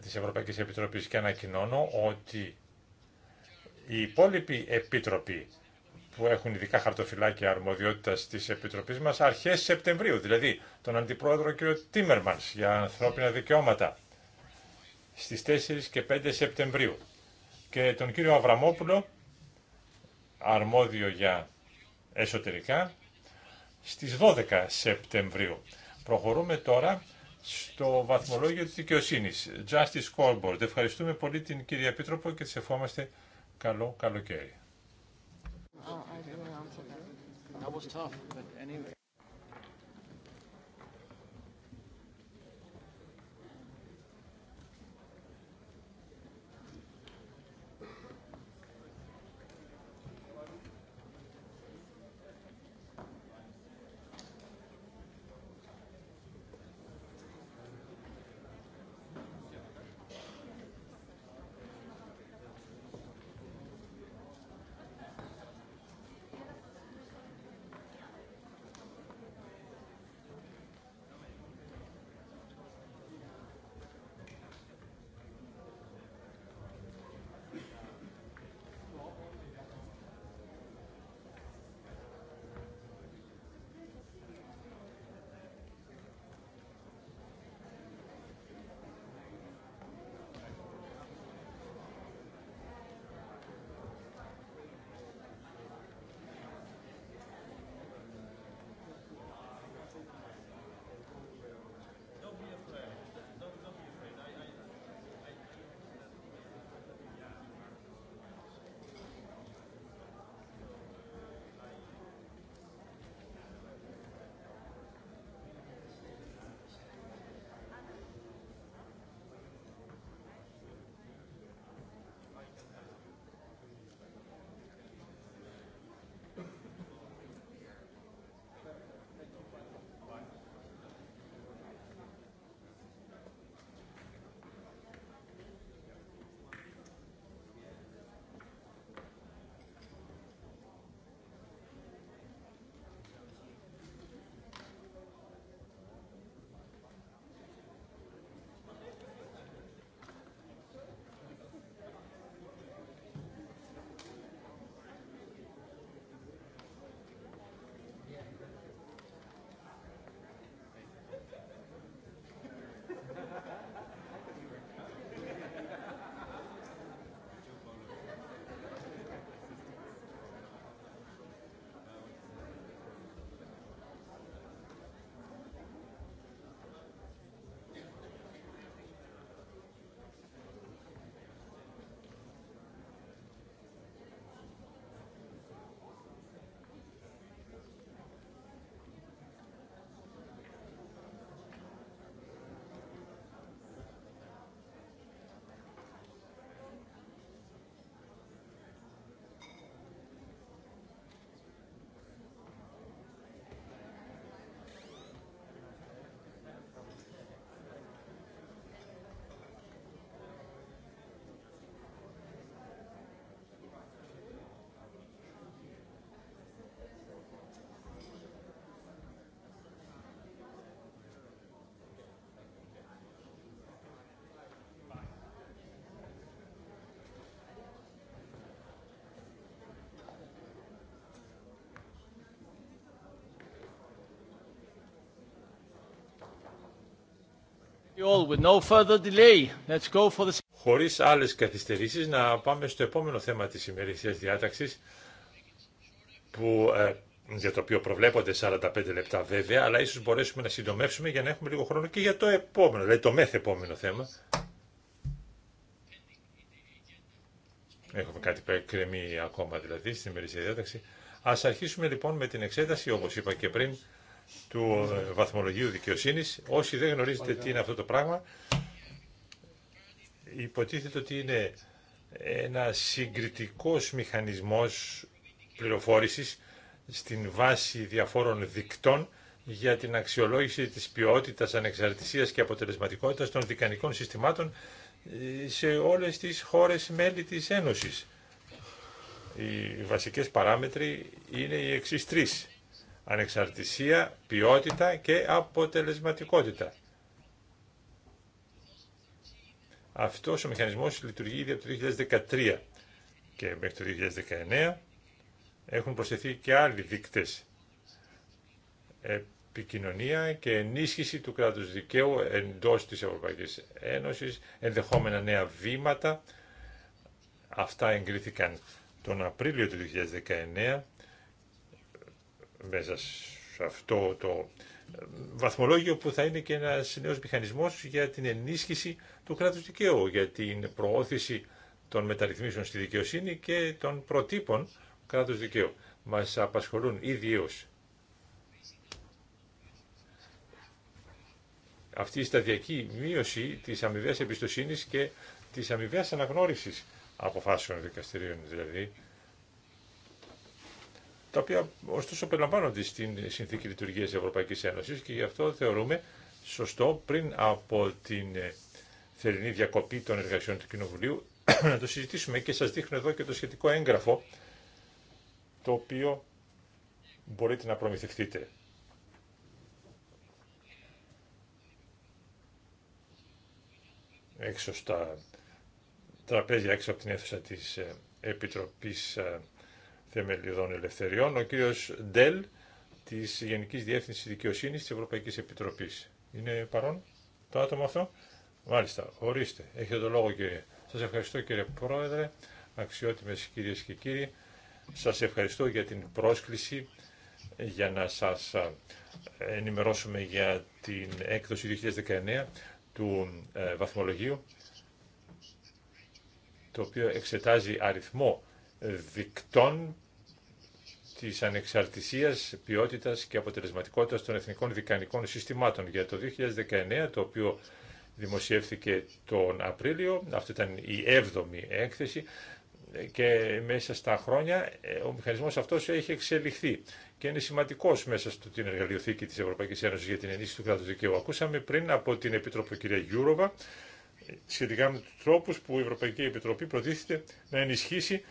της Ευρωπαϊκής Επιτροπής και ανακοινώνω ότι η υπόλοιποι Επίτροπη που έχουν ειδικά χαρτοφυλάκια αρμοδιότητα τη Επιτροπή μα αρχέ Σεπτεμβρίου, δηλαδή τον Αντιπρόεδρο κ. Τίμερμαν για ανθρώπινα δικαιώματα στι 4 και 5 Σεπτεμβρίου και τον κύριο Αβραμόπουλο, αρμόδιο για εσωτερικά, στις 12 Σεπτεμβρίου. Προχωρούμε τώρα στο βαθμολόγιο της δικαιοσύνης, Justice Scoreboard. Ευχαριστούμε πολύ την κυρία Επίτροπο και της ευχόμαστε καλό καλοκαίρι. I was tough, but anyway. Χωρίς άλλες καθυστερήσεις να πάμε στο επόμενο θέμα της ημερησίας διάταξης που, ε, για το οποίο προβλέπονται 45 λεπτά βέβαια αλλά ίσως μπορέσουμε να συντομεύσουμε για να έχουμε λίγο χρόνο και για το επόμενο, δηλαδή το μεθ επόμενο θέμα. Έχουμε κάτι που ακόμα δηλαδή στην ημερησία διάταξη. Ας αρχίσουμε λοιπόν με την εξέταση όπως είπα και πριν του ε, βαθμολογίου δικαιοσύνης. Όσοι δεν γνωρίζετε τι είναι αυτό το πράγμα, υποτίθεται ότι είναι ένα συγκριτικός μηχανισμός πληροφόρησης στην βάση διαφόρων δικτών για την αξιολόγηση της ποιότητας, ανεξαρτησίας και αποτελεσματικότητας των δικανικών συστημάτων ε, σε όλες τις χώρες μέλη της Ένωσης. Οι βασικές παράμετροι είναι οι εξής τρεις ανεξαρτησία, ποιότητα και αποτελεσματικότητα. Αυτός ο μηχανισμός λειτουργεί ήδη από το 2013 και μέχρι το 2019 έχουν προσθεθεί και άλλοι δείκτες επικοινωνία και ενίσχυση του κράτους δικαίου εντός της Ευρωπαϊκής Ένωσης, ενδεχόμενα νέα βήματα. Αυτά εγκρίθηκαν τον Απρίλιο του 2019 μέσα σε αυτό το ε, βαθμολόγιο που θα είναι και ένα νέο μηχανισμό για την ενίσχυση του κράτου δικαίου, για την προώθηση των μεταρρυθμίσεων στη δικαιοσύνη και των προτύπων κράτου δικαίου. Μας απασχολούν ιδιω αυτή η σταδιακή μείωση της αμοιβαίας εμπιστοσύνης και της αμοιβαίας αναγνώρισης αποφάσεων δικαστηρίων, δηλαδή τα οποία ωστόσο περιλαμβάνονται στην Συνθήκη Λειτουργία της Ευρωπαϊκής Ένωσης και γι' αυτό θεωρούμε σωστό πριν από την ε, θερινή διακοπή των εργασιών του Κοινοβουλίου να το συζητήσουμε και σας δείχνω εδώ και το σχετικό έγγραφο το οποίο μπορείτε να προμηθευτείτε. Έξω στα τραπέζια, έξω από την αίθουσα της ε, Επιτροπής ε, Θεμελιδών Ελευθεριών, ο κύριος Ντέλ της Γενικής Διεύθυνσης Δικαιοσύνη της Ευρωπαϊκής Επιτροπής. Είναι παρόν το άτομο αυτό. Μάλιστα, ορίστε. Έχετε το λόγο κύριε. Σας ευχαριστώ κύριε Πρόεδρε, αξιότιμες κυρίες και κύριοι. Σας ευχαριστώ για την πρόσκληση για να σας ενημερώσουμε για την έκδοση 2019 του ε, βαθμολογίου το οποίο εξετάζει αριθμό δικτών της ανεξαρτησίας, ποιότητας και αποτελεσματικότητας των εθνικών δικανικών συστημάτων. Για το 2019, το οποίο δημοσιεύθηκε τον Απρίλιο, αυτή ήταν η έβδομη έκθεση, και μέσα στα χρόνια ε, ο μηχανισμός αυτός έχει εξελιχθεί και είναι σημαντικός μέσα στην εργαλειοθήκη της Ευρωπαϊκής Ένωσης για την ενίσχυση του κράτους δικαίου. Ακούσαμε πριν από την Επίτροπο κυρία Γιούροβα ε, σχετικά με τους τρόπους που η Ευρωπαϊκή Επιτροπή προτίθεται να ενισχύσει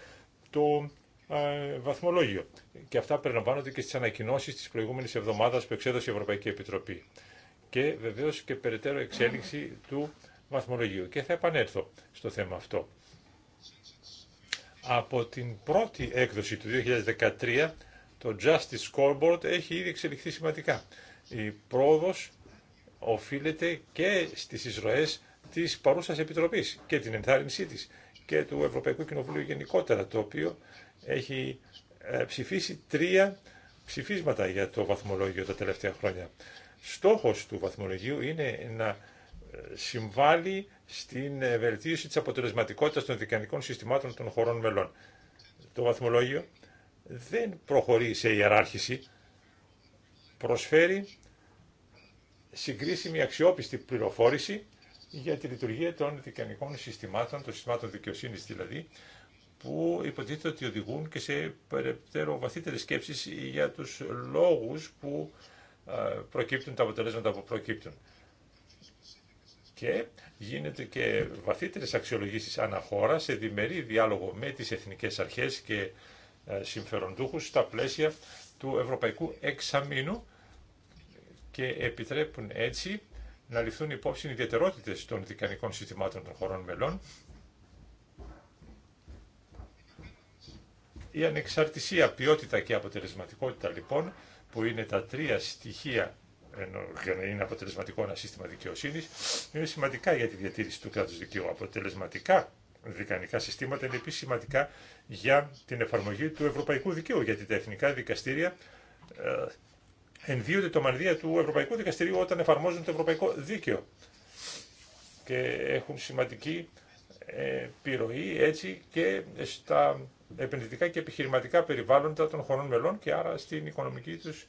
το ε, βαθμολόγιο. Και αυτά περιλαμβάνονται και στι ανακοινώσει τη προηγούμενη εβδομάδα που εξέδωσε η Ευρωπαϊκή Επιτροπή. Και βεβαίω και περαιτέρω εξέλιξη του βαθμολογίου. Και θα επανέλθω στο θέμα αυτό. Από την πρώτη έκδοση του 2013, το Justice Scoreboard έχει ήδη εξελιχθεί σημαντικά. Η πρόοδος οφείλεται και στις εισρωές της παρούσας Επιτροπής και την ενθάρρυνσή της και του Ευρωπαϊκού Κοινοβουλίου γενικότερα, το οποίο έχει ε, ψηφίσει τρία ψηφίσματα για το βαθμολόγιο τα τελευταία χρόνια. Στόχος του βαθμολογίου είναι να ε, συμβάλλει στην ε, βελτίωση της αποτελεσματικότητας των δικανικών συστημάτων των χωρών μελών. Το βαθμολόγιο δεν προχωρεί σε ιεράρχηση, προσφέρει συγκρίσιμη αξιόπιστη πληροφόρηση για τη λειτουργία των δικανικών συστημάτων, των συστημάτων δικαιοσύνη δηλαδή, που υποτίθεται ότι οδηγούν και σε περαιτέρω βαθύτερε σκέψει για του λόγου που προκύπτουν τα αποτελέσματα που προκύπτουν. Και γίνεται και βαθύτερε αξιολογήσει αναχώρα σε διμερή διάλογο με τι εθνικέ αρχέ και συμφεροντούχου στα πλαίσια του Ευρωπαϊκού Εξαμήνου και επιτρέπουν έτσι να ληφθούν υπόψη οι ιδιαιτερότητες των δικανικών συστημάτων των χωρών μελών, η ανεξαρτησία, ποιότητα και αποτελεσματικότητα λοιπόν, που είναι τα τρία στοιχεία ενώ για να είναι αποτελεσματικό ένα σύστημα δικαιοσύνης, είναι σημαντικά για τη διατήρηση του κράτου δικαίου. Αποτελεσματικά δικανικά συστήματα είναι επίση σημαντικά για την εφαρμογή του ευρωπαϊκού δικαίου, γιατί τα εθνικά δικαστήρια ε, ενδύονται το μανδύα του Ευρωπαϊκού Δικαστηρίου όταν εφαρμόζουν το Ευρωπαϊκό Δίκαιο και έχουν σημαντική ε, πυροή έτσι και στα επενδυτικά και επιχειρηματικά περιβάλλοντα των χωρών μελών και άρα στην οικονομική τους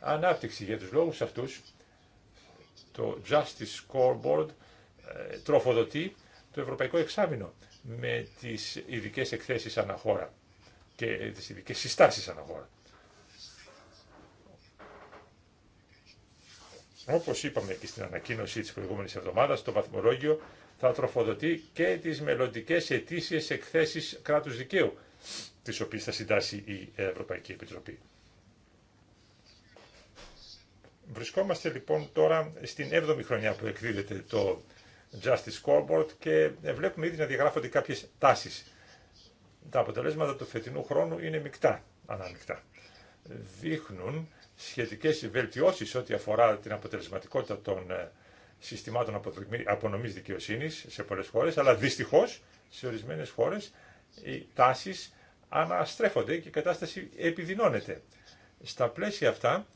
ανάπτυξη. Για τους λόγους αυτούς το Justice Scoreboard ε, τροφοδοτεί το Ευρωπαϊκό Εξάμεινο με τις ειδικές εκθέσεις αναχώρα και τις ειδικές συστάσεις αναχώρα. Όπω είπαμε και στην ανακοίνωση της προηγούμενη εβδομάδα το βαθμολόγιο θα τροφοδοτεί και τις μελλοντικέ αιτήσει εκθέσεις κράτους δικαίου, τις οποίε θα συντάσει η Ευρωπαϊκή Επιτροπή. Βρισκόμαστε λοιπόν τώρα στην 7η χρονιά που εκδίδεται το Justice Scoreboard και βλέπουμε ήδη να διαγράφονται κάποιες τάσει. Τα αποτελέσματα του φετινού χρόνου είναι μεικτά, ανάμεικτα. Δείχνουν σχετικές βελτιώσεις ό,τι αφορά την αποτελεσματικότητα των ε, συστημάτων απονομής δικαιοσύνης σε πολλές χώρες, αλλά δυστυχώς σε ορισμένες χώρες οι τάσεις αναστρέφονται και η κατάσταση επιδεινώνεται. Στα πλαίσια αυτά,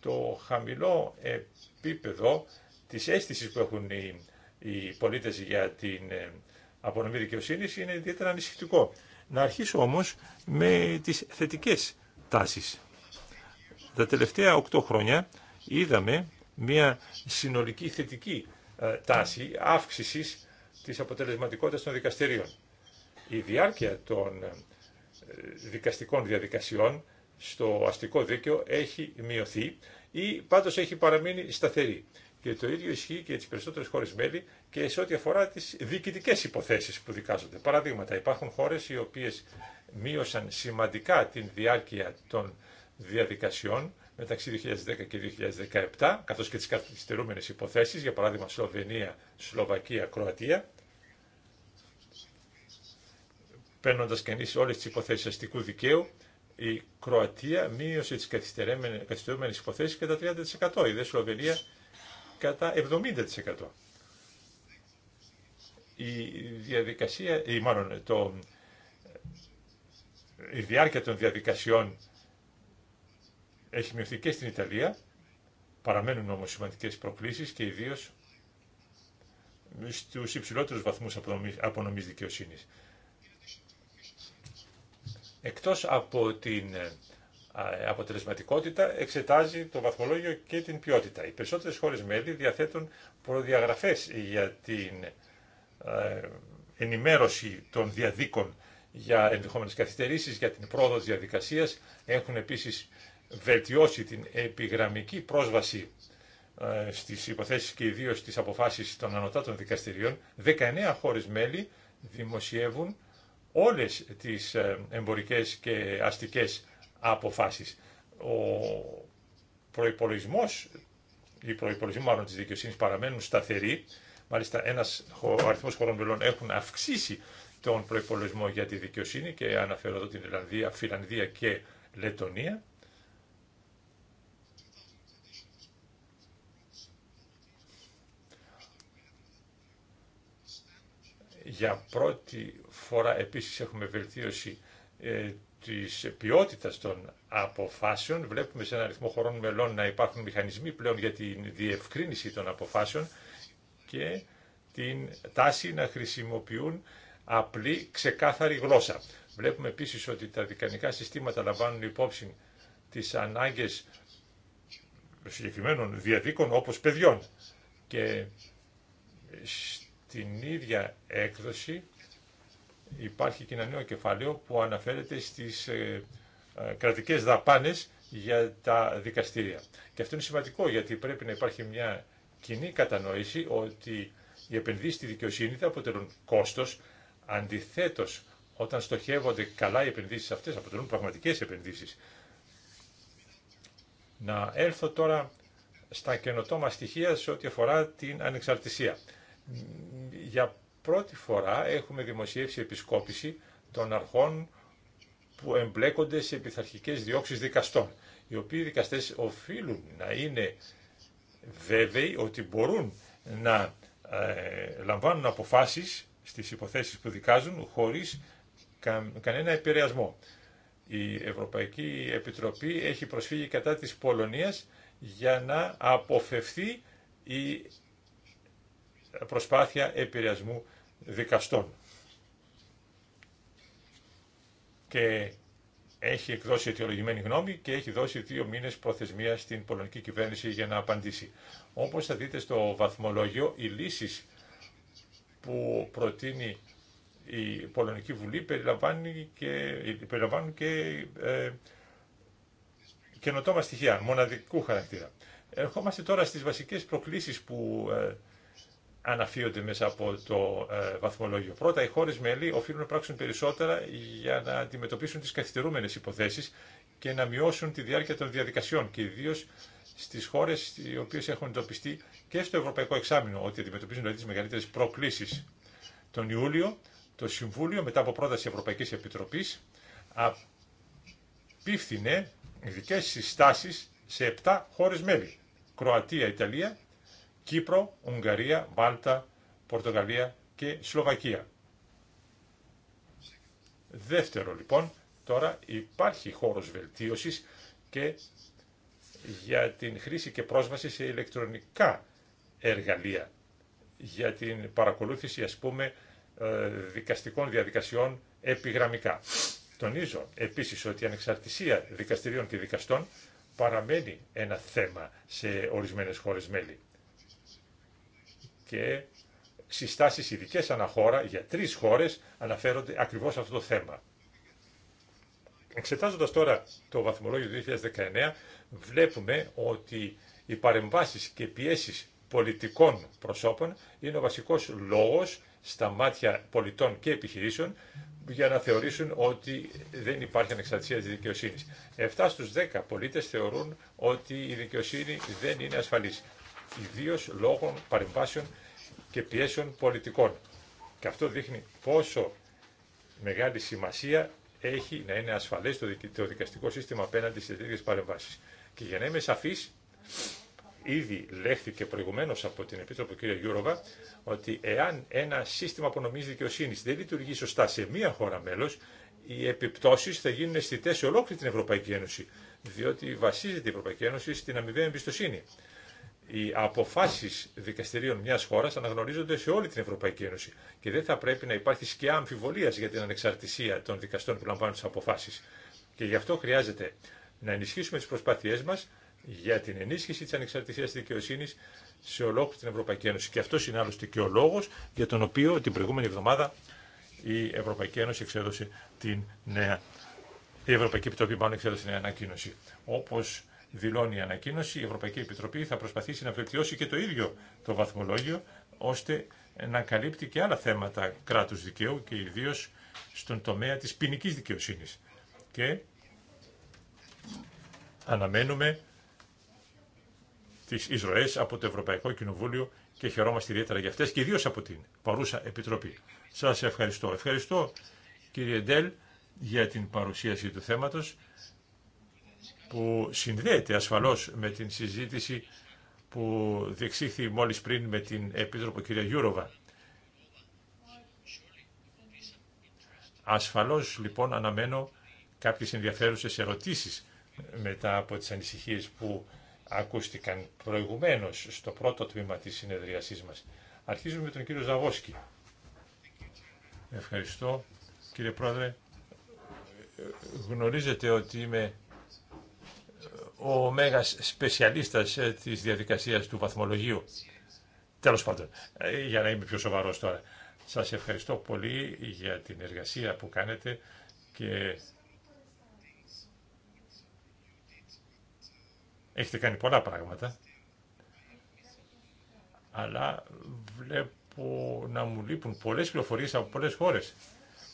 το χαμηλό επίπεδο της αίσθηση που έχουν οι, οι πολίτες για την ε, απονομή δικαιοσύνης είναι ιδιαίτερα ανησυχητικό. Να αρχίσω όμως με τις θετικές τάσεις. Τα τελευταία 8 χρόνια είδαμε μια συνολική θετική ε, τάση αύξησης της αποτελεσματικότητας των δικαστηρίων. Η διάρκεια των ε, δικαστικών διαδικασιών στο αστικό δίκαιο έχει μειωθεί ή πάντως έχει παραμείνει σταθερή. Και το ίδιο ισχύει και τι περισσότερες χώρες μέλη και σε ό,τι αφορά τις διοικητικέ υποθέσεις που δικάζονται. Παραδείγματα, υπάρχουν χώρες οι οποίες μείωσαν σημαντικά την διάρκεια των διαδικασιών μεταξύ 2010 και 2017, καθώς και τις καθυστερούμενες υποθέσεις, για παράδειγμα Σλοβενία, Σλοβακία, Κροατία, Παίρνοντα κανεί όλε τι υποθέσει αστικού δικαίου, η Κροατία μείωσε τι καθυστερούμενε υποθέσει κατά 30%, η δε Σλοβενία κατά 70%. Η διαδικασία, μάλλον το, η διάρκεια των διαδικασιών έχει μειωθεί και στην Ιταλία, παραμένουν όμω σημαντικέ προκλήσεις και ιδίως στου υψηλότερου βαθμούς απονομή δικαιοσύνη. Εκτός από την ε, αποτελεσματικότητα, εξετάζει το βαθμολόγιο και την ποιότητα. Οι περισσότερες χώρες μέλη διαθέτουν προδιαγραφές για την ε, ενημέρωση των διαδίκων για ενδεχόμενες καθυστερήσεις, για την πρόοδο διαδικασίας. Έχουν επίσης βελτιώσει την επιγραμμική πρόσβαση ε, στις υποθέσεις και ιδίως στις αποφάσεις των ανωτάτων δικαστηρίων, 19 χώρες μέλη δημοσιεύουν όλες τις ε, εμπορικές και αστικές αποφάσεις. Ο προϋπολογισμός, οι προϋπολογισμοί μάλλον της δικαιοσύνης παραμένουν σταθεροί, μάλιστα ένας αριθμός χωρών μελών έχουν αυξήσει τον προϋπολογισμό για τη δικαιοσύνη και αναφέρω εδώ την Ιρλανδία, Φιλανδία και Λετωνία Για πρώτη φορά επίσης έχουμε βελτίωση ε, της ποιότητας των αποφάσεων. Βλέπουμε σε ένα αριθμό χωρών μελών να υπάρχουν μηχανισμοί πλέον για τη διευκρίνηση των αποφάσεων και την τάση να χρησιμοποιούν απλή, ξεκάθαρη γλώσσα. Βλέπουμε επίσης ότι τα δικανικά συστήματα λαμβάνουν υπόψη τις ανάγκες συγκεκριμένων διαδίκων όπως παιδιών και την ίδια έκδοση υπάρχει και ένα νέο κεφάλαιο που αναφέρεται στις ε, ε, κρατικές δαπάνες για τα δικαστήρια. Και αυτό είναι σημαντικό γιατί πρέπει να υπάρχει μια κοινή κατανόηση ότι οι επενδύσεις στη δικαιοσύνη θα αποτελούν κόστος. Αντιθέτως, όταν στοχεύονται καλά οι επενδύσεις αυτές, αποτελούν πραγματικές επενδύσεις. Να έρθω τώρα στα καινοτόμα στοιχεία σε ό,τι αφορά την ανεξαρτησία. Για πρώτη φορά έχουμε δημοσιεύσει επισκόπηση των αρχών που εμπλέκονται σε επιθαρχικές διώξεις δικαστών, οι οποίοι δικαστές οφείλουν να είναι βέβαιοι ότι μπορούν να ε, λαμβάνουν αποφάσεις στις υποθέσεις που δικάζουν χωρίς κανένα επηρεασμό. Η Ευρωπαϊκή Επιτροπή έχει προσφύγει κατά της Πολωνίας για να αποφευθεί η προσπάθεια επηρεασμού δικαστών. Και έχει εκδώσει αιτιολογημένη γνώμη και έχει δώσει δύο μήνες προθεσμία στην πολωνική κυβέρνηση για να απαντήσει. Όπως θα δείτε στο βαθμολόγιο, οι λύσεις που προτείνει η Πολωνική Βουλή περιλαμβάνει και, περιλαμβάνουν και ε, καινοτόμα στοιχεία, μοναδικού χαρακτήρα. Ερχόμαστε τώρα στις βασικές προκλήσεις που ε, αναφύονται μέσα από το ε, βαθμολόγιο. Πρώτα, οι χώρε μέλη οφείλουν να πράξουν περισσότερα για να αντιμετωπίσουν τι καθυστερούμενε υποθέσει και να μειώσουν τη διάρκεια των διαδικασιών και ιδίω στι χώρε οι οποίε έχουν εντοπιστεί και στο Ευρωπαϊκό Εξάμεινο ότι αντιμετωπίζουν δηλαδή, τι μεγαλύτερες προκλήσεις. Τον Ιούλιο, το Συμβούλιο μετά από πρόταση Ευρωπαϊκή Επιτροπή, απίφθινε ειδικέ συστάσει σε 7 χώρε μέλη. Κροατία, Ιταλία, Κύπρο, Ουγγαρία, Μάλτα, Πορτογαλία και Σλοβακία. Δεύτερο λοιπόν, τώρα υπάρχει χώρος βελτίωσης και για την χρήση και πρόσβαση σε ηλεκτρονικά εργαλεία, για την παρακολούθηση ας πούμε ε, δικαστικών διαδικασιών επιγραμμικά. Τονίζω επίσης ότι η ανεξαρτησία δικαστηρίων και δικαστών παραμένει ένα θέμα σε ορισμένες χώρες μέλη και συστάσεις ειδικέ αναχώρα για τρεις χώρες αναφέρονται ακριβώς αυτό το θέμα. Εξετάζοντας τώρα το βαθμολόγιο του 2019, βλέπουμε ότι οι παρεμβάσεις και πιέσεις πολιτικών προσώπων είναι ο βασικός λόγος στα μάτια πολιτών και επιχειρήσεων για να θεωρήσουν ότι δεν υπάρχει ανεξαρτησία της δικαιοσύνης. 7 στους 10 πολίτες θεωρούν ότι η δικαιοσύνη δεν είναι ασφαλής ιδίω λόγω παρεμβάσεων και πιέσεων πολιτικών. Και αυτό δείχνει πόσο μεγάλη σημασία έχει να είναι ασφαλές το δικαστικό σύστημα απέναντι σε τέτοιες παρεμβάσεις. Και για να είμαι σαφής, ήδη λέχθηκε προηγουμένω από την Επίτροπο κ. Γιούροβα ότι εάν ένα σύστημα απονομή δικαιοσύνη δεν λειτουργεί σωστά σε μία χώρα μέλο, οι επιπτώσει θα γίνουν αισθητέ σε ολόκληρη την Ευρωπαϊκή Ένωση. Διότι βασίζεται η Ευρωπαϊκή Ένωση στην αμοιβαία εμπιστοσύνη οι αποφάσεις δικαστηρίων μιας χώρας αναγνωρίζονται σε όλη την Ευρωπαϊκή Ένωση και δεν θα πρέπει να υπάρχει σκιά αμφιβολίας για την ανεξαρτησία των δικαστών που λαμβάνουν τις αποφάσεις. Και γι' αυτό χρειάζεται να ενισχύσουμε τις προσπάθειές μας για την ενίσχυση της ανεξαρτησίας της δικαιοσύνης σε ολόκληρη την Ευρωπαϊκή Ένωση. Και αυτό είναι άλλωστε και ο λόγος για τον οποίο την προηγούμενη εβδομάδα η Ευρωπαϊκή Ένωση εξέδωσε την νέα η Ευρωπαϊκή Επιτροπή πάνω εξέδωσε την ανακοίνωση. Όπως δηλώνει η ανακοίνωση, η Ευρωπαϊκή Επιτροπή θα προσπαθήσει να βελτιώσει και το ίδιο το βαθμολόγιο, ώστε να καλύπτει και άλλα θέματα κράτου δικαίου και ιδίως στον τομέα της ποινική δικαιοσύνης. Και αναμένουμε τις εισρωέ από το Ευρωπαϊκό Κοινοβούλιο και χαιρόμαστε ιδιαίτερα για αυτές και ιδίω από την παρούσα Επιτροπή. Σα ευχαριστώ. Ευχαριστώ κύριε Ντέλ για την παρουσίαση του θέματος που συνδέεται ασφαλώς με την συζήτηση που διεξήχθη μόλις πριν με την Επίτροπο κυρία Γιούροβα. Ασφαλώς λοιπόν αναμένω κάποιες ενδιαφέρουσες ερωτήσεις μετά από τις ανησυχίες που ακούστηκαν προηγουμένως στο πρώτο τμήμα της συνεδριασής μας. Αρχίζουμε με τον κύριο Ζαβόσκι. Ευχαριστώ κύριε Πρόεδρε. Γνωρίζετε ότι είμαι ο μέγας σπεσιαλίστας ε, της διαδικασίας του βαθμολογίου. Τέλος πάντων, ε, για να είμαι πιο σοβαρός τώρα. Σας ευχαριστώ πολύ για την εργασία που κάνετε και έχετε κάνει πολλά πράγματα, αλλά βλέπω να μου λείπουν πολλές πληροφορίες από πολλές χώρες.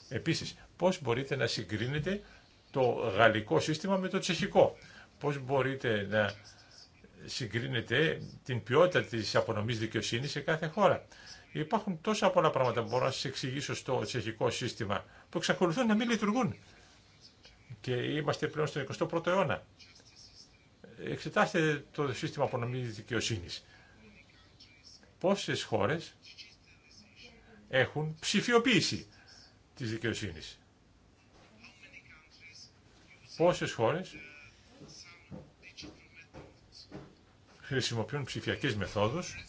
Επίσης, πώς μπορείτε να συγκρίνετε το γαλλικό σύστημα με το τσεχικό. Πώς μπορείτε να συγκρίνετε την ποιότητα της απονομής δικαιοσύνης σε κάθε χώρα. Υπάρχουν τόσα πολλά πράγματα που μπορώ να σα εξηγήσω στο τσεχικό σύστημα που εξακολουθούν να μην λειτουργούν. Και είμαστε πλέον στον 21ο αιώνα. Εξετάστε το σύστημα απονομής δικαιοσύνης. Πόσες χώρες έχουν ψηφιοποίηση της δικαιοσύνης. Πόσες χώρες χρησιμοποιούν ψηφιακές μεθόδους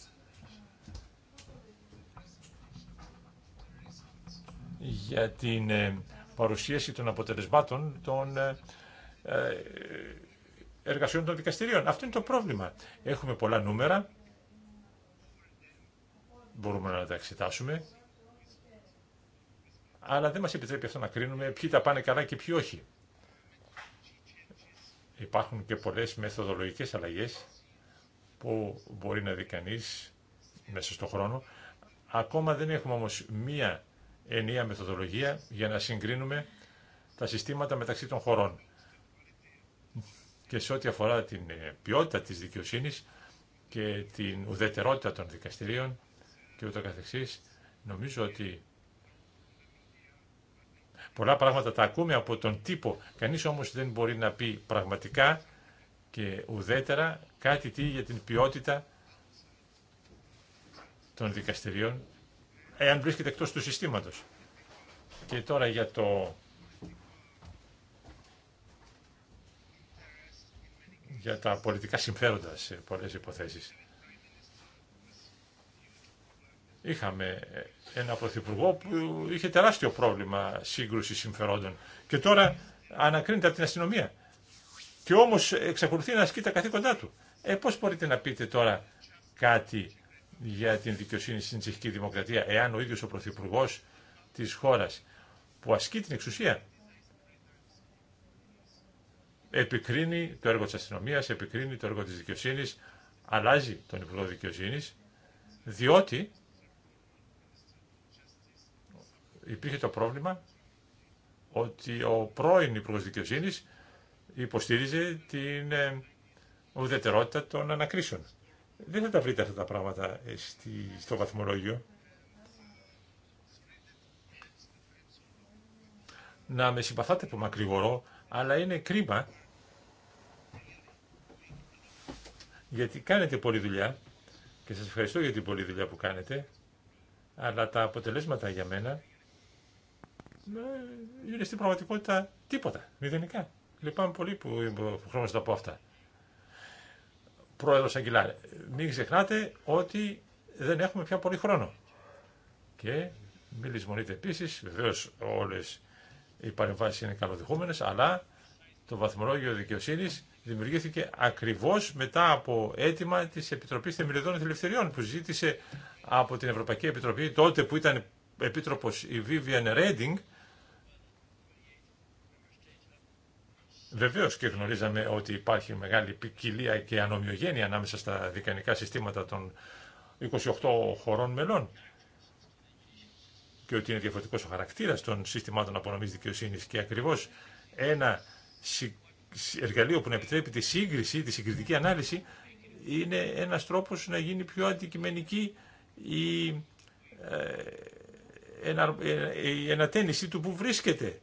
για την ε, παρουσίαση των αποτελεσμάτων των ε, ε, εργασιών των δικαστηρίων. Αυτό είναι το πρόβλημα. Έχουμε πολλά νούμερα, μπορούμε να τα εξετάσουμε, αλλά δεν μας επιτρέπει αυτό να κρίνουμε ποιοι τα πάνε καλά και ποιοι όχι. Υπάρχουν και πολλές μεθοδολογικές αλλαγές που μπορεί να δει κανεί μέσα στον χρόνο. Ακόμα δεν έχουμε όμως μία ενιαία μεθοδολογία για να συγκρίνουμε τα συστήματα μεταξύ των χωρών. Και σε ό,τι αφορά την ε, ποιότητα της δικαιοσύνης και την ουδετερότητα των δικαστηρίων και ούτω καθεξής, νομίζω ότι πολλά πράγματα τα ακούμε από τον τύπο. Κανείς όμως δεν μπορεί να πει πραγματικά και ουδέτερα κάτι τι για την ποιότητα των δικαστηρίων εάν βρίσκεται εκτός του συστήματος. Και τώρα για το για τα πολιτικά συμφέροντα σε πολλές υποθέσεις. Είχαμε ένα πρωθυπουργό που είχε τεράστιο πρόβλημα σύγκρουση συμφερόντων και τώρα ανακρίνεται από την αστυνομία και όμως εξακολουθεί να ασκεί τα καθήκοντά του. Ε, πώς μπορείτε να πείτε τώρα κάτι για την δικαιοσύνη στην τσεχική δημοκρατία, εάν ο ίδιος ο Πρωθυπουργό της χώρας που ασκεί την εξουσία επικρίνει το έργο της αστυνομίας, επικρίνει το έργο της δικαιοσύνης, αλλάζει τον Υπουργό Δικαιοσύνης, διότι υπήρχε το πρόβλημα ότι ο πρώην Υπουργός Δικαιοσύνης υποστήριζε την ε, ουδετερότητα των ανακρίσεων. Δεν θα τα βρείτε αυτά τα πράγματα ε, στο βαθμολόγιο. Να με συμπαθάτε που μακρηγορώ, αλλά είναι κρίμα γιατί κάνετε πολλή δουλειά και σας ευχαριστώ για την πολλή δουλειά που κάνετε, αλλά τα αποτελέσματα για μένα ε, είναι στην πραγματικότητα τίποτα, μηδενικά. Λυπάμαι πολύ που χρόνο να πω αυτά. Πρόεδρος Αγγιλάρη, μην ξεχνάτε ότι δεν έχουμε πια πολύ χρόνο. Και μην λησμονείτε επίση, βεβαίως όλες οι παρεμβάσει είναι καλοδιχούμενες αλλά το βαθμολόγιο δικαιοσύνη δημιουργήθηκε ακριβώς μετά από αίτημα της Επιτροπή Θεμελιωδών Ελευθεριών που ζήτησε από την Ευρωπαϊκή Επιτροπή τότε που ήταν επίτροπος η Vivian Redding Βεβαίως και γνωρίζαμε ότι υπάρχει μεγάλη ποικιλία και ανομοιογένεια ανάμεσα στα δικανικά συστήματα των 28 χωρών μελών και ότι είναι διαφορετικός ο χαρακτήρας των συστημάτων απονομής δικαιοσύνης και ακριβώς ένα εργαλείο που να επιτρέπει τη σύγκριση, τη συγκριτική ανάλυση είναι ένας τρόπος να γίνει πιο αντικειμενική η, ε, ε η ενατένιση του που βρίσκεται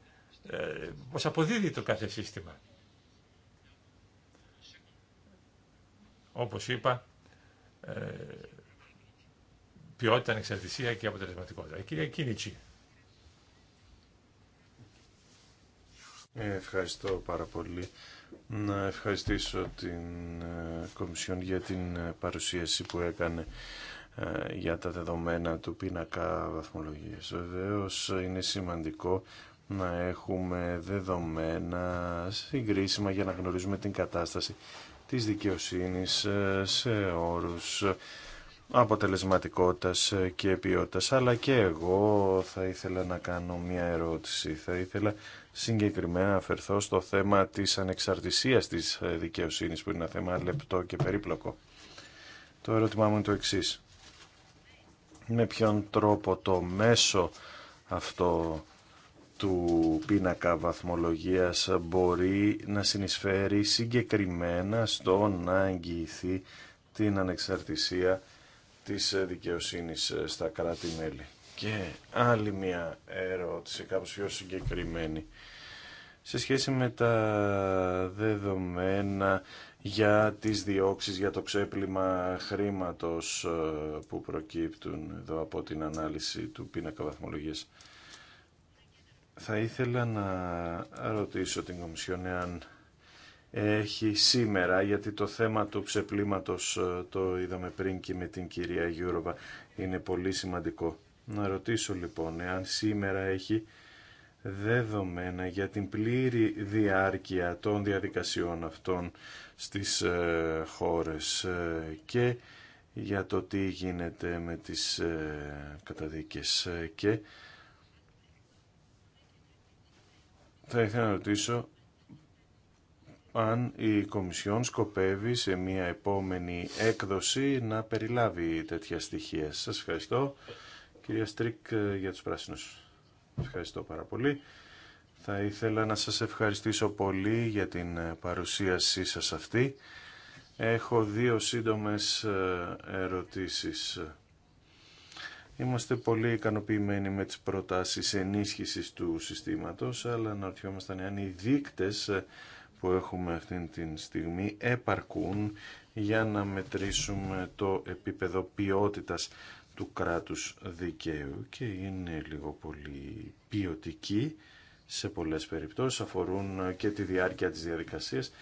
πως ε, αποδίδει το κάθε σύστημα. Όπως είπα, ε, ποιότητα, ανεξαρτησία και αποτελεσματικότητα. Η κυρία Ευχαριστώ πάρα πολύ. Να ευχαριστήσω την ε, Κομισιόν για την παρουσίαση που έκανε για τα δεδομένα του πίνακα βαθμολογίας. Βεβαίω είναι σημαντικό να έχουμε δεδομένα συγκρίσιμα για να γνωρίζουμε την κατάσταση της δικαιοσύνης ε, σε όρους αποτελεσματικότητας ε, και ποιότητας. Αλλά και εγώ θα ήθελα να κάνω μια ερώτηση. Θα ήθελα συγκεκριμένα να αφαιρθώ στο θέμα της ανεξαρτησίας της ε, δικαιοσύνης που είναι ένα θέμα λεπτό και περίπλοκο. Το ερώτημά μου είναι το εξής. Με ποιον τρόπο το μέσο αυτό του πίνακα βαθμολογίας μπορεί να συνεισφέρει συγκεκριμένα στο να εγγυηθεί την ανεξαρτησία της δικαιοσύνης στα κράτη-μέλη. Και άλλη μια ερώτηση κάπως πιο συγκεκριμένη σε σχέση με τα δεδομένα για τις διώξεις, για το ξέπλυμα χρήματος ε, που προκύπτουν εδώ από την ανάλυση του πίνακα βαθμολογίας. Θα ήθελα να ρωτήσω την Κομισιόν εάν έχει σήμερα, γιατί το θέμα του ψεπλήματος ε, το είδαμε πριν και με την κυρία Γιούροβα, είναι πολύ σημαντικό. Να ρωτήσω λοιπόν εάν σήμερα έχει δεδομένα για την πλήρη διάρκεια των διαδικασιών αυτών στις ε, χώρες ε, και για το τι γίνεται με τις καταδίκες και Θα ήθελα να ρωτήσω αν η Κομισιόν σκοπεύει σε μια επόμενη έκδοση να περιλάβει τέτοια στοιχεία. Σας ευχαριστώ. Κυρία Στρίκ ε, για τους πράσινους. Ευχαριστώ πάρα πολύ. Θα ήθελα να σας ευχαριστήσω πολύ για την ε, παρουσίασή σας αυτή. Έχω δύο σύντομες ε, ερωτήσεις. Είμαστε πολύ ικανοποιημένοι με τις προτάσεις ενίσχυσης του συστήματος, αλλά αναρωτιόμασταν αν οι δείκτες που έχουμε αυτή τη στιγμή επαρκούν για να μετρήσουμε το επίπεδο ποιότητας του κράτους δικαίου και είναι λίγο πολύ ποιοτική σε πολλές περιπτώσεις, αφορούν και τη διάρκεια της διαδικασίας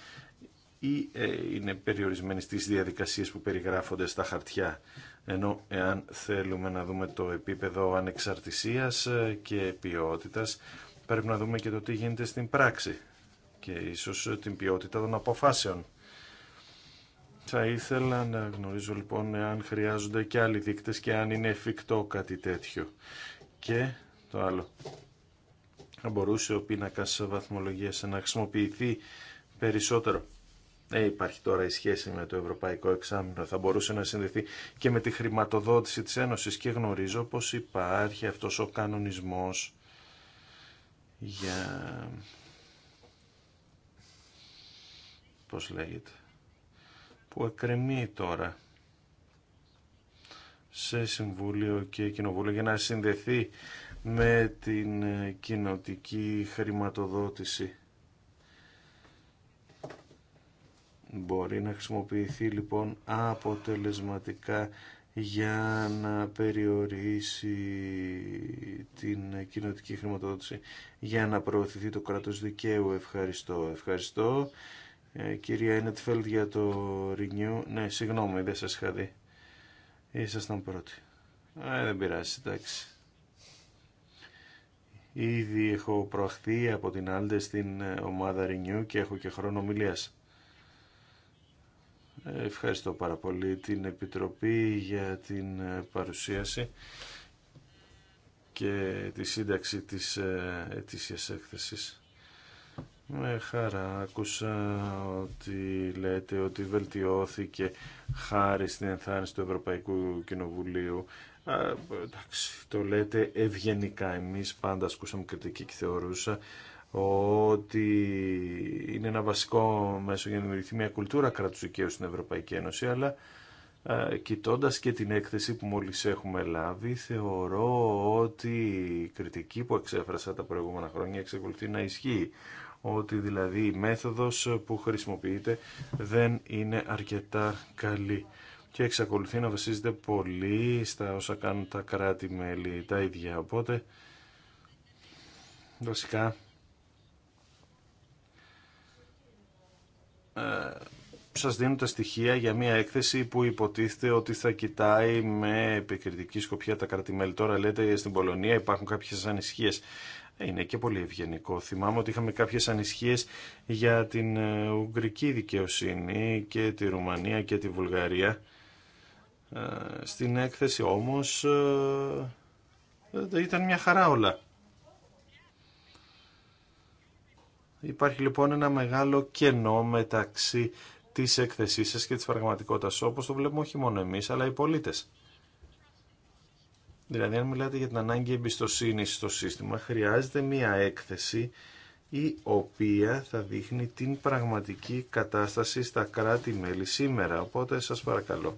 ή ε, είναι περιορισμένοι στις διαδικασίες που περιγράφονται στα χαρτιά ενώ εάν θέλουμε να δούμε το επίπεδο ανεξαρτησίας και ποιότητας, πρέπει να δούμε και το τι γίνεται στην πράξη και ίσως την ποιότητα των αποφάσεων. Θα ήθελα να γνωρίζω λοιπόν εάν χρειάζονται και άλλοι δείκτες και αν είναι εφικτό κάτι τέτοιο. Και το άλλο. Θα μπορούσε ο πίνακας βαθμολογίας να χρησιμοποιηθεί περισσότερο ε, υπάρχει τώρα η σχέση με το Ευρωπαϊκό Εξάμεινο. Θα μπορούσε να συνδεθεί και με τη χρηματοδότηση της Ένωσης και γνωρίζω πως υπάρχει αυτός ο κανονισμός για... Πώς λέγεται... Που εκκρεμεί τώρα σε Συμβούλιο και Κοινοβούλιο για να συνδεθεί με την κοινοτική χρηματοδότηση Μπορεί να χρησιμοποιηθεί λοιπόν αποτελεσματικά για να περιορίσει την κοινωτική χρηματοδότηση για να προωθηθεί το κράτος δικαίου. Ευχαριστώ. Ευχαριστώ. Ε, κυρία Ενετφέλτ για το Renew. Ναι, συγγνώμη, δεν σας είχα δει. Ήσασταν πρώτοι. Α, ε, δεν πειράζει, εντάξει. Ήδη έχω προαχθεί από την Άλντε στην ε, ομάδα Renew και έχω και χρόνο Ευχαριστώ πάρα πολύ την Επιτροπή για την ε, παρουσίαση και τη σύνταξη της ε, ετήσιας έκθεσης. Με χαρά άκουσα ότι λέτε ότι βελτιώθηκε χάρη στην ενθάρρυνση του Ευρωπαϊκού Κοινοβουλίου. Α, εντάξει, το λέτε ευγενικά. Εμείς πάντα ασκούσαμε κριτική και θεωρούσα ότι είναι ένα βασικό μέσο για να δημιουργηθεί μια κουλτούρα κράτους δικαίου στην Ευρωπαϊκή Ένωση, αλλά ε, κοιτώντας και την έκθεση που μόλις έχουμε λάβει, θεωρώ ότι η κριτική που εξέφρασα τα προηγούμενα χρόνια εξακολουθεί να ισχύει. Ότι δηλαδή η μέθοδος που χρησιμοποιείται δεν είναι αρκετά καλή και εξακολουθεί να βασίζεται πολύ στα όσα κάνουν τα κράτη-μέλη τα ίδια. Οπότε, βασικά, Ε, σας δίνουν τα στοιχεία για μια έκθεση που υποτίθεται ότι θα κοιτάει με επικριτική σκοπιά τα κρατημέλη. Τώρα λέτε στην Πολωνία υπάρχουν κάποιες ανησυχίες. Είναι και πολύ ευγενικό. Θυμάμαι ότι είχαμε κάποιες ανησυχίες για την ε, Ουγγρική δικαιοσύνη και τη Ρουμανία και τη Βουλγαρία. Ε, στην έκθεση όμως ήταν μια χαρά όλα. Υπάρχει λοιπόν ένα μεγάλο κενό μεταξύ της εκθεσής σας και της πραγματικότητας, όπως το βλέπουμε όχι μόνο εμείς, αλλά οι πολίτες. Δηλαδή, αν μιλάτε για την ανάγκη εμπιστοσύνη στο σύστημα, χρειάζεται μία έκθεση η οποία θα δείχνει την πραγματική κατάσταση στα κράτη-μέλη σήμερα. Οπότε, σας παρακαλώ,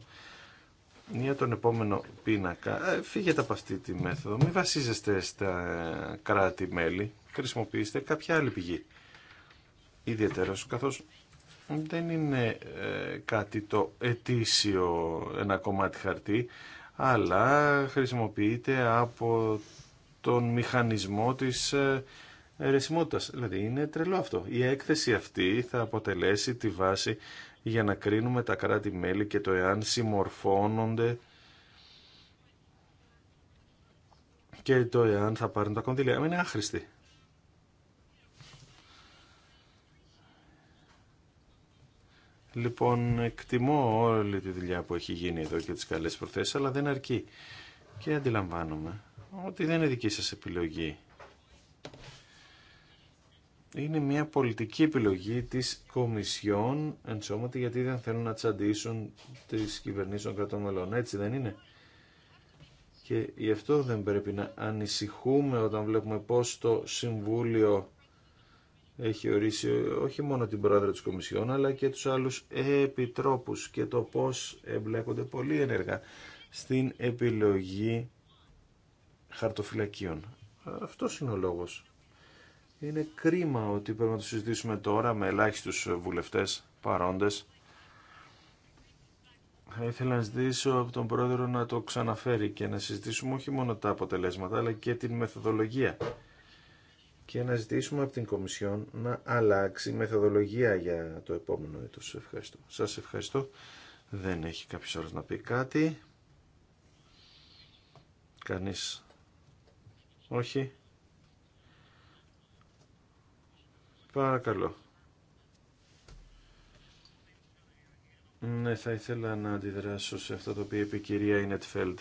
για τον επόμενο πίνακα, ε, φύγετε από αυτή τη μέθοδο, μην βασίζεστε στα κράτη-μέλη, χρησιμοποιήστε κάποια άλλη πηγή ιδιαίτερος καθώς δεν είναι ε, κάτι το ετήσιο ένα κομμάτι χαρτί αλλά χρησιμοποιείται από τον μηχανισμό της ε, ρεσιμότητας. Δηλαδή είναι τρελό αυτό. Η έκθεση αυτή θα αποτελέσει τη βάση για να κρίνουμε τα κράτη-μέλη και το εάν συμμορφώνονται και το εάν θα πάρουν τα κονδύλια. Είναι άχρηστη. Λοιπόν, εκτιμώ όλη τη δουλειά που έχει γίνει εδώ και τις καλές προθέσεις, αλλά δεν αρκεί. Και αντιλαμβάνομαι ότι δεν είναι δική σας επιλογή. Είναι μια πολιτική επιλογή της Κομισιόν ενσώματι γιατί δεν θέλουν να τσαντήσουν τις κυβερνήσεις των κρατών μελών. Έτσι δεν είναι. Και γι' αυτό δεν πρέπει να ανησυχούμε όταν βλέπουμε πώς το Συμβούλιο έχει ορίσει όχι μόνο την πρόεδρο της Κομισιόν αλλά και τους άλλους επιτρόπους και το πώς εμπλέκονται πολύ ενεργά στην επιλογή χαρτοφυλακίων. Αυτό είναι ο λόγος. Είναι κρίμα ότι πρέπει να το συζητήσουμε τώρα με ελάχιστους βουλευτές παρόντες. Θα ήθελα να ζητήσω από τον πρόεδρο να το ξαναφέρει και να συζητήσουμε όχι μόνο τα αποτελέσματα αλλά και την μεθοδολογία και να ζητήσουμε από την Κομισιόν να αλλάξει μεθοδολογία για το επόμενο έτος. Ευχαριστώ. Σας ευχαριστώ. Δεν έχει κάποιο ώρας να πει κάτι. Κανείς. Όχι. Παρακαλώ. Ναι, θα ήθελα να αντιδράσω σε αυτό το οποίο είπε η κυρία Ινετφέλντ.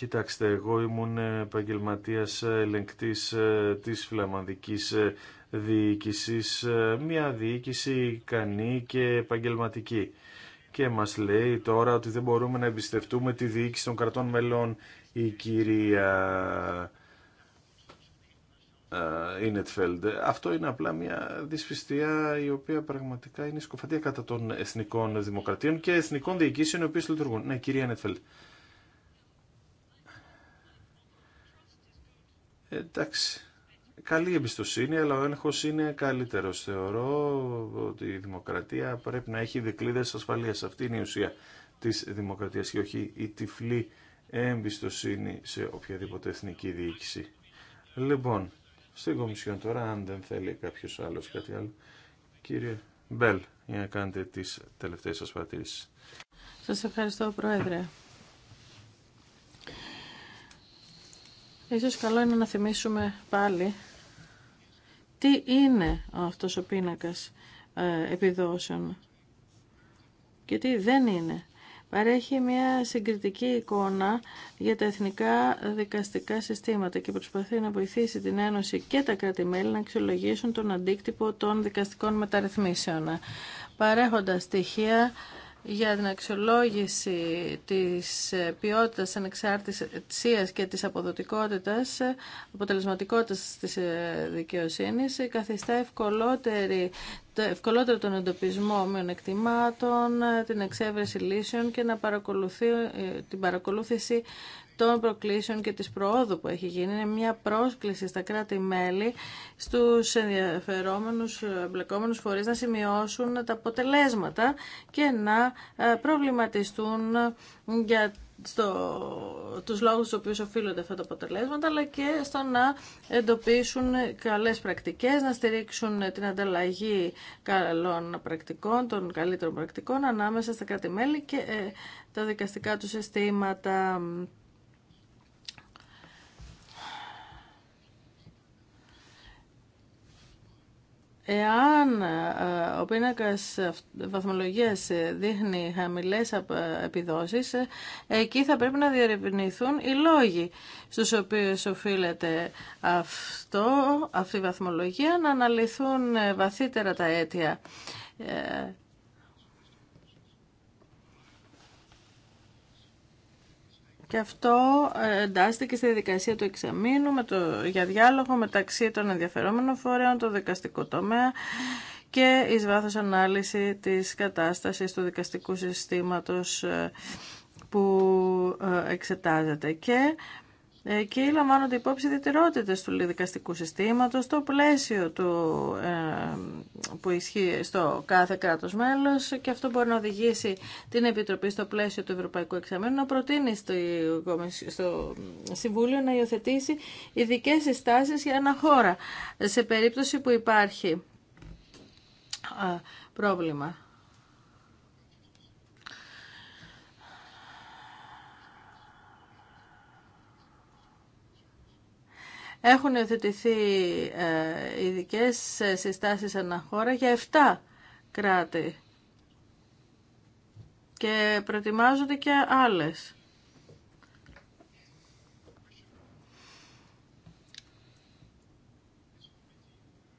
Κοιτάξτε, εγώ ήμουν επαγγελματία ε, ελεγκτής ε, τη φλαμανδική ε, διοικηση. μια διοίκηση ικανή και επαγγελματική. Και μα λέει τώρα ότι δεν μπορούμε να εμπιστευτούμε τη διοίκηση των κρατών μελών η κυρία Ινετφέλντ. Αυτό είναι απλά μια δυσπιστία η οποία πραγματικά είναι σκοφαντία κατά των εθνικών δημοκρατίων και εθνικών διοικήσεων οι οποίε λειτουργούν. Ναι, κυρία Ινετφέλντ. Εντάξει, καλή εμπιστοσύνη, αλλά ο έλεγχος είναι καλύτερος. Θεωρώ ότι η δημοκρατία πρέπει να έχει δικλείδες ασφαλείας. Αυτή είναι η ουσία της δημοκρατίας και όχι η τυφλή εμπιστοσύνη σε οποιαδήποτε εθνική διοίκηση. Λοιπόν, στην Κομισιόν τώρα, αν δεν θέλει κάποιο άλλο κάτι άλλο, κύριε Μπέλ, για να κάνετε τις τελευταίες σας πατήσεις. Σας ευχαριστώ, Πρόεδρε. Ίσως καλό είναι να θυμίσουμε πάλι τι είναι αυτός ο πίνακας ε, επιδόσεων και τι δεν είναι. Παρέχει μια συγκριτική εικόνα για τα εθνικά δικαστικά συστήματα και προσπαθεί να βοηθήσει την Ένωση και τα κράτη-μέλη να αξιολογήσουν τον αντίκτυπο των δικαστικών μεταρρυθμίσεων, παρέχοντας στοιχεία για την αξιολόγηση της ε, ποιότητας ανεξάρτησίας και της αποδοτικότητας, ε, αποτελεσματικότητας της ε, δικαιοσύνης, καθιστά ευκολότερη ευκολότερο τον εντοπισμό μειονεκτημάτων, την εξέβρεση λύσεων και να την παρακολούθηση των προκλήσεων και της προόδου που έχει γίνει. Είναι μια πρόσκληση στα κράτη-μέλη, στους ενδιαφερόμενους, εμπλεκόμενους φορείς να σημειώσουν τα αποτελέσματα και να ε, προβληματιστούν για στο, τους λόγους στους οποίους οφείλονται αυτά τα αποτελέσματα, αλλά και στο να εντοπίσουν καλές πρακτικές, να στηρίξουν την ανταλλαγή καλών πρακτικών, των καλύτερων πρακτικών ανάμεσα στα κράτη-μέλη και ε, τα δικαστικά του συστήματα. Εάν ε, ο πίνακας βαθμολογίας ε, δείχνει χαμηλές επιδόσεις, ε, εκεί θα πρέπει να διερευνηθούν οι λόγοι στους οποίους οφείλεται αυτό, αυτή η βαθμολογία, να αναλυθούν βαθύτερα τα αίτια Και αυτό ε, και στη διαδικασία του εξαμήνου με το, για διάλογο μεταξύ των ενδιαφερόμενων φορέων, το δικαστικό τομέα και εις βάθος ανάλυση της κατάστασης του δικαστικού συστήματος ε, που ε, εξετάζεται. Και ε, και λαμβάνονται υπόψη ιδιαιτερότητες του δικαστικού συστήματος στο πλαίσιο του, ε, που ισχύει στο κάθε κράτος μέλος και αυτό μπορεί να οδηγήσει την Επιτροπή στο πλαίσιο του Ευρωπαϊκού Εξαμένου να προτείνει στο, στο Συμβούλιο να υιοθετήσει ειδικέ συστάσεις για ένα χώρα σε περίπτωση που υπάρχει πρόβλημα. Έχουν υιοθετηθεί ε, ειδικέ ε, συστάσεις αναχώρα για 7 κράτη και προετοιμάζονται και άλλες.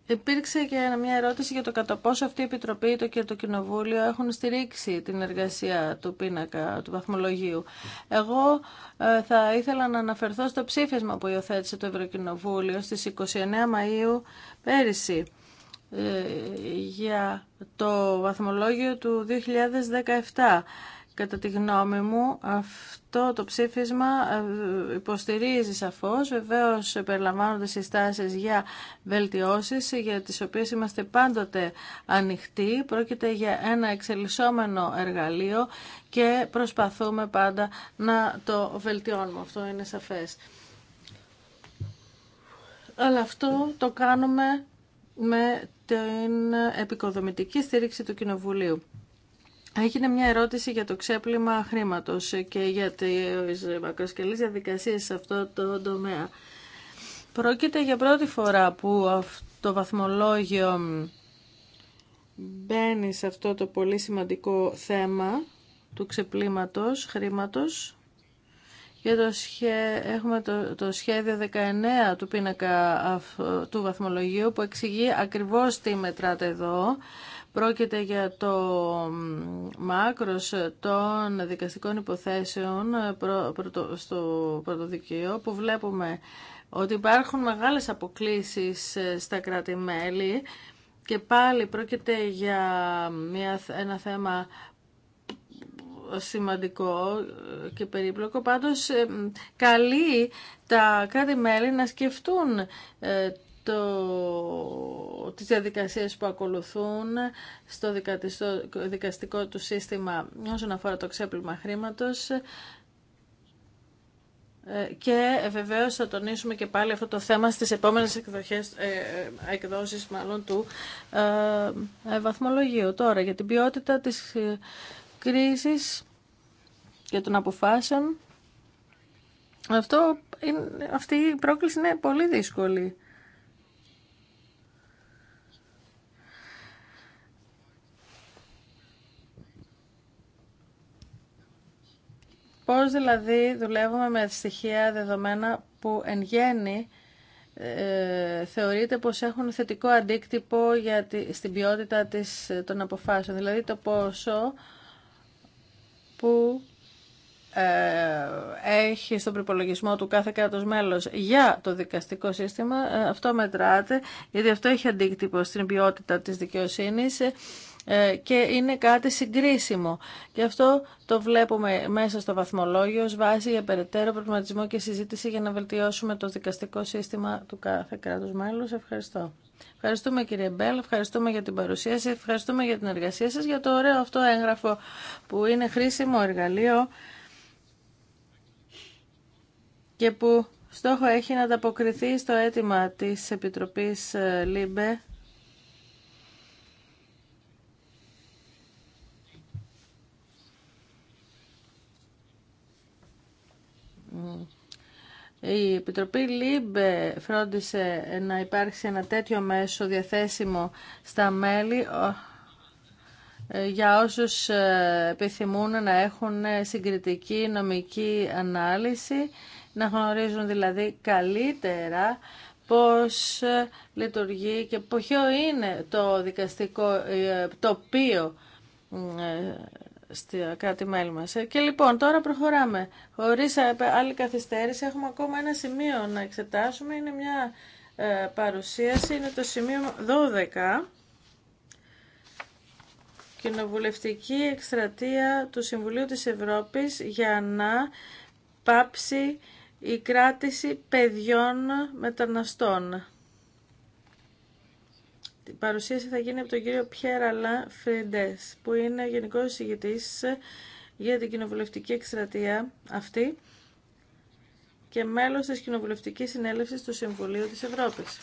Υπήρξε και μια ερώτηση για το κατά πόσο αυτή η Επιτροπή το και το Κοινοβούλιο έχουν στηρίξει την εργασία του πίνακα του βαθμολογίου. Εγώ ε, θα ήθελα να αναφερθώ στο ψήφισμα που υιοθέτησε το Ευρωκοινοβούλιο στις 29 Μαΐου πέρυσι ε, για το βαθμολόγιο του 2017 Κατά τη γνώμη μου αυτό το ψήφισμα ε, υποστηρίζει σαφώς, βεβαίως περιλαμβάνονται συστάσεις για βελτιώσεις για τις οποίες είμαστε πάντοτε ανοιχτοί. Πρόκειται για ένα εξελισσόμενο εργαλείο και προσπαθούμε πάντα να το βελτιώνουμε. Αυτό είναι σαφές. Αλλά αυτό το κάνουμε με την επικοδομητική στήριξη του Κοινοβουλίου. Έγινε μια ερώτηση για το ξέπλυμα χρήματος και για τις μακροσκελείς διαδικασίες σε αυτό το τομέα. Πρόκειται για πρώτη φορά που το βαθμολόγιο μπαίνει σε αυτό το πολύ σημαντικό θέμα του ξεπλήματος χρήματος. Για Έχουμε το, το σχέδιο 19 του πίνακα του βαθμολογίου που εξηγεί ακριβώς τι μετράτε εδώ. Πρόκειται για το μάκρος των δικαστικών υποθέσεων ε, στο πρωτοδικείο που βλέπουμε ότι υπάρχουν μεγάλες αποκλίσεις ε, στα κράτη-μέλη και πάλι πρόκειται για μια, ένα θέμα σημαντικό ε, και περίπλοκο. Πάντως καλεί τα κράτη-μέλη να σκεφτούν το, τις διαδικασίες που ακολουθούν στο δικαστικό του σύστημα όσον αφορά το ξέπλυμα χρήματος ε, και βεβαίως θα τονίσουμε και πάλι αυτό το θέμα στις επόμενες εκδοχές, ε, ε, εκδόσεις μάλλον του βαθμολογίου. Τώρα για την ποιότητα της κρίσης και των αποφάσεων αυτό αυτή η πρόκληση είναι πολύ δύσκολη. Πώς δηλαδή δουλεύουμε με στοιχεία δεδομένα που εν γέννη ε, θεωρείται πως έχουν θετικό αντίκτυπο για τη, στην ποιότητα της, των αποφάσεων. Δηλαδή το πόσο που ε, έχει στον προπολογισμό του κάθε κράτος μέλος για το δικαστικό σύστημα, ε, αυτό μετράται, γιατί αυτό έχει αντίκτυπο στην ποιότητα της δικαιοσύνης ε, και είναι κάτι συγκρίσιμο. Και αυτό το βλέπουμε μέσα στο βαθμολόγιο ως βάση για περαιτέρω προβληματισμό και συζήτηση για να βελτιώσουμε το δικαστικό σύστημα του κάθε κράτους μέλους. Ευχαριστώ. Ευχαριστούμε κύριε Μπέλ, ευχαριστούμε για την παρουσίαση, ευχαριστούμε για την εργασία σας, για το ωραίο αυτό έγγραφο που είναι χρήσιμο εργαλείο και που στόχο έχει να ανταποκριθεί στο αίτημα της Επιτροπής ε, ΛΥΜΠΕ η Επιτροπή ΛΥΜΠΕ φρόντισε να υπάρξει ένα τέτοιο μέσο διαθέσιμο στα μέλη ε, για όσους ε, επιθυμούν να έχουν ε, συγκριτική νομική ανάλυση, να γνωρίζουν δηλαδή καλύτερα πώς λειτουργεί και ποιο είναι το δικαστικό τοπίο στη μελη ε, Και λοιπόν, τώρα προχωράμε. Χωρίς ε, άλλη καθυστέρηση, έχουμε ακόμα ένα σημείο να εξετάσουμε. Είναι μια ε, παρουσίαση, είναι το σημείο 12. Κοινοβουλευτική εκστρατεία του Συμβουλίου της Ευρώπης για να πάψει η κράτηση παιδιών μεταναστών. Η παρουσίαση θα γίνει από τον κύριο Λα Φρεντές, που είναι Γενικός εισηγητής για την κοινοβουλευτική εκστρατεία αυτή και μέλος της Κοινοβουλευτικής Συνέλευσης του Συμβουλίου της Ευρώπης.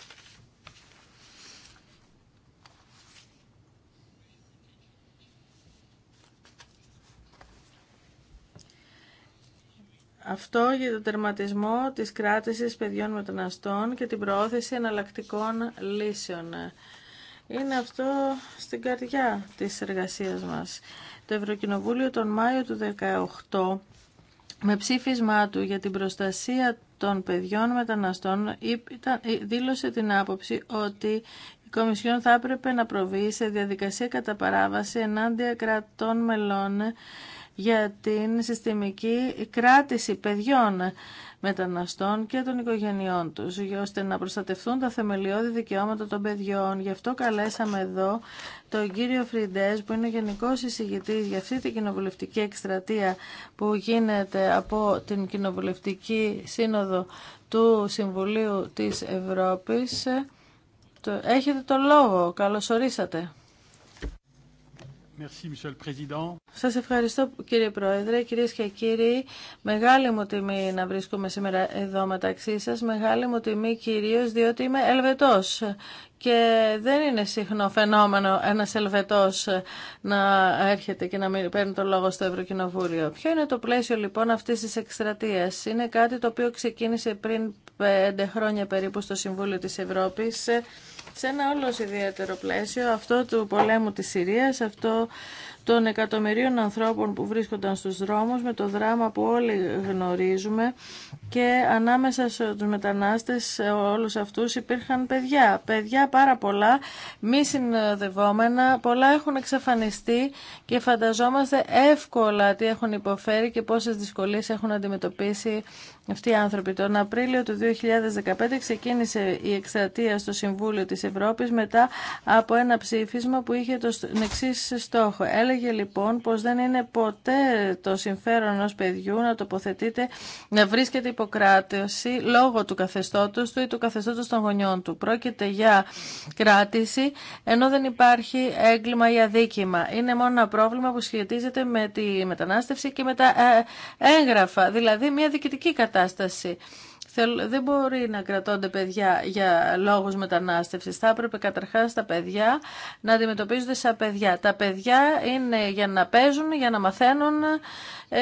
Αυτό για τον τερματισμό της κράτησης παιδιών μεταναστών και την προώθηση εναλλακτικών λύσεων είναι αυτό στην καρδιά της εργασίας μας. Το Ευρωκοινοβούλιο τον Μάιο του 2018 με ψήφισμά του για την προστασία των παιδιών μεταναστών δήλωσε την άποψη ότι η Κομισιόν θα έπρεπε να προβεί σε διαδικασία κατά παράβαση ενάντια κρατών μελών για την συστημική κράτηση παιδιών μεταναστών και των οικογενειών τους, ώστε να προστατευτούν τα θεμελιώδη δικαιώματα των παιδιών. Γι' αυτό καλέσαμε εδώ τον κύριο Φριντές, που είναι ο Γενικός Εισηγητής για αυτή την κοινοβουλευτική εκστρατεία που γίνεται από την Κοινοβουλευτική Σύνοδο του Συμβουλίου της Ευρώπης. Έχετε το λόγο. Καλώς ορίσατε. Σα ευχαριστώ κύριε Πρόεδρε, κυρίε και κύριοι. Μεγάλη μου τιμή να βρίσκομαι σήμερα εδώ μεταξύ σα, Μεγάλη μου τιμή κυρίω, διότι είμαι Ελβετός και δεν είναι συχνό φαινόμενο ένα ελβετό να έρχεται και να μην παίρνει το λόγο στο Ευρωκοινοβούλιο. Ποιο είναι το πλαίσιο λοιπόν αυτή τη εκστρατεία, Είναι κάτι το οποίο ξεκίνησε πριν πέντε χρόνια περίπου στο Συμβούλιο τη Ευρώπη σε ένα όλο ιδιαίτερο πλαίσιο αυτό του πολέμου της Συρίας, αυτό των εκατομμυρίων ανθρώπων που βρίσκονταν στους δρόμους με το δράμα που όλοι γνωρίζουμε και ανάμεσα στους μετανάστες όλους αυτούς υπήρχαν παιδιά, παιδιά πάρα πολλά, μη συνοδευόμενα, πολλά έχουν εξαφανιστεί και φανταζόμαστε εύκολα τι έχουν υποφέρει και πόσες δυσκολίες έχουν αντιμετωπίσει αυτοί οι άνθρωποι. Τον Απρίλιο του 2015 ξεκίνησε η εκστρατεία στο Συμβούλιο της Ευρώπης μετά από ένα ψήφισμα που είχε το εξή στόχο. Έλεγε λοιπόν πως δεν είναι ποτέ το συμφέρον ενός παιδιού να τοποθετείται να βρίσκεται υποκράτηση λόγω του καθεστώτος του ή του καθεστώτος των γονιών του. Πρόκειται για κράτηση ενώ δεν υπάρχει έγκλημα ή αδίκημα. Είναι μόνο ένα πρόβλημα που σχετίζεται με τη μετανάστευση και με τα ε, έγγραφα, δηλαδή μια διοικητική κατάσταση κατάσταση. Δεν μπορεί να κρατώνται παιδιά για λόγους μετανάστευσης. Θα έπρεπε καταρχάς τα παιδιά να αντιμετωπίζονται σαν παιδιά. Τα παιδιά είναι για να παίζουν, για να μαθαίνουν. Ε,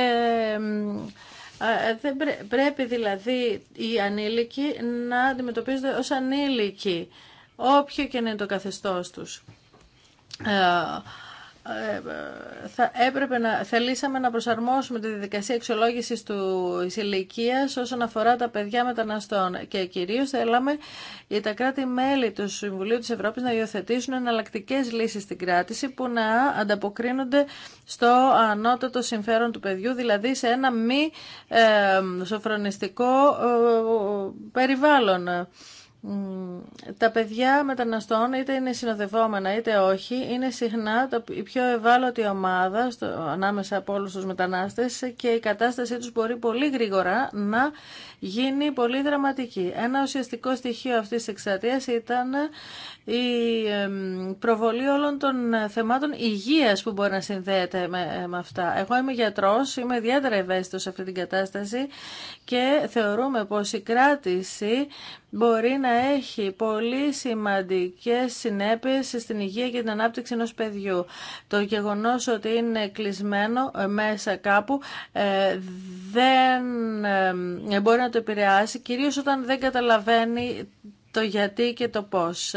ε, πρέπει δηλαδή οι ανήλικοι να αντιμετωπίζονται ως ανήλικοι, όποιο και να είναι το καθεστώς τους. Ε, ε, ε, θα έπρεπε να θελήσαμε να προσαρμόσουμε τη διαδικασία αξιολόγηση του ηλικία όσον αφορά τα παιδιά μεταναστών. Και κυρίω θέλαμε για τα κράτη-μέλη του Συμβουλίου τη Ευρώπη να υιοθετήσουν εναλλακτικέ λύσει στην κράτηση που να ανταποκρίνονται στο ανώτατο συμφέρον του παιδιού, δηλαδή σε ένα μη ε, σοφρονιστικό περιβάλλον τα παιδιά μεταναστών είτε είναι συνοδευόμενα είτε όχι είναι συχνά η πιο ευάλωτη ομάδα ανάμεσα από όλους τους μετανάστες και η κατάστασή τους μπορεί πολύ γρήγορα να γίνει πολύ δραματική. Ένα ουσιαστικό στοιχείο αυτής της εξαρτίας ήταν η προβολή όλων των ε, θεμάτων υγείας που μπορεί να συνδέεται ε, με, αυτά. Εγώ είμαι γιατρός, είμαι ιδιαίτερα ευαίσθητος σε αυτή την κατάσταση και θεωρούμε πως η κράτηση μπορεί να έχει πολύ σημαντικές συνέπειες στην υγεία και την ανάπτυξη ενός παιδιού. Το γεγονός ότι είναι κλεισμένο ε, μέσα κάπου δεν μπορεί να το επηρεάσει, κυρίως όταν δεν καταλαβαίνει το γιατί και το πώς.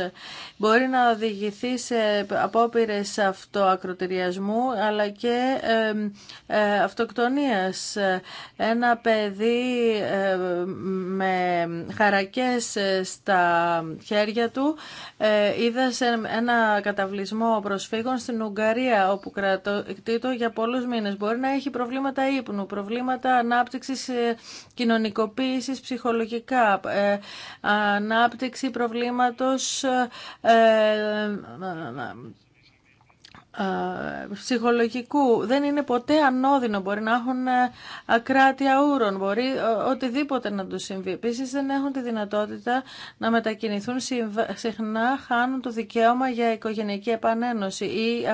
Μπορεί να οδηγηθεί σε απόπειρες αυτοακροτηριασμού αλλά και ε, αυτοκτονίας. Ένα παιδί με χαρακές στα χέρια του ε, είδα σε ένα καταβλισμό προσφύγων στην Ουγγαρία όπου κρατοκτήτω το για πολλούς μήνες. Μπορεί να έχει προβλήματα ύπνου, προβλήματα ανάπτυξης ε, κοινωνικοποίησης ψυχολογικά, ανάπτυξη εξι προβλήματος ε, ε, ε, ε, ψυχολογικού. Δεν είναι ποτέ ανώδυνο. Μπορεί να έχουν ε, ακράτεια ούρων, μπορεί ε, οτιδήποτε να του συμβεί. Επίση δεν έχουν τη δυνατότητα να μετακινηθούν. Συχνά χάνουν το δικαίωμα για οικογενειακή επανένωση ή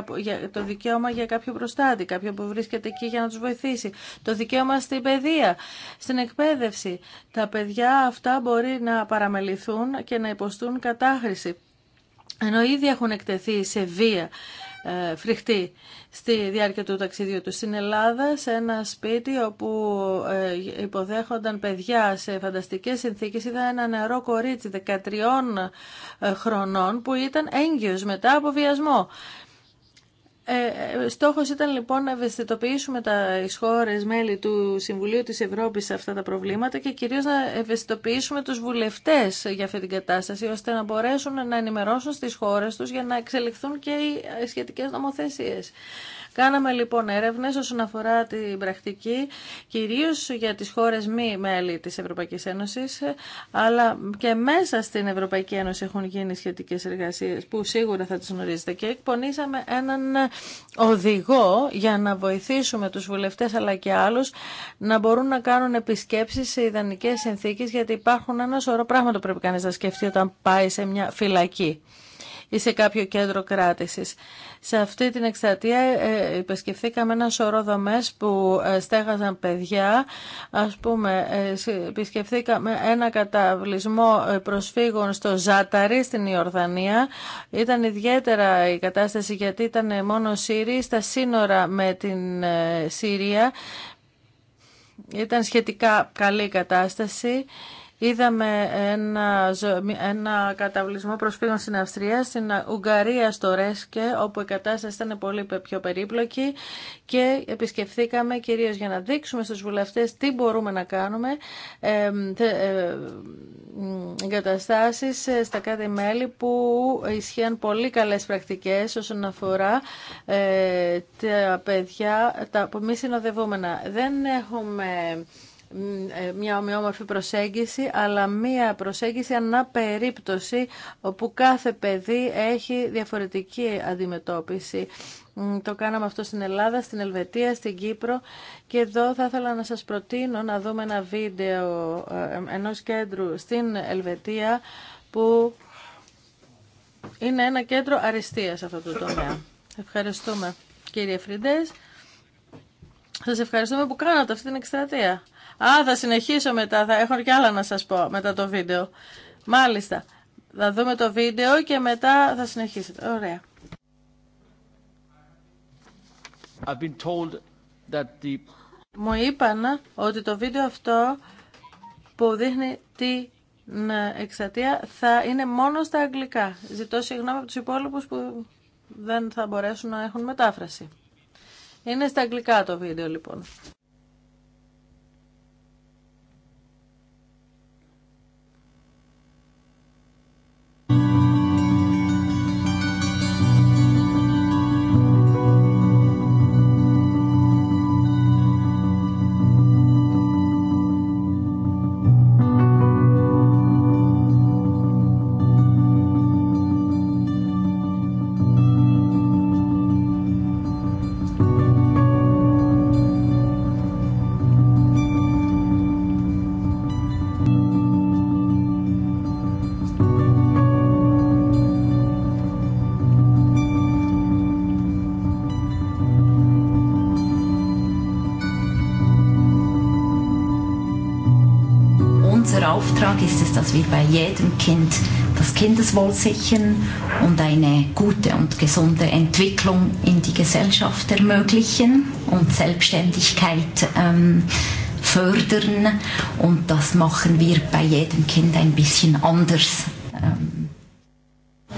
το δικαίωμα για κάποιο προστάτη, κάποιο που βρίσκεται εκεί για να του βοηθήσει. Το δικαίωμα στην παιδεία, στην εκπαίδευση. Τα παιδιά αυτά μπορεί να παραμεληθούν και να υποστούν κατάχρηση ενώ ήδη έχουν εκτεθεί σε βία. Ε, φρικτή στη διάρκεια του ταξιδιού του. Στην Ελλάδα, σε ένα σπίτι όπου ε, υποδέχονταν παιδιά σε φανταστικές συνθήκες, είδα ένα νεαρό κορίτσι 13 ε, χρονών που ήταν έγκυος μετά από βιασμό. Ε, ε, στόχος ήταν λοιπόν να ευαισθητοποιήσουμε τα χώρες μέλη του Συμβουλίου της Ευρώπης σε αυτά τα προβλήματα και κυρίως να ευαισθητοποιήσουμε τους βουλευτές για αυτή την κατάσταση ώστε να μπορέσουν να ενημερώσουν στις χώρες τους για να εξελιχθούν και οι σχετικές νομοθεσίες. Κάναμε λοιπόν έρευνες όσον αφορά την πρακτική, κυρίως για τις χώρες μη μέλη της Ευρωπαϊκής Ένωσης, αλλά και μέσα στην Ευρωπαϊκή Ένωση έχουν γίνει σχετικέ εργασίες που σίγουρα θα τι γνωρίζετε και εκπονήσαμε έναν οδηγό για να βοηθήσουμε τους βουλευτές αλλά και άλλους να μπορούν να κάνουν επισκέψεις σε ιδανικέ συνθήκε, γιατί υπάρχουν ένα σωρό πράγματα που πρέπει κανεί να σκεφτεί όταν πάει σε μια φυλακή ή σε κάποιο κέντρο κράτησης. Σε αυτή την εκστατεία επισκεφθήκαμε ένα σωρό δομές που ε, στέγαζαν παιδιά. Ας πούμε, ε, επισκεφθήκαμε ένα καταβλισμό ε, προσφύγων στο Ζάταρι στην Ιορδανία. Ήταν ιδιαίτερα η κατάσταση γιατί ήταν μόνο Σύριοι στα σύνορα με την Συρία. Ήταν σχετικά καλή κατάσταση. Είδαμε ένα, ένα καταβλισμό προσφύγων στην Αυστρία, στην Ουγγαρία στο Ρέσκε, όπου η κατάσταση ήταν πολύ πιο περίπλοκη και επισκεφθήκαμε κυρίως για να δείξουμε στους βουλευτές τι μπορούμε να κάνουμε ε, εγκαταστάσεις ε, στα κάτι μέλη που ισχύαν πολύ καλές πρακτικές όσον αφορά ε, τα παιδιά τα, μη συνοδευόμενα. Δεν έχουμε ε, μια ομοιόμορφη προσέγγιση, αλλά μια προσέγγιση ανά περίπτωση όπου κάθε παιδί έχει διαφορετική αντιμετώπιση. Το κάναμε αυτό στην Ελλάδα, στην Ελβετία, στην Κύπρο και εδώ θα ήθελα να σας προτείνω να δούμε ένα βίντεο ε, ε, ενός κέντρου στην Ελβετία που είναι ένα κέντρο αριστείας αυτό το τομέα. Ευχαριστούμε κύριε Φριντές. Σας ευχαριστούμε που κάνατε αυτή την εκστρατεία. Α, θα συνεχίσω μετά, θα έχω και άλλα να σας πω μετά το βίντεο. Μάλιστα, θα δούμε το βίντεο και μετά θα συνεχίσετε. Ωραία. I've been Μου είπαν ότι το βίντεο αυτό που δείχνει την εξατία θα είναι μόνο στα αγγλικά. Ζητώ συγγνώμη από τους υπόλοιπους που δεν θα μπορέσουν να έχουν μετάφραση. Είναι στα αγγλικά το βίντεο λοιπόν. wie bei jedem Kind das Kindeswohl sichern und eine gute und gesunde Entwicklung in die Gesellschaft ermöglichen und Selbstständigkeit fördern. Und das machen wir bei jedem Kind ein bisschen anders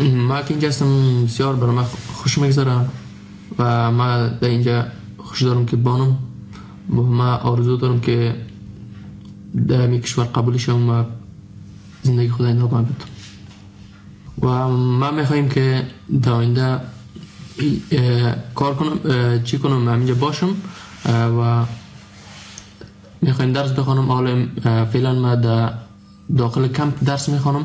ما که اینجا هستم بسیار برای من خوش میگذره و ما در اینجا خوش دارم که بانم و من آرزو دارم که در این کشور قبول شم و زندگی خدا این رو و ما میخواییم که در آینده کار کنم چی کنم من اینجا باشم و میخوایم درس بخونم حالا فعلا ما در داخل کمپ درس میخوانم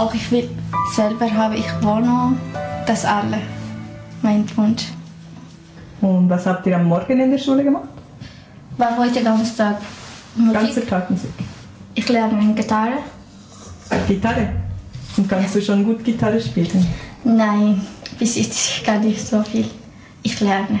Auch ich will selber habe ich Wohnung, das alle, mein Wunsch. Und was habt ihr am Morgen in der Schule gemacht? War heute Donnerstag. Tag Ich lerne Gitarre. Gitarre? Und kannst du schon gut Gitarre spielen? Nein, bis jetzt gar nicht so viel. Ich lerne.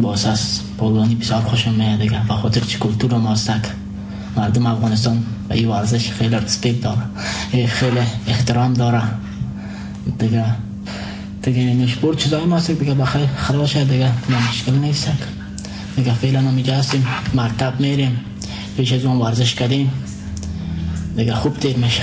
با اساس پولانی بسیار خوشم میاد دیگه به خاطر چی کلتور ما سک مردم افغانستان به این ورزش خیلی رسپیک داره خیلی احترام داره دیگه دیگه این سپورت چیزایی ما سک دیگه بخیر خراب شد دیگه ما مشکل نیست دیگه فعلا ما هستیم مرتب میریم پیش از اون ورزش کردیم دیگه خوب تیر میشه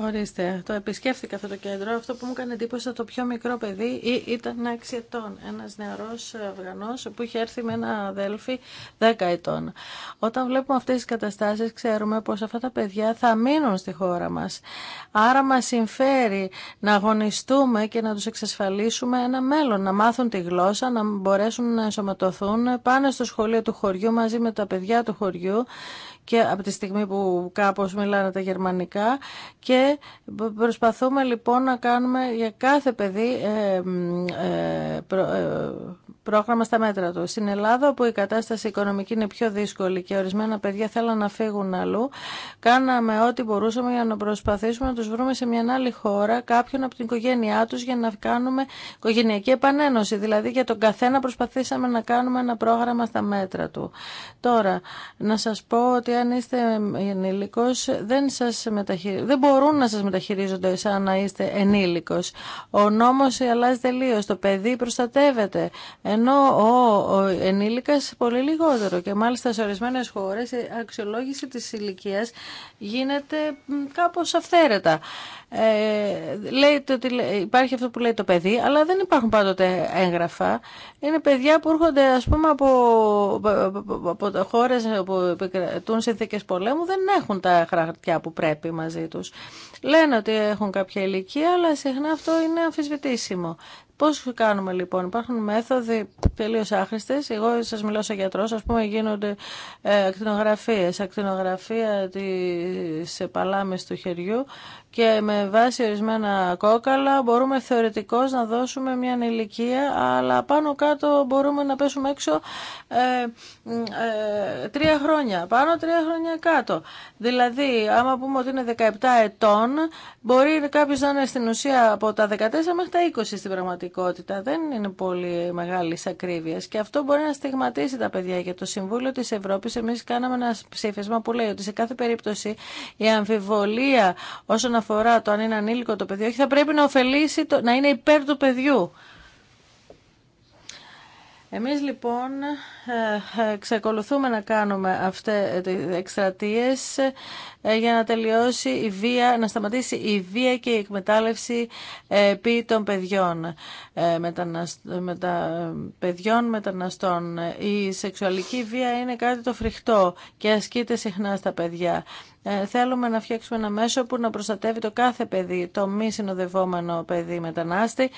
Ορίστε, το επισκέφθηκα αυτό το κέντρο. Αυτό που μου έκανε εντύπωση το πιο μικρό παιδί ήταν 6 ετών. Ένα νεαρό Αφγανό που είχε έρθει με ένα αδέλφι 10 ετών. Όταν βλέπουμε αυτέ τι καταστάσει, ξέρουμε πω αυτά τα παιδιά θα μείνουν στη χώρα μα. Άρα μα συμφέρει να αγωνιστούμε και να του εξασφαλίσουμε ένα μέλλον, να μάθουν τη γλώσσα, να μπορέσουν να ενσωματωθούν, πάνε στο σχολείο του χωριού μαζί με τα παιδιά του χωριού και από τη στιγμή που κάπως μιλάνε τα γερμανικά και προσπαθούμε λοιπόν να κάνουμε για κάθε παιδί ε, ε, ε, πρόγραμμα στα μέτρα του. Στην Ελλάδα, όπου η κατάσταση οικονομική είναι πιο δύσκολη και ορισμένα παιδιά θέλουν να φύγουν αλλού, κάναμε ό,τι μπορούσαμε για να προσπαθήσουμε να του βρούμε σε μια άλλη χώρα κάποιον από την οικογένειά του για να κάνουμε οικογενειακή επανένωση. Δηλαδή, για τον καθένα προσπαθήσαμε να κάνουμε ένα πρόγραμμα στα μέτρα του. Τώρα, να σα πω ότι αν είστε ενήλικο, δεν, σας μεταχειρι... δεν μπορούν να σα μεταχειρίζονται σαν να είστε ενήλικο. Ο νόμο αλλάζει τελείω. Το παιδί προστατεύεται ενώ ο ενήλικας πολύ λιγότερο και μάλιστα σε ορισμένες χώρες η αξιολόγηση της ηλικία γίνεται κάπως αυθαίρετα. Ε, λέει ότι υπάρχει αυτό που λέει το παιδί, αλλά δεν υπάρχουν πάντοτε έγγραφα. Είναι παιδιά που έρχονται ας πούμε από, από, χώρες που επικρατούν συνθήκες πολέμου, δεν έχουν τα χαρτιά που πρέπει μαζί τους. Λένε ότι έχουν κάποια ηλικία, αλλά συχνά αυτό είναι αμφισβητήσιμο. Πώς κάνουμε λοιπόν, υπάρχουν μέθοδοι τελείως άχρηστες. Εγώ σας μιλώ σαν γιατρός, ας πούμε γίνονται ε, ακτινογραφίες. Ακτινογραφία της ε, παλάμης του χεριού και με βάση ορισμένα κόκαλα μπορούμε θεωρητικώς να δώσουμε μια ηλικία αλλά πάνω κάτω μπορούμε να πέσουμε έξω ε, ε, τρία χρόνια πάνω τρία χρόνια κάτω δηλαδή άμα πούμε ότι είναι 17 ετών μπορεί κάποιος να είναι στην ουσία από τα 14 μέχρι τα 20 στην πραγματικότητα δεν είναι πολύ μεγάλη ακρίβεια. και αυτό μπορεί να στιγματίσει τα παιδιά για το Συμβούλιο της Ευρώπης εμείς κάναμε ένα ψήφισμα που λέει ότι σε κάθε περίπτωση η αμφιβολία όσον αφορά το αν είναι ανήλικο το παιδί, όχι, θα πρέπει να ωφελήσει, το, να είναι υπέρ του παιδιού. Εμείς λοιπόν εξακολουθούμε ε, να κάνουμε αυτές ε, τις εκστρατείες ε, για να τελειώσει η βία, να σταματήσει η βία και η εκμετάλλευση επί των παιδιών, μετα, παιδιών μεταναστών. Η σεξουαλική βία είναι κάτι το φρικτό και ασκείται συχνά στα παιδιά. Ε, θέλουμε να φτιάξουμε ένα μέσο που να προστατεύει το κάθε παιδί, το μη συνοδευόμενο παιδί μετανάστη,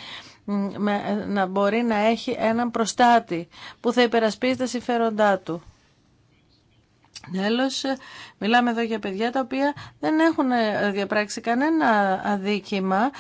να μπορεί να έχει έναν προστάτη που θα υπερασπίζει τα συμφέροντά του. Τέλο, μιλάμε εδώ για παιδιά τα οποία δεν έχουν ε, διαπράξει κανένα αδίκημα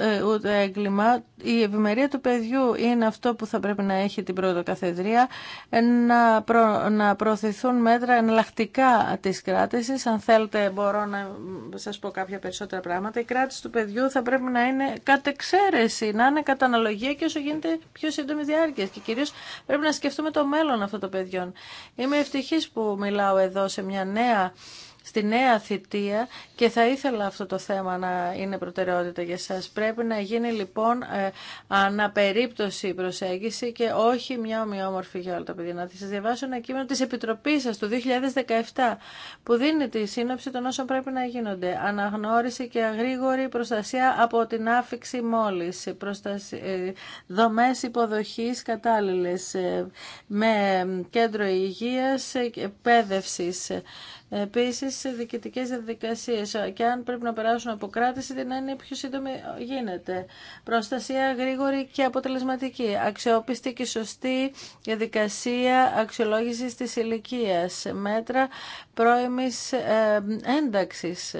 ε, ούτε έγκλημα, η ευημερία του παιδιού είναι αυτό που θα πρέπει να έχει την πρώτη καθεδρία, ε, να, προ, να προωθηθούν μέτρα εναλλακτικά της κράτησης. Αν θέλετε μπορώ να σας πω κάποια περισσότερα πράγματα. Η κράτηση του παιδιού θα πρέπει να είναι κατεξαίρεση, να είναι κατά αναλογία και όσο γίνεται πιο σύντομη διάρκεια. Και κυρίως πρέπει να σκεφτούμε το μέλλον αυτών των παιδιών. Είμαι ευτυχής που μιλάω εδώ σε μια νέα στη νέα θητεία και θα ήθελα αυτό το θέμα να είναι προτεραιότητα για σας. Πρέπει να γίνει λοιπόν ε, αναπερίπτωση προσέγγιση και όχι μια ομοιόμορφη για όλα τα παιδιά. Να σας διαβάσω ένα κείμενο της Επιτροπής σας του 2017 που δίνει τη σύνοψη των όσων πρέπει να γίνονται. Αναγνώριση και αγρήγορη προστασία από την άφηξη μόλις. Προστασ... Ε, δομές υποδοχής κατάλληλες ε, με κέντρο υγείας και εκπαίδευσης Επίση, διοικητικέ διαδικασίες και αν πρέπει να περάσουν από κράτηση, δεν είναι πιο σύντομη γίνεται. Προστασία γρήγορη και αποτελεσματική. Αξιόπιστη και σωστή διαδικασία αξιολόγησης της ηλικία. Μέτρα πρώιμης ε, ένταξης.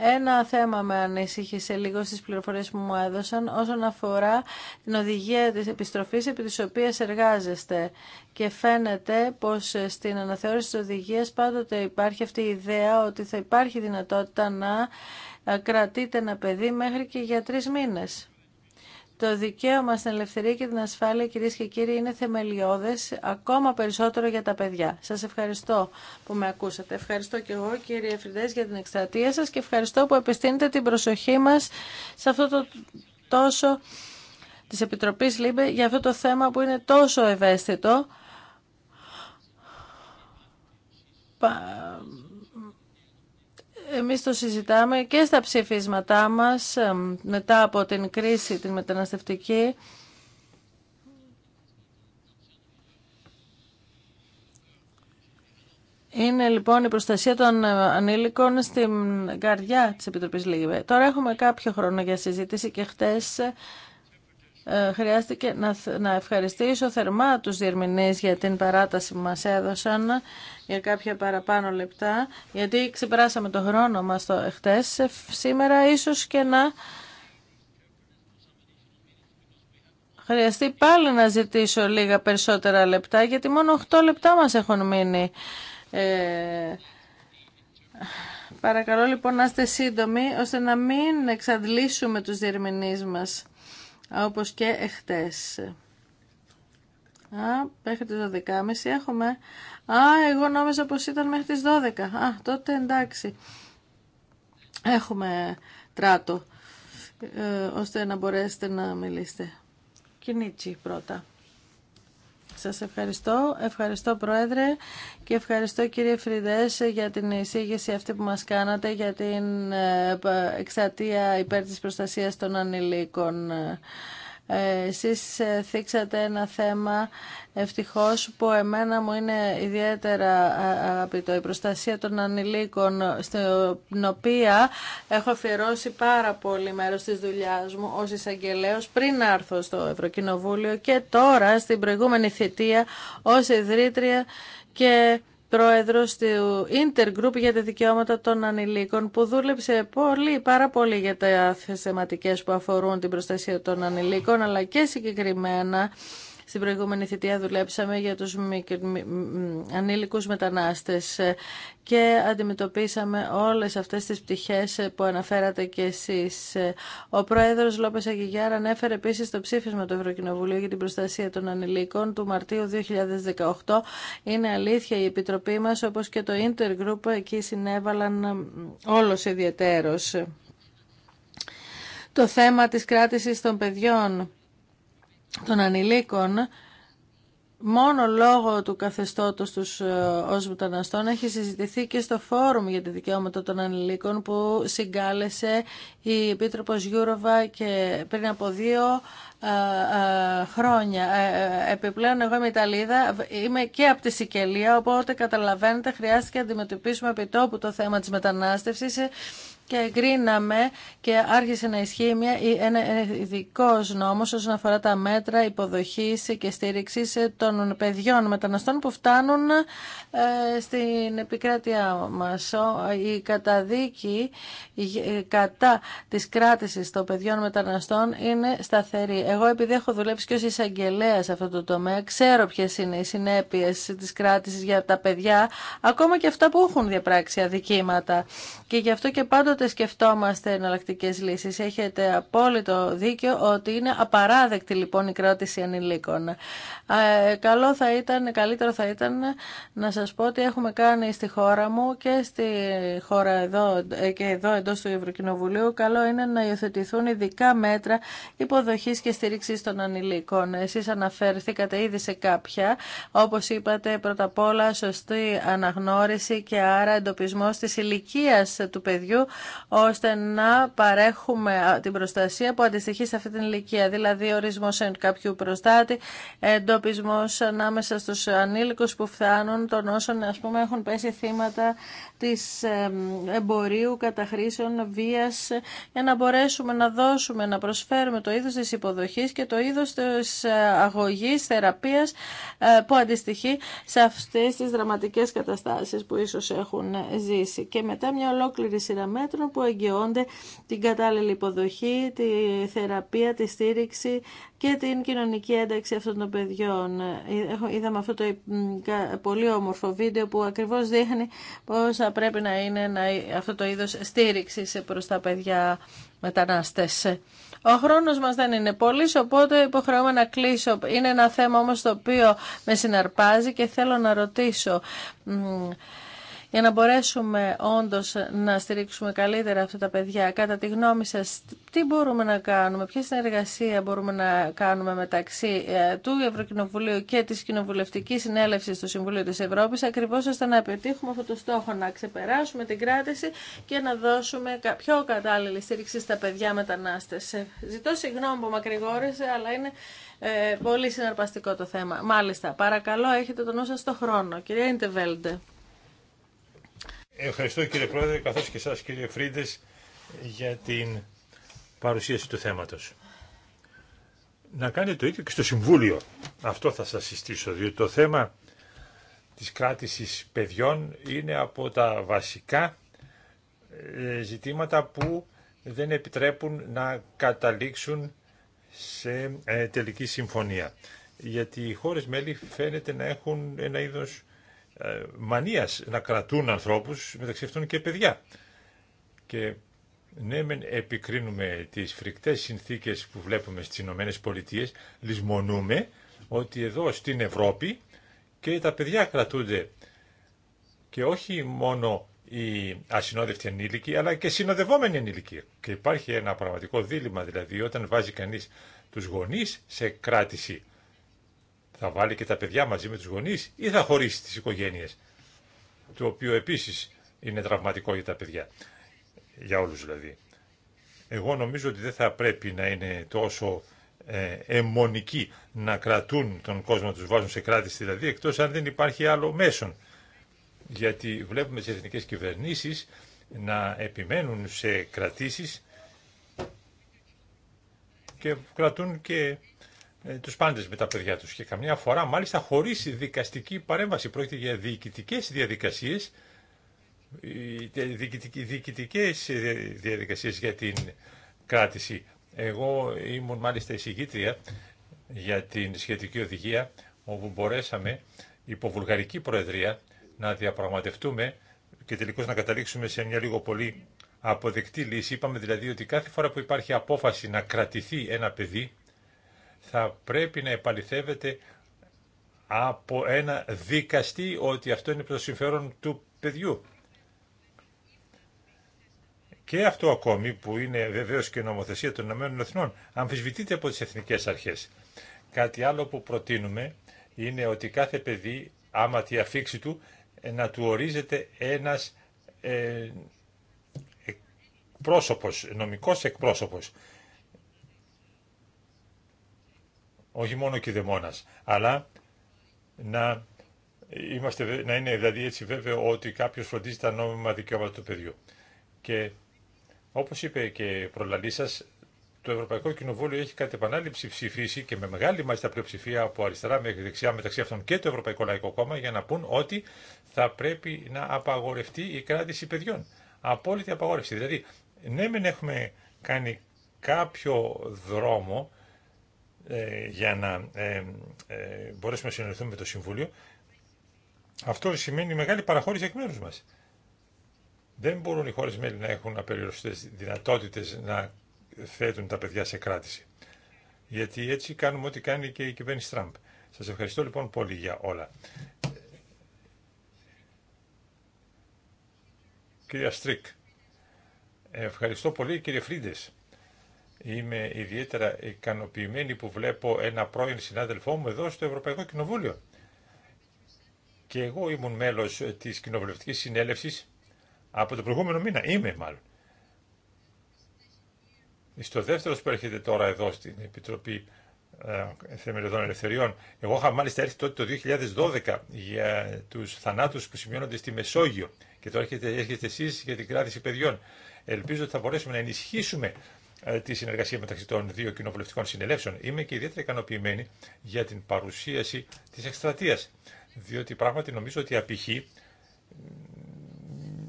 Ένα θέμα με ανησύχησε λίγο στις πληροφορίες που μου έδωσαν όσον αφορά την οδηγία της επιστροφής επί της οποίας εργάζεστε και φαίνεται πως στην αναθεώρηση της οδηγίας πάντοτε υπάρχει αυτή η ιδέα ότι θα υπάρχει δυνατότητα να κρατείτε ένα παιδί μέχρι και για τρεις μήνες. Το δικαίωμα στην ελευθερία και την ασφάλεια, κυρίε και κύριοι, είναι θεμελιώδε, ακόμα περισσότερο για τα παιδιά. Σα ευχαριστώ που με ακούσατε. Ευχαριστώ και εγώ, κύριε Φρυδέ, για την εκστρατεία σα και ευχαριστώ που επιστήνετε την προσοχή μα σε αυτό το τόσο της Επιτροπής ΛΥΜΠΕ για αυτό το θέμα που είναι τόσο ευαίσθητο εμείς το συζητάμε και στα ψηφίσματά μας ε, μετά από την κρίση την μεταναστευτική. Είναι λοιπόν η προστασία των ε, ανήλικων στην καρδιά της Επιτροπής Λίγη. Τώρα έχουμε κάποιο χρόνο για συζήτηση και χτες ε, ε, χρειάστηκε να, ευχαριστήσω θερμά τους διερμηνείς για την παράταση που μας έδωσαν για κάποια παραπάνω λεπτά, γιατί ξεπεράσαμε το χρόνο μας το χτες. Ε, σήμερα ίσως και να χρειαστεί πάλι να ζητήσω λίγα περισσότερα λεπτά, γιατί μόνο 8 λεπτά μας έχουν μείνει. Ε, παρακαλώ λοιπόν να είστε σύντομοι, ώστε να μην εξαντλήσουμε τους διερμηνείς μας όπως και εχθές. Α, μέχρι τις 12.30 έχουμε. Α, εγώ νόμιζα πως ήταν μέχρι τις 12. Α, τότε εντάξει. Έχουμε τράτο, ε, ώστε να μπορέσετε να μιλήσετε. Κινίτσι πρώτα. Σας ευχαριστώ. Ευχαριστώ Πρόεδρε και ευχαριστώ κύριε Φρυδές για την εισήγηση αυτή που μας κάνατε για την ε, εξατία υπέρ της προστασίας των ανηλίκων. Εσείς ε, θίξατε ένα θέμα ευτυχώς που εμένα μου είναι ιδιαίτερα ε, αγαπητό η προστασία των ανηλίκων στην οποία έχω αφιερώσει πάρα πολύ μέρος της δουλειάς μου ως εισαγγελέο, πριν να έρθω στο Ευρωκοινοβούλιο και τώρα στην προηγούμενη θητεία ως ιδρύτρια και πρόεδρος του Intergroup για τα δικαιώματα των ανηλίκων που δούλεψε πολύ, πάρα πολύ για τα θεματικές που αφορούν την προστασία των ανηλίκων αλλά και συγκεκριμένα στην προηγούμενη θητεία δουλέψαμε για τους ανήλικους μετανάστες και αντιμετωπίσαμε όλες αυτές τις πτυχές που αναφέρατε και εσείς. Ο Πρόεδρος Λόπες Αγγιγιάρα ανέφερε επίσης το ψήφισμα του Ευρωκοινοβουλίου για την προστασία των ανηλίκων του Μαρτίου 2018. Είναι αλήθεια η Επιτροπή μας όπως και το Intergroup εκεί συνέβαλαν όλος ιδιαιτέρως. Το θέμα της κράτησης των παιδιών των ανηλίκων μόνο λόγω του καθεστώτος τους ε, ως μεταναστών έχει συζητηθεί και στο φόρουμ για τη δικαιώματα των ανηλίκων που συγκάλεσε η Επίτροπος Γιούροβα και πριν από δύο ε, ε, χρόνια. Επιπλέον εγώ είμαι Ιταλίδα, είμαι και από τη Σικελία, οπότε καταλαβαίνετε χρειάστηκε να αντιμετωπίσουμε επιτόπου το θέμα της μετανάστευσης και εγκρίναμε και άρχισε να ισχύει μια, ένα ειδικό νόμο όσον αφορά τα μέτρα υποδοχή και στήριξη των παιδιών μεταναστών που φτάνουν ε, στην επικράτειά μα. Η καταδίκη ε, κατά τη κράτηση των παιδιών μεταναστών είναι σταθερή. Εγώ, επειδή έχω δουλέψει και ω εισαγγελέα σε αυτό το τομέα, ξέρω ποιε είναι οι συνέπειε τη κράτηση για τα παιδιά, ακόμα και αυτά που έχουν διαπράξει αδικήματα. Και γι' αυτό και πάντοτε Τότε σκεφτόμαστε εναλλακτικέ λύσει. Έχετε απόλυτο δίκιο ότι είναι απαράδεκτη λοιπόν η κράτηση ανηλίκων. Ε, καλό θα ήταν, καλύτερο θα ήταν να σα πω ότι έχουμε κάνει στη χώρα μου και στη χώρα εδώ ε, και εδώ εντός του Ευρωκοινοβουλίου καλό είναι να υιοθετηθούν ειδικά μέτρα υποδοχή και στηρίξή των ανηλίκων. Εσεί αναφέρθηκατε ήδη σε κάποια, Όπω είπατε πρώτα απ' όλα σωστή αναγνώριση και άρα εντοπισμό τη ηλικία του παιδιού ώστε να παρέχουμε την προστασία που αντιστοιχεί σε αυτή την ηλικία. Δηλαδή, ορισμό κάποιου προστάτη, εντοπισμό ανάμεσα στου ανήλικου που φτάνουν των όσων ας πούμε, έχουν πέσει θύματα τη εμπορίου, καταχρήσεων, βία, για να μπορέσουμε να δώσουμε, να προσφέρουμε το είδο τη υποδοχή και το είδο τη ε, αγωγή, θεραπεία ε, που αντιστοιχεί σε αυτέ τι δραματικέ καταστάσει που ίσω έχουν ζήσει. Και μετά μια ολόκληρη σειρά που εγγυώνται την κατάλληλη υποδοχή, τη θεραπεία, τη στήριξη και την κοινωνική ένταξη αυτών των παιδιών. Είδαμε αυτό το πολύ όμορφο βίντεο που ακριβώς δείχνει πώς θα πρέπει να είναι αυτό το είδος στήριξης προς τα παιδιά μετανάστες. Ο χρόνος μας δεν είναι πολύ, οπότε υποχρεώμαι να κλείσω. Είναι ένα θέμα όμως το οποίο με συναρπάζει και θέλω να ρωτήσω για να μπορέσουμε όντως να στηρίξουμε καλύτερα αυτά τα παιδιά. Κατά τη γνώμη σας, τι μπορούμε να κάνουμε, ποια συνεργασία μπορούμε να κάνουμε μεταξύ ε, του Ευρωκοινοβουλίου και της Κοινοβουλευτικής Συνέλευσης του Συμβουλίου της Ευρώπης, ακριβώς ώστε να επιτύχουμε αυτό το στόχο, να ξεπεράσουμε την κράτηση και να δώσουμε πιο κατάλληλη στήριξη στα παιδιά μετανάστες. Ε, ζητώ συγγνώμη που μακρηγόρησε, αλλά είναι ε, πολύ συναρπαστικό το θέμα. Μάλιστα, παρακαλώ έχετε τον νου στο χρόνο. Κυρία Ιντεβέλντε. Ευχαριστώ κύριε Πρόεδρε, καθώς και εσάς κύριε Φρίντες, για την παρουσίαση του θέματος. Να κάνετε το ίδιο και στο Συμβούλιο. Αυτό θα σας συστήσω, διότι το θέμα της κράτησης παιδιών είναι από τα βασικά ε, ζητήματα που δεν επιτρέπουν να καταλήξουν σε ε, τελική συμφωνία. Γιατί οι χώρες μέλη φαίνεται να έχουν ένα είδος ε, Μανία να κρατούν ανθρώπους, μεταξύ αυτών και παιδιά. Και ναι, μεν επικρίνουμε τις φρικτές συνθήκες που βλέπουμε στις Ηνωμένε Πολιτείε, λησμονούμε ότι εδώ στην Ευρώπη και τα παιδιά κρατούνται και όχι μόνο οι ασυνόδευτοι ενήλικοι, αλλά και συνοδευόμενοι ενήλικοι. Και υπάρχει ένα πραγματικό δίλημα, δηλαδή, όταν βάζει κανείς τους γονείς σε κράτηση θα βάλει και τα παιδιά μαζί με τους γονείς ή θα χωρίσει τις οικογένειες, το οποίο επίσης είναι τραυματικό για τα παιδιά, για όλους δηλαδή. Εγώ νομίζω ότι δεν θα πρέπει να είναι τόσο ε, αιμονικοί να κρατούν τον κόσμο, να τους βάζουν σε κράτηση δηλαδή, εκτός αν δεν υπάρχει άλλο μέσον. Γιατί βλέπουμε τις εθνικές κυβερνήσεις να επιμένουν σε κρατήσεις και κρατούν και ε, τους πάντε με τα παιδιά τους και καμιά φορά μάλιστα χωρί δικαστική παρέμβαση. Πρόκειται για διοικητικέ διαδικασίες, ε, Διοικητικέ ε, διαδικασίες για την κράτηση. Εγώ ήμουν μάλιστα εισηγήτρια για την σχετική οδηγία όπου μπορέσαμε υπό βουλγαρική προεδρία να διαπραγματευτούμε και τελικώ να καταλήξουμε σε μια λίγο πολύ αποδεκτή λύση. Είπαμε δηλαδή ότι κάθε φορά που υπάρχει απόφαση να κρατηθεί ένα παιδί θα πρέπει να επαληθεύεται από ένα δικαστή ότι αυτό είναι προς το συμφέρον του παιδιού. Και αυτό ακόμη που είναι βεβαίω και νομοθεσία των ΗΠΑ αμφισβητείται από τις εθνικές αρχές. Κάτι άλλο που προτείνουμε είναι ότι κάθε παιδί άμα τη αφήξει του να του ορίζεται ένας ε, πρόσωπος, νομικός εκπρόσωπος όχι μόνο και δαιμόνας, αλλά να, είμαστε, να είναι δηλαδή έτσι βέβαιο ότι κάποιος φροντίζει τα νόμιμα δικαιώματα του παιδιού. Και όπως είπε και προλαλή σα, το Ευρωπαϊκό Κοινοβούλιο έχει κατ' επανάληψη ψηφίσει και με μεγάλη μάλιστα πλειοψηφία από αριστερά μέχρι δεξιά μεταξύ αυτών και το Ευρωπαϊκό Λαϊκό Κόμμα για να πούν ότι θα πρέπει να απαγορευτεί η κράτηση παιδιών. Απόλυτη απαγόρευση. Δηλαδή, ναι, μην έχουμε κάνει κάποιο δρόμο ε, για να ε, ε, μπορέσουμε να συνοηθούμε με το Συμβούλιο, αυτό σημαίνει μεγάλη παραχώρηση εκ μέρου μα. Δεν μπορούν οι χώρε μέλη να έχουν απεριοριστέ δυνατότητε να θέτουν τα παιδιά σε κράτηση. Γιατί έτσι κάνουμε ό,τι κάνει και η κυβέρνηση Τραμπ. Σα ευχαριστώ λοιπόν πολύ για όλα. Κυρία Στρίκ, ευχαριστώ πολύ κύριε Φρίντες. Είμαι ιδιαίτερα ικανοποιημένη που βλέπω ένα πρώην συνάδελφό μου εδώ στο Ευρωπαϊκό Κοινοβούλιο. Και εγώ ήμουν μέλος της Κοινοβουλευτικής Συνέλευσης από τον προηγούμενο μήνα. Είμαι μάλλον. Στο δεύτερο που έρχεται τώρα εδώ στην Επιτροπή ε, Θεμελιωδών Ελευθεριών, εγώ είχα μάλιστα έρθει τότε το 2012 για τους θανάτους που σημειώνονται στη Μεσόγειο και τώρα έρχεται, έρχεστε εσείς για την κράτηση παιδιών. Ελπίζω ότι θα μπορέσουμε να ενισχύσουμε ε, τη συνεργασία μεταξύ των δύο κοινοβουλευτικών συνελεύσεων. Είμαι και ιδιαίτερα ικανοποιημένη για την παρουσίαση της εκστρατείας, διότι πράγματι νομίζω ότι απηχεί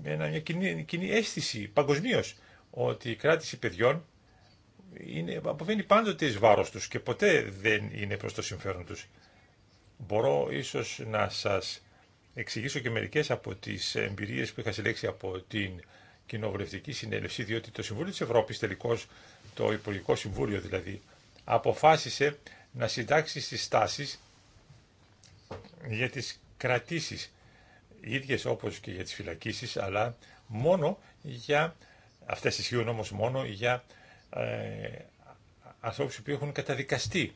μια κοινή, αίσθηση παγκοσμίω ότι η κράτηση παιδιών είναι, αποβαίνει πάντοτε εις βάρος τους και ποτέ δεν είναι προς το συμφέρον τους. Μπορώ ίσως να σας εξηγήσω και μερικές από τις εμπειρίες που είχα συλλέξει από την κοινοβουλευτική συνέλευση, διότι το Συμβούλιο της Ευρώπης τελικώς, το Υπουργικό Συμβούλιο δηλαδή, αποφάσισε να συντάξει στις στάσεις για τις κρατήσεις, ίδιες όπως και για τις φυλακίσεις, αλλά μόνο για, αυτές ισχύουν όμω μόνο για ε, ανθρώπους που έχουν καταδικαστεί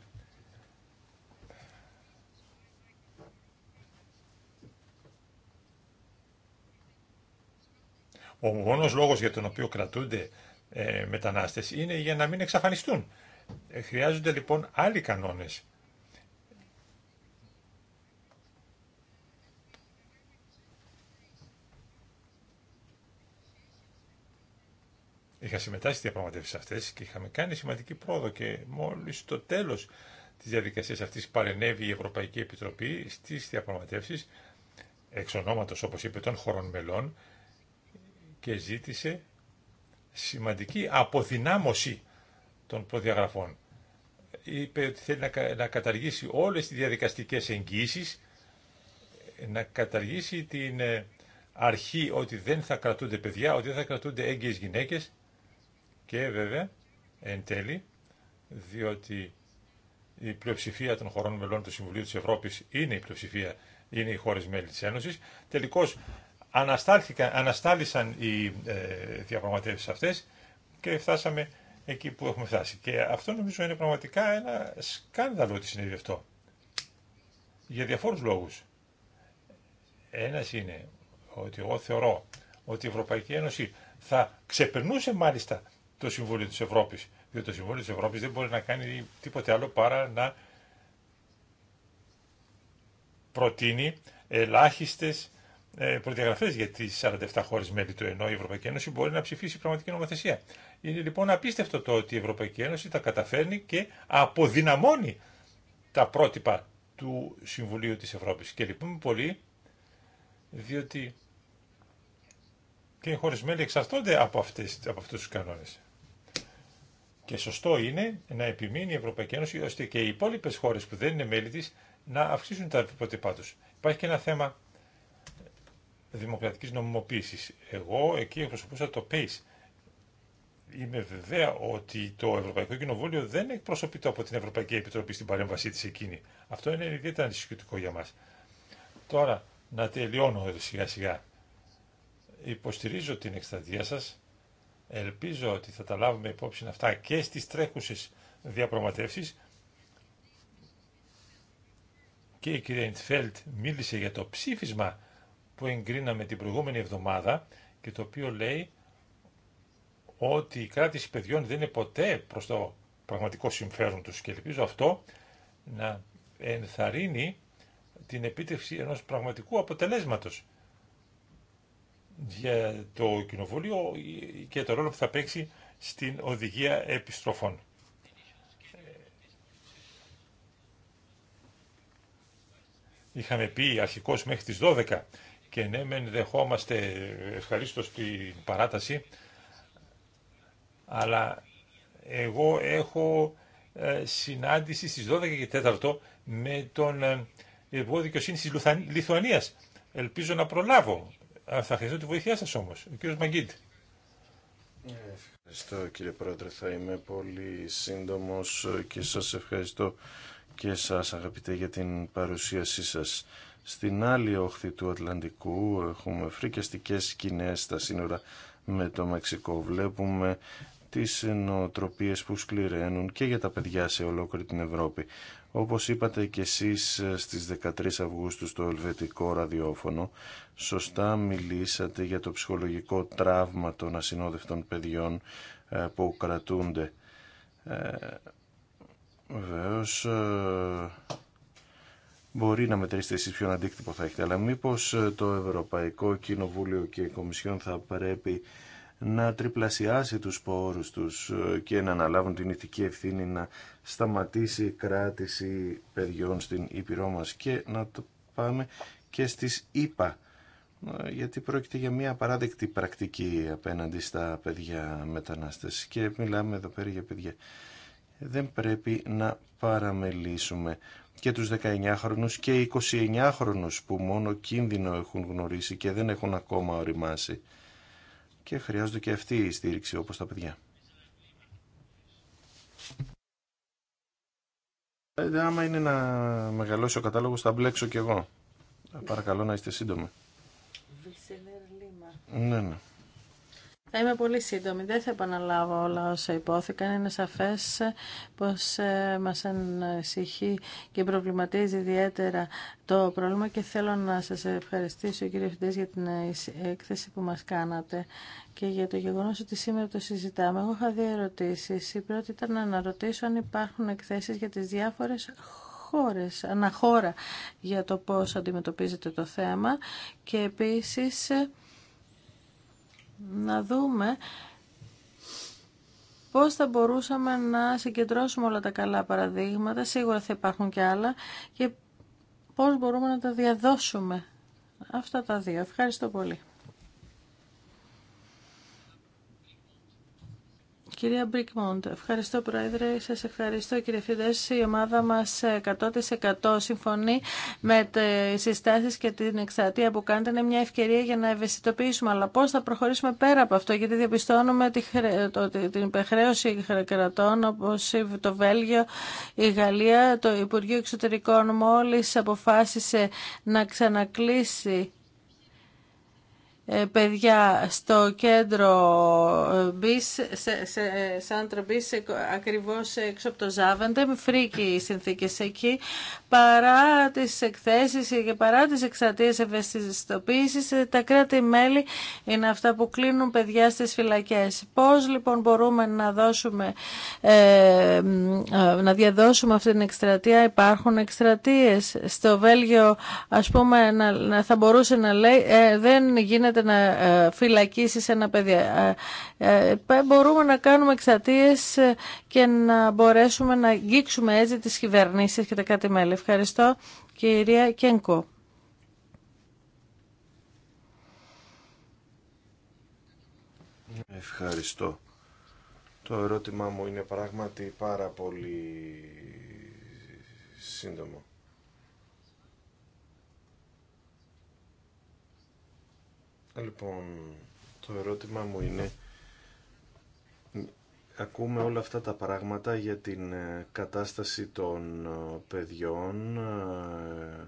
Ο μόνο λόγο για τον οποίο κρατούνται ε, μετανάστες είναι για να μην εξαφανιστούν. Ε, χρειάζονται λοιπόν άλλοι κανόνε. Είχα συμμετάσχει στι διαπραγματεύσει αυτέ και είχαμε κάνει σημαντική πρόοδο και μόλι στο τέλο τη διαδικασία αυτή παρενέβη η Ευρωπαϊκή Επιτροπή στι διαπραγματεύσει εξ ονόματο, όπω είπε, των χωρών μελών και ζήτησε σημαντική αποδυνάμωση των προδιαγραφών. Είπε ότι θέλει να καταργήσει όλες τις διαδικαστικές εγγύησεις, να καταργήσει την ε, αρχή ότι δεν θα κρατούνται παιδιά, ότι δεν θα κρατούνται έγκυες γυναίκες και βέβαια εν τέλει, διότι η πλειοψηφία των χωρών μελών του Συμβουλίου της Ευρώπης είναι η πλειοψηφία, είναι οι χώρες μέλη της Ένωσης. Τελικώς αναστάλησαν οι ε, διαπραγματεύσεις αυτές και φτάσαμε εκεί που έχουμε φτάσει. Και αυτό νομίζω είναι πραγματικά ένα σκάνδαλο ότι συνέβη αυτό. Για διαφόρους λόγους. Ένας είναι ότι εγώ θεωρώ ότι η Ευρωπαϊκή Ένωση θα ξεπερνούσε μάλιστα το Συμβούλιο της Ευρώπης. Διότι το Συμβούλιο της Ευρώπης δεν μπορεί να κάνει τίποτε άλλο παρά να προτείνει ελάχιστες ε, προδιαγραφέ για τι 47 χώρε μέλη του ενώ η Ευρωπαϊκή Ένωση μπορεί να ψηφίσει πραγματική νομοθεσία. Είναι λοιπόν απίστευτο το ότι η Ευρωπαϊκή Ένωση τα καταφέρνει και αποδυναμώνει τα πρότυπα του Συμβουλίου της Ευρώπης. Και λυπούμε πολύ, διότι και οι χώρε μέλη εξαρτώνται από, αυτές, από αυτούς τους κανόνες. Και σωστό είναι να επιμείνει η Ευρωπαϊκή Ένωση, ώστε και οι υπόλοιπε χώρες που δεν είναι μέλη της, να αυξήσουν τα πρότυπά τους. Υπάρχει και ένα θέμα δημοκρατική νομιμοποίηση. Εγώ εκεί εκπροσωπούσα το PACE. Είμαι βεβαία ότι το Ευρωπαϊκό Κοινοβούλιο δεν εκπροσωπείται από την Ευρωπαϊκή Επιτροπή στην παρέμβασή τη εκείνη. Αυτό είναι ιδιαίτερα ανησυχητικό για μα. Τώρα, να τελειώνω σιγά σιγά. Υποστηρίζω την εκστρατεία σα. Ελπίζω ότι θα τα λάβουμε υπόψη αυτά και στι τρέχουσε διαπραγματεύσει. Και η κυρία Ιντφέλτ μίλησε για το ψήφισμα που εγκρίναμε την προηγούμενη εβδομάδα και το οποίο λέει ότι η κράτηση παιδιών δεν είναι ποτέ προς το πραγματικό συμφέρον τους και ελπίζω αυτό να ενθαρρύνει την επίτευξη ενός πραγματικού αποτελέσματος για το Κοινοβούλιο και το ρόλο που θα παίξει στην οδηγία επιστροφών. Είχαμε πει αρχικώς μέχρι τις 12 και ναι, μεν δεχόμαστε ευχαρίστως την παράταση, αλλά εγώ έχω ε, συνάντηση στις 12 και 4 με τον ε, Υπουργό Δικαιοσύνη της Λιθουανίας. Ελπίζω να προλάβω. Θα χρειαστώ τη βοήθειά σας όμως, ο κύριος Μαγκίντ. Ευχαριστώ κύριε Πρόεδρε, θα είμαι πολύ σύντομος και σας ευχαριστώ και σας αγαπητέ για την παρουσίασή σας. Στην άλλη όχθη του Ατλαντικού έχουμε φρικιαστικές σκηνές στα σύνορα με το Μεξικό. Βλέπουμε τις νοοτροπίες που σκληραίνουν και για τα παιδιά σε ολόκληρη την Ευρώπη. Όπως είπατε και εσείς στις 13 Αυγούστου στο Ελβετικό ραδιόφωνο, σωστά μιλήσατε για το ψυχολογικό τραύμα των ασυνόδευτων παιδιών ε, που κρατούνται. Ε, ε, Μπορεί να μετρήσετε εσείς ποιον αντίκτυπο θα έχετε, αλλά μήπως ε, το Ευρωπαϊκό Κοινοβούλιο και η Κομισιόν θα πρέπει να τριπλασιάσει τους πόρους τους ε, και να αναλάβουν την ηθική ευθύνη να σταματήσει η κράτηση παιδιών στην Ήπειρό μας και να το πάμε και στις ΙΠΑ ε, γιατί πρόκειται για μια παράδεκτη πρακτική απέναντι στα παιδιά μετανάστες και μιλάμε εδώ πέρα για παιδιά. Δεν πρέπει να παραμελήσουμε και τους 19χρονους και 29χρονους που μόνο κίνδυνο έχουν γνωρίσει και δεν έχουν ακόμα οριμάσει και χρειάζονται και αυτή η στήριξη όπως τα παιδιά. Ε, άμα είναι να μεγαλώσει ο κατάλογος θα μπλέξω κι εγώ. Παρακαλώ να είστε σύντομοι. Ναι, ναι. Θα είμαι πολύ σύντομη. Δεν θα επαναλάβω όλα όσα υπόθηκαν. Είναι σαφές ε, πως ε, μας ανησυχεί και προβληματίζει ιδιαίτερα το πρόβλημα και θέλω να σας ευχαριστήσω κύριε Φιντές για την ε, έκθεση που μας κάνατε και για το γεγονός ότι σήμερα το συζητάμε. Εγώ είχα δύο ερωτήσεις. Η πρώτη ήταν να ρωτήσω αν υπάρχουν εκθέσεις για τις διάφορες χώρες, αναχώρα για το πώς αντιμετωπίζετε το θέμα και επίσης να δούμε πώς θα μπορούσαμε να συγκεντρώσουμε όλα τα καλά παραδείγματα, σίγουρα θα υπάρχουν και άλλα, και πώς μπορούμε να τα διαδώσουμε. Αυτά τα δύο. Ευχαριστώ πολύ. Κυρία Μπρικμοντ, ευχαριστώ Πρόεδρε, σας ευχαριστώ κύριε Φιδές. Η ομάδα μας 100% ε, συμφωνεί με τις συστάσεις και την εξαρτία που κάνετε. Είναι μια ευκαιρία για να ευαισθητοποιήσουμε, αλλά πώς θα προχωρήσουμε πέρα από αυτό, γιατί διαπιστώνουμε τη, την υπεχρέωση κρατών όπως το Βέλγιο, η Γαλλία, το Υπουργείο Εξωτερικών μόλι αποφάσισε να ξανακλείσει ε, παιδιά στο κέντρο ε, Μπις, σε, σε, Μπις, ακριβώς έξω από το Ζάβεντε, με φρίκη οι συνθήκες εκεί, παρά τις εκθέσεις και παρά τις εξαρτίες ευαισθητοποίησης, ε, τα κράτη-μέλη είναι αυτά που κλείνουν παιδιά στις φυλακές. Πώς λοιπόν μπορούμε να, δώσουμε, να διαδώσουμε αυτή την εκστρατεία, υπάρχουν εκστρατείες. Στο Βέλγιο, ας πούμε, να, θα μπορούσε να λέει, δεν γίνεται γίνεται να ε, φυλακίσεις ένα παιδί. Ε, ε, μπορούμε να κάνουμε εξατίε και να μπορέσουμε να αγγίξουμε έτσι τις κυβερνήσεις και τα κάτι μέλη. Ευχαριστώ κυρία Κένκο. Ευχαριστώ. Το ερώτημά μου είναι πράγματι πάρα πολύ σύντομο. Λοιπόν, το ερώτημα μου είναι ακούμε όλα αυτά τα πράγματα για την ε, κατάσταση των ε, παιδιών ε,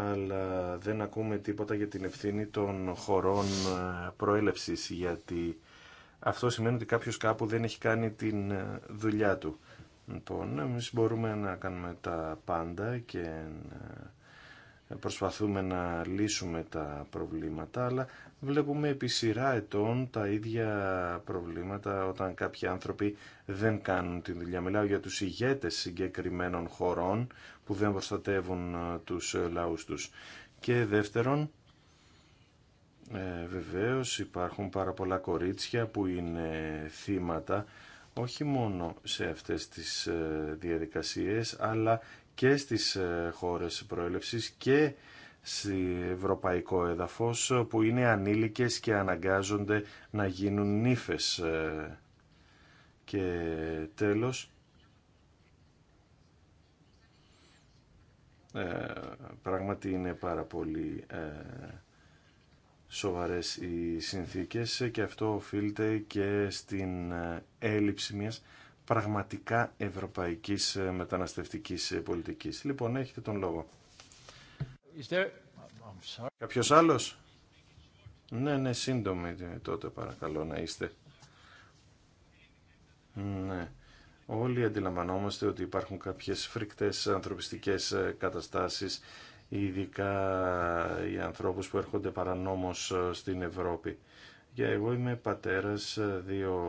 αλλά δεν ακούμε τίποτα για την ευθύνη των χωρών προέλευσης γιατί αυτό σημαίνει ότι κάποιος κάπου δεν έχει κάνει την δουλειά του. Λοιπόν, εμείς μπορούμε να κάνουμε τα πάντα και προσπαθούμε να λύσουμε τα προβλήματα, αλλά βλέπουμε επί σειρά ετών τα ίδια προβλήματα όταν κάποιοι άνθρωποι δεν κάνουν τη δουλειά. Μιλάω για τους ηγέτες συγκεκριμένων χωρών που δεν προστατεύουν ε, τους ε, λαούς τους. Και δεύτερον, ε, βεβαίως υπάρχουν πάρα πολλά κορίτσια που είναι θύματα όχι μόνο σε αυτές τις ε, διαδικασίες αλλά και στις ε, χώρες προέλευσης και σε ευρωπαϊκό έδαφος που είναι ανήλικες και αναγκάζονται να γίνουν νύφες. Ε. Και τέλος, ε, πράγματι είναι πάρα πολύ σοβαρές οι συνθήκες και αυτό οφείλεται και στην έλλειψη μιας πραγματικά ευρωπαϊκής ε, μεταναστευτικής ε, πολιτικής. Λοιπόν, έχετε τον λόγο. There... Κάποιος άλλος? Ναι, ναι, σύντομη ε, τότε παρακαλώ να είστε. Ναι. Όλοι αντιλαμβανόμαστε ότι υπάρχουν κάποιες φρικτές ανθρωπιστικές καταστάσεις, ειδικά οι ανθρώπους που έρχονται παρανόμως στην Ευρώπη. Για εγώ είμαι πατέρας δύο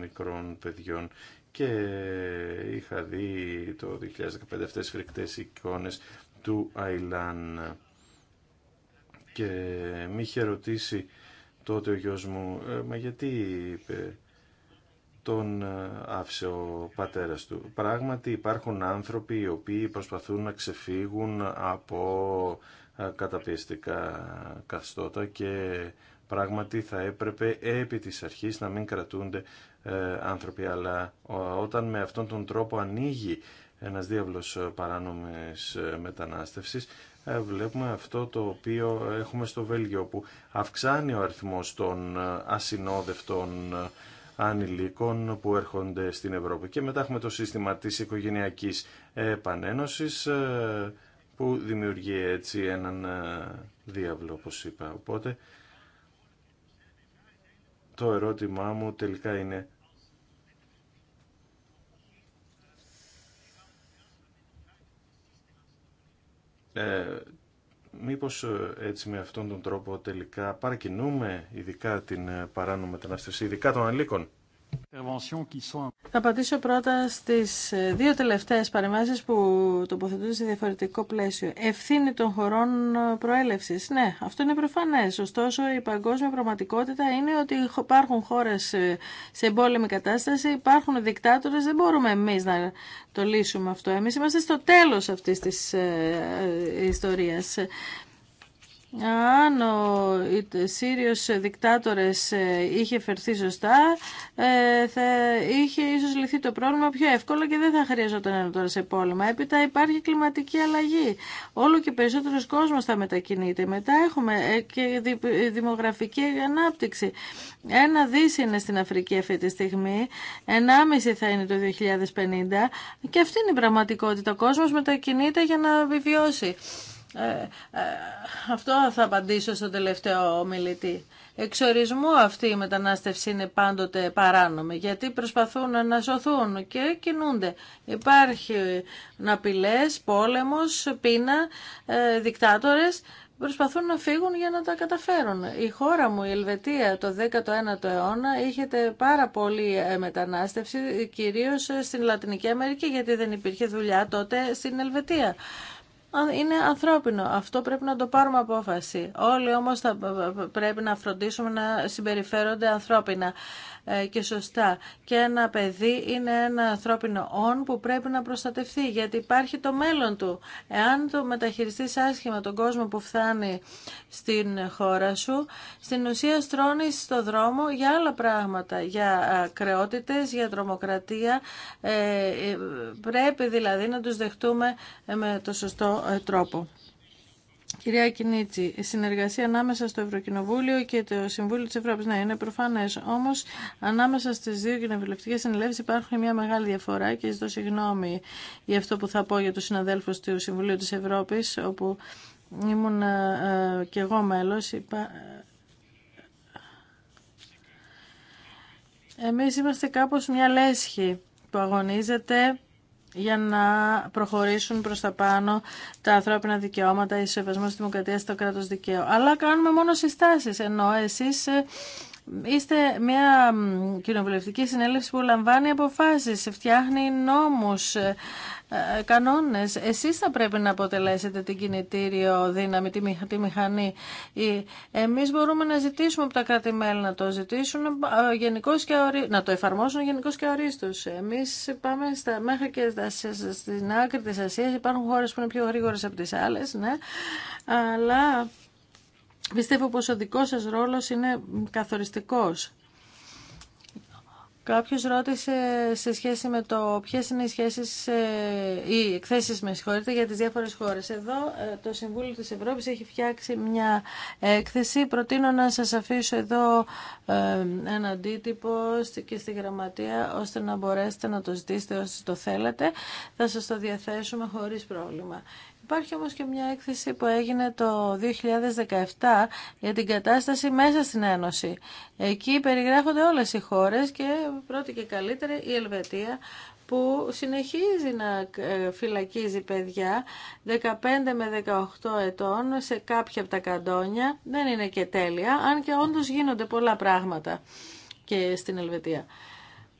μικρών παιδιών και είχα δει το 2015 αυτές φρικτές εικόνες του Αϊλάν και μη είχε ρωτήσει τότε ο γιος μου «Ε, «Μα γιατί» είπε τον ε, άφησε ο πατέρας του. Πράγματι υπάρχουν άνθρωποι οι οποίοι προσπαθούν να ξεφύγουν από ε, καταπιεστικά καθστώτα και πράγματι θα έπρεπε επί της αρχής να μην κρατούνται ε, άνθρωποι, αλλά όταν με αυτόν τον τρόπο ανοίγει ένας διάβλος ε, παράνομης ε, μετανάστευσης, βλέπουμε αυτό το οποίο έχουμε στο Βέλγιο, που αυξάνει ο αριθμός των ασυνόδευτων ανηλίκων που έρχονται στην Ευρώπη. Και μετά έχουμε το σύστημα της οικογενειακής επανένωσης, που δημιουργεί έτσι έναν διάβλο, όπως είπα. Οπότε, το ερώτημά μου τελικά είναι Ε, μήπως ε, έτσι με αυτόν τον τρόπο τελικά παρακινούμε ειδικά την ε, παράνομη μετανάστευση, ειδικά των αλήκων. Θα απαντήσω πρώτα στις ε, δύο τελευταίες παρεμβάσεις που τοποθετούνται σε διαφορετικό πλαίσιο. Ευθύνη των χωρών ε, προέλευσης. Ναι, αυτό είναι προφανές. Ωστόσο, η παγκόσμια πραγματικότητα είναι ότι υπάρχουν χώρες ε, σε εμπόλεμη κατάσταση, υπάρχουν δικτάτορες, δεν μπορούμε εμείς να το λύσουμε αυτό. Εμείς είμαστε στο τέλος αυτής της ιστορίας. Αν ο Σύριος δικτάτορες ε, είχε φερθεί σωστά, ε, θα είχε ίσως λυθεί το πρόβλημα πιο εύκολα και δεν θα χρειαζόταν τώρα σε πόλεμα. Έπειτα υπάρχει κλιματική αλλαγή. Όλο και περισσότερος κόσμος θα μετακινείται. Μετά έχουμε ε, και δημογραφική ανάπτυξη. Ένα δις είναι στην Αφρική αυτή τη στιγμή, ενάμιση θα είναι το 2050 και αυτή είναι η πραγματικότητα. Ο κόσμος μετακινείται για να βιβιώσει. Ε, ε, αυτό θα απαντήσω στον τελευταίο ομιλητή. Εξορισμού αυτή η μετανάστευση είναι πάντοτε παράνομη, γιατί προσπαθούν να σωθούν και κινούνται. Υπάρχει απειλές, πόλεμος, πείνα, ε, δικτάτορες προσπαθούν να φύγουν για να τα καταφέρουν. Η χώρα μου, η Ελβετία, το 19ο αιώνα είχε πάρα πολύ μετανάστευση, κυρίως στην Λατινική Αμερική, γιατί δεν υπήρχε δουλειά τότε στην Ελβετία είναι ανθρώπινο. Αυτό πρέπει να το πάρουμε απόφαση. Όλοι όμως θα ε, ε, πρέπει να φροντίσουμε να συμπεριφέρονται ανθρώπινα. Ε, και σωστά. Και ένα παιδί είναι ένα ανθρώπινο όν που πρέπει να προστατευτεί γιατί υπάρχει το μέλλον του. Εάν το μεταχειριστεί άσχημα τον κόσμο που φτάνει στην χώρα σου, στην ουσία στρώνεις στο δρόμο για άλλα πράγματα, για κρεότητες, για τρομοκρατία. Ε, ε, πρέπει δηλαδή να τους δεχτούμε με το σωστό τρόπο. Κυρία Κινίτσι, η συνεργασία ανάμεσα στο Ευρωκοινοβούλιο και το Συμβούλιο τη Ευρώπη. Ναι, είναι προφανέ. Όμω, ανάμεσα στι δύο κοινοβουλευτικέ συνελεύσει υπάρχουν μια μεγάλη διαφορά και ζητώ συγγνώμη για αυτό που θα πω για του συναδέλφου του Συμβουλίου τη Ευρώπη, όπου ήμουν ε, ε και εγώ μέλο. Είπα... Εμεί είμαστε κάπω μια λέσχη που αγωνίζεται για να προχωρήσουν προς τα πάνω τα ανθρώπινα δικαιώματα, η σεβασμό της δημοκρατίας στο κράτος δικαίου. Αλλά κάνουμε μόνο συστάσεις, ενώ εσείς ε, είστε μια κοινοβουλευτική συνέλευση που λαμβάνει αποφάσεις, φτιάχνει νόμους, ε, ε, κανόνες. Εσείς θα πρέπει να αποτελέσετε την κινητήριο δύναμη, τη μηχανή. Εμείς μπορούμε να ζητήσουμε από τα κράτη-μέλη να το ζητήσουν ε, γενικώς και να το εφαρμόσουν γενικώ και ορίστως. Εμείς πάμε στα... μέχρι και στην άκρη της Ασίας. Υπάρχουν χώρες που είναι πιο γρήγορες από τις άλλες, ναι. Αλλά πιστεύω πως ο δικός σας ρόλος είναι καθοριστικός. Κάποιο ρώτησε σε σχέση με το ποιες είναι οι σχέσεις, ε, οι εκθέσεις με συγχωρείτε, για τις διάφορες χώρες. Εδώ ε, το Συμβούλιο της Ευρώπη έχει φτιάξει μια έκθεση. Προτείνω να σα αφήσω εδώ ε, ένα αντίτυπο και στη γραμματεία ώστε να μπορέσετε να το ζητήσετε όσοι το θέλετε. Θα σας το διαθέσουμε χωρίς πρόβλημα. Υπάρχει όμως και μια έκθεση που έγινε το 2017 για την κατάσταση μέσα στην Ένωση. Εκεί περιγράφονται όλες οι χώρες και πρώτη και καλύτερη η Ελβετία που συνεχίζει να ε, φυλακίζει παιδιά 15 με 18 ετών σε κάποια από τα καντόνια. Δεν είναι και τέλεια, αν και όντως γίνονται πολλά πράγματα και στην Ελβετία.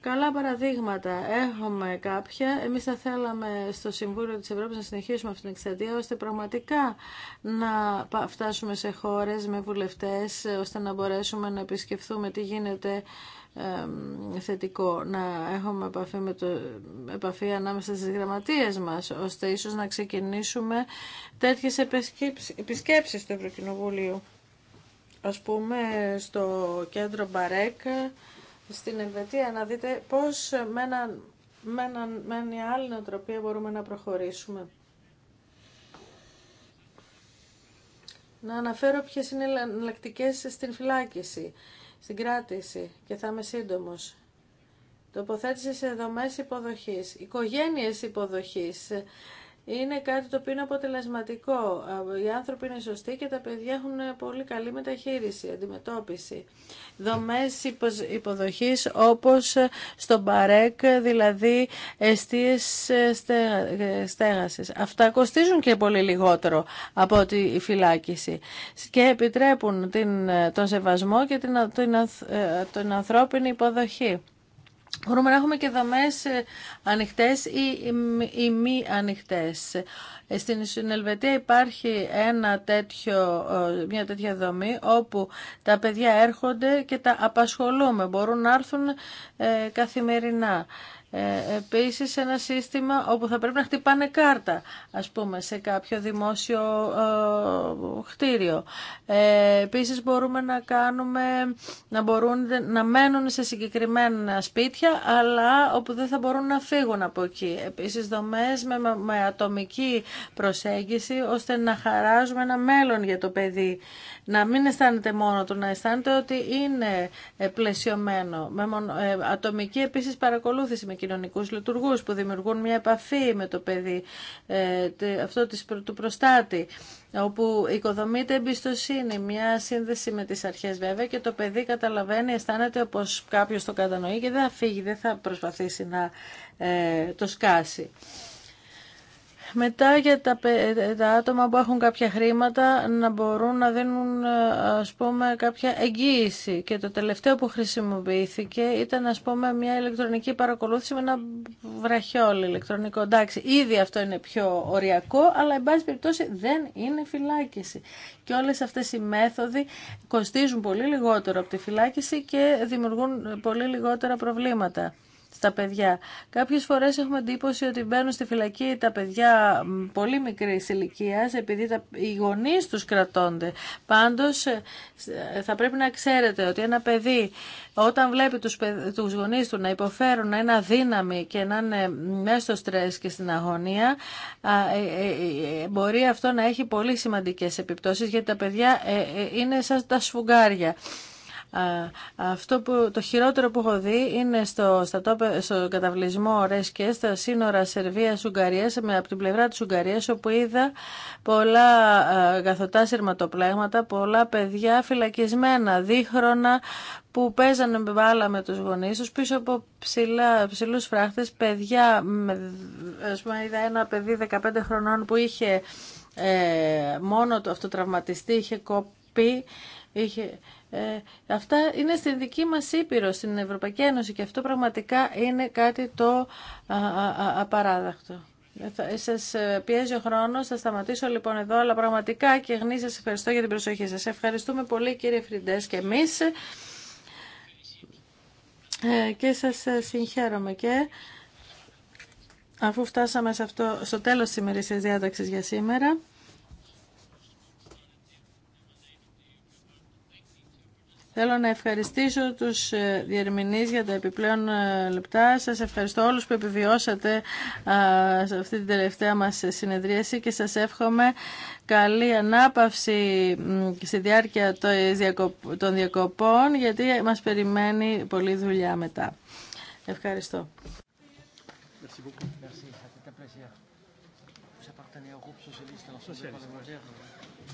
Καλά παραδείγματα. Έχουμε κάποια. Εμείς θα θέλαμε στο Συμβούλιο της Ευρώπης να συνεχίσουμε αυτήν την εξαιτία ώστε πραγματικά να φτάσουμε σε χώρες με βουλευτές, ώστε να μπορέσουμε να επισκεφθούμε τι γίνεται θετικό να έχουμε επαφή, το, επαφή ανάμεσα στις γραμματείες μας ώστε ίσως να ξεκινήσουμε τέτοιες επισκέψεις στο Ευρωκοινοβούλιο ας πούμε στο κέντρο Μπαρέκ στην Ελβετία να δείτε πώς με, ένα, με, ένα, με μια άλλη νοοτροπία μπορούμε να προχωρήσουμε. Να αναφέρω ποιες είναι εναλλακτικέ στην φυλάκιση, στην κράτηση και θα είμαι σύντομος. Τοποθέτηση σε δομές υποδοχής, οικογένειες υποδοχής, είναι κάτι το οποίο είναι αποτελεσματικό. Οι άνθρωποι είναι σωστοί και τα παιδιά έχουν πολύ καλή μεταχείριση, αντιμετώπιση. Δομές υποδοχής όπως ε, στο μπαρέκ, δηλαδή εστίες ε, ε, στέγασης. Αυτά κοστίζουν και πολύ λιγότερο από τη φυλάκιση και επιτρέπουν τον σεβασμό και την, την ανθρώπινη υποδοχή. Μπορούμε να έχουμε και δομές ε, ανοιχτές ή, ή μη ανοιχτές. Ε, στην Ελβετία υπάρχει ένα τέτοιο, ε, μια τέτοια δομή όπου τα παιδιά έρχονται και τα απασχολούμε. Μπορούν να έρθουν καθημερινά. Ε, επίσης ένα σύστημα όπου θα πρέπει να χτυπάνε κάρτα, ας πούμε, σε κάποιο δημόσιο ε, χτίριο. Ε, επίσης μπορούμε να κάνουμε, να μπορούν να μένουν σε συγκεκριμένα σπίτια, αλλά όπου δεν θα μπορούν να φύγουν από εκεί. Επίσης δομές με, ατομική προσέγγιση, ώστε να χαράζουμε ένα μέλλον για το παιδί. Να μην αισθάνεται μόνο του, να αισθάνεται ότι είναι ε, πλαισιωμένο. Με ατομική επίσης παρακολούθηση, με κοινωνικούς λειτουργούς που δημιουργούν μια επαφή με το παιδί, ε, αυτό του προστάτη, όπου οικοδομείται εμπιστοσύνη, μια σύνδεση με τις αρχές βέβαια και το παιδί καταλαβαίνει, αισθάνεται όπως κάποιος το κατανοεί και δεν θα φύγει, δεν θα προσπαθήσει να ε, το σκάσει. Μετά για τα, άτομα που έχουν κάποια χρήματα να μπορούν να δίνουν ας πούμε κάποια εγγύηση και το τελευταίο που χρησιμοποιήθηκε ήταν ας πούμε μια ηλεκτρονική παρακολούθηση με ένα βραχιόλι ηλεκτρονικό. Εντάξει, ήδη αυτό είναι πιο οριακό αλλά εν πάση περιπτώσει δεν είναι φυλάκιση και όλες αυτές οι μέθοδοι κοστίζουν πολύ λιγότερο από τη φυλάκιση και δημιουργούν πολύ λιγότερα προβλήματα στα παιδιά. Κάποιε φορές έχουμε εντύπωση ότι μπαίνουν στη φυλακή τα παιδιά πολύ μικρή ηλικία επειδή τα, οι γονεί τους κρατώνται. Πάντως ε, ε, θα πρέπει να ξέρετε ότι ένα παιδί όταν βλέπει τους, τους γονείς του να υποφέρουν, να είναι αδύναμοι και να είναι μέσα στο στρες και στην αγωνία, ε, μπορεί αυτό να έχει πολύ σημαντικές επιπτώσεις γιατί τα παιδιά είναι σαν τα σφουγγάρια. Αυτό που, το χειρότερο που έχω δει είναι στο, στα τόπε, στο καταβλισμό Ρέσκε, στα σύνορα Σερβίας-Ουγγαρίας, με, από την πλευρά της Ουγγαρίας, όπου είδα πολλά α, σειρματοπλέγματα, πολλά παιδιά φυλακισμένα, δίχρονα, που παίζανε μπάλα με τους γονείς τους πίσω από ψηλά, ψηλούς φράχτες, παιδιά, με, ας πούμε είδα ένα παιδί 15 χρονών που είχε ε, μόνο το αυτοτραυματιστή είχε κοπεί, είχε ε, αυτά είναι στην δική μας Ήπειρο, στην Ευρωπαϊκή Ένωση και αυτό πραγματικά είναι κάτι το α, απαράδεκτο. Ε, ε, σας ε, πιέζει ο χρόνος, θα σταματήσω λοιπόν εδώ, αλλά πραγματικά και γνή σας ευχαριστώ για την προσοχή σας. Ευχαριστούμε πολύ κύριε Φριντές και εμείς ε, και σας συγχαίρομαι και αφού φτάσαμε σε αυτό, στο τέλος της ημερήσιας διάταξης για σήμερα. Θέλω να ευχαριστήσω τους ε, διερμηνείς για τα επιπλέον ε, λεπτά. Σας ευχαριστώ όλους που επιβιώσατε ε, σε αυτή την τελευταία μας συνεδρίαση και σας εύχομαι καλή ανάπαυση στη διάρκεια των διακοπών γιατί μας περιμένει πολλή δουλειά μετά. Ευχαριστώ. Merci beaucoup. Merci.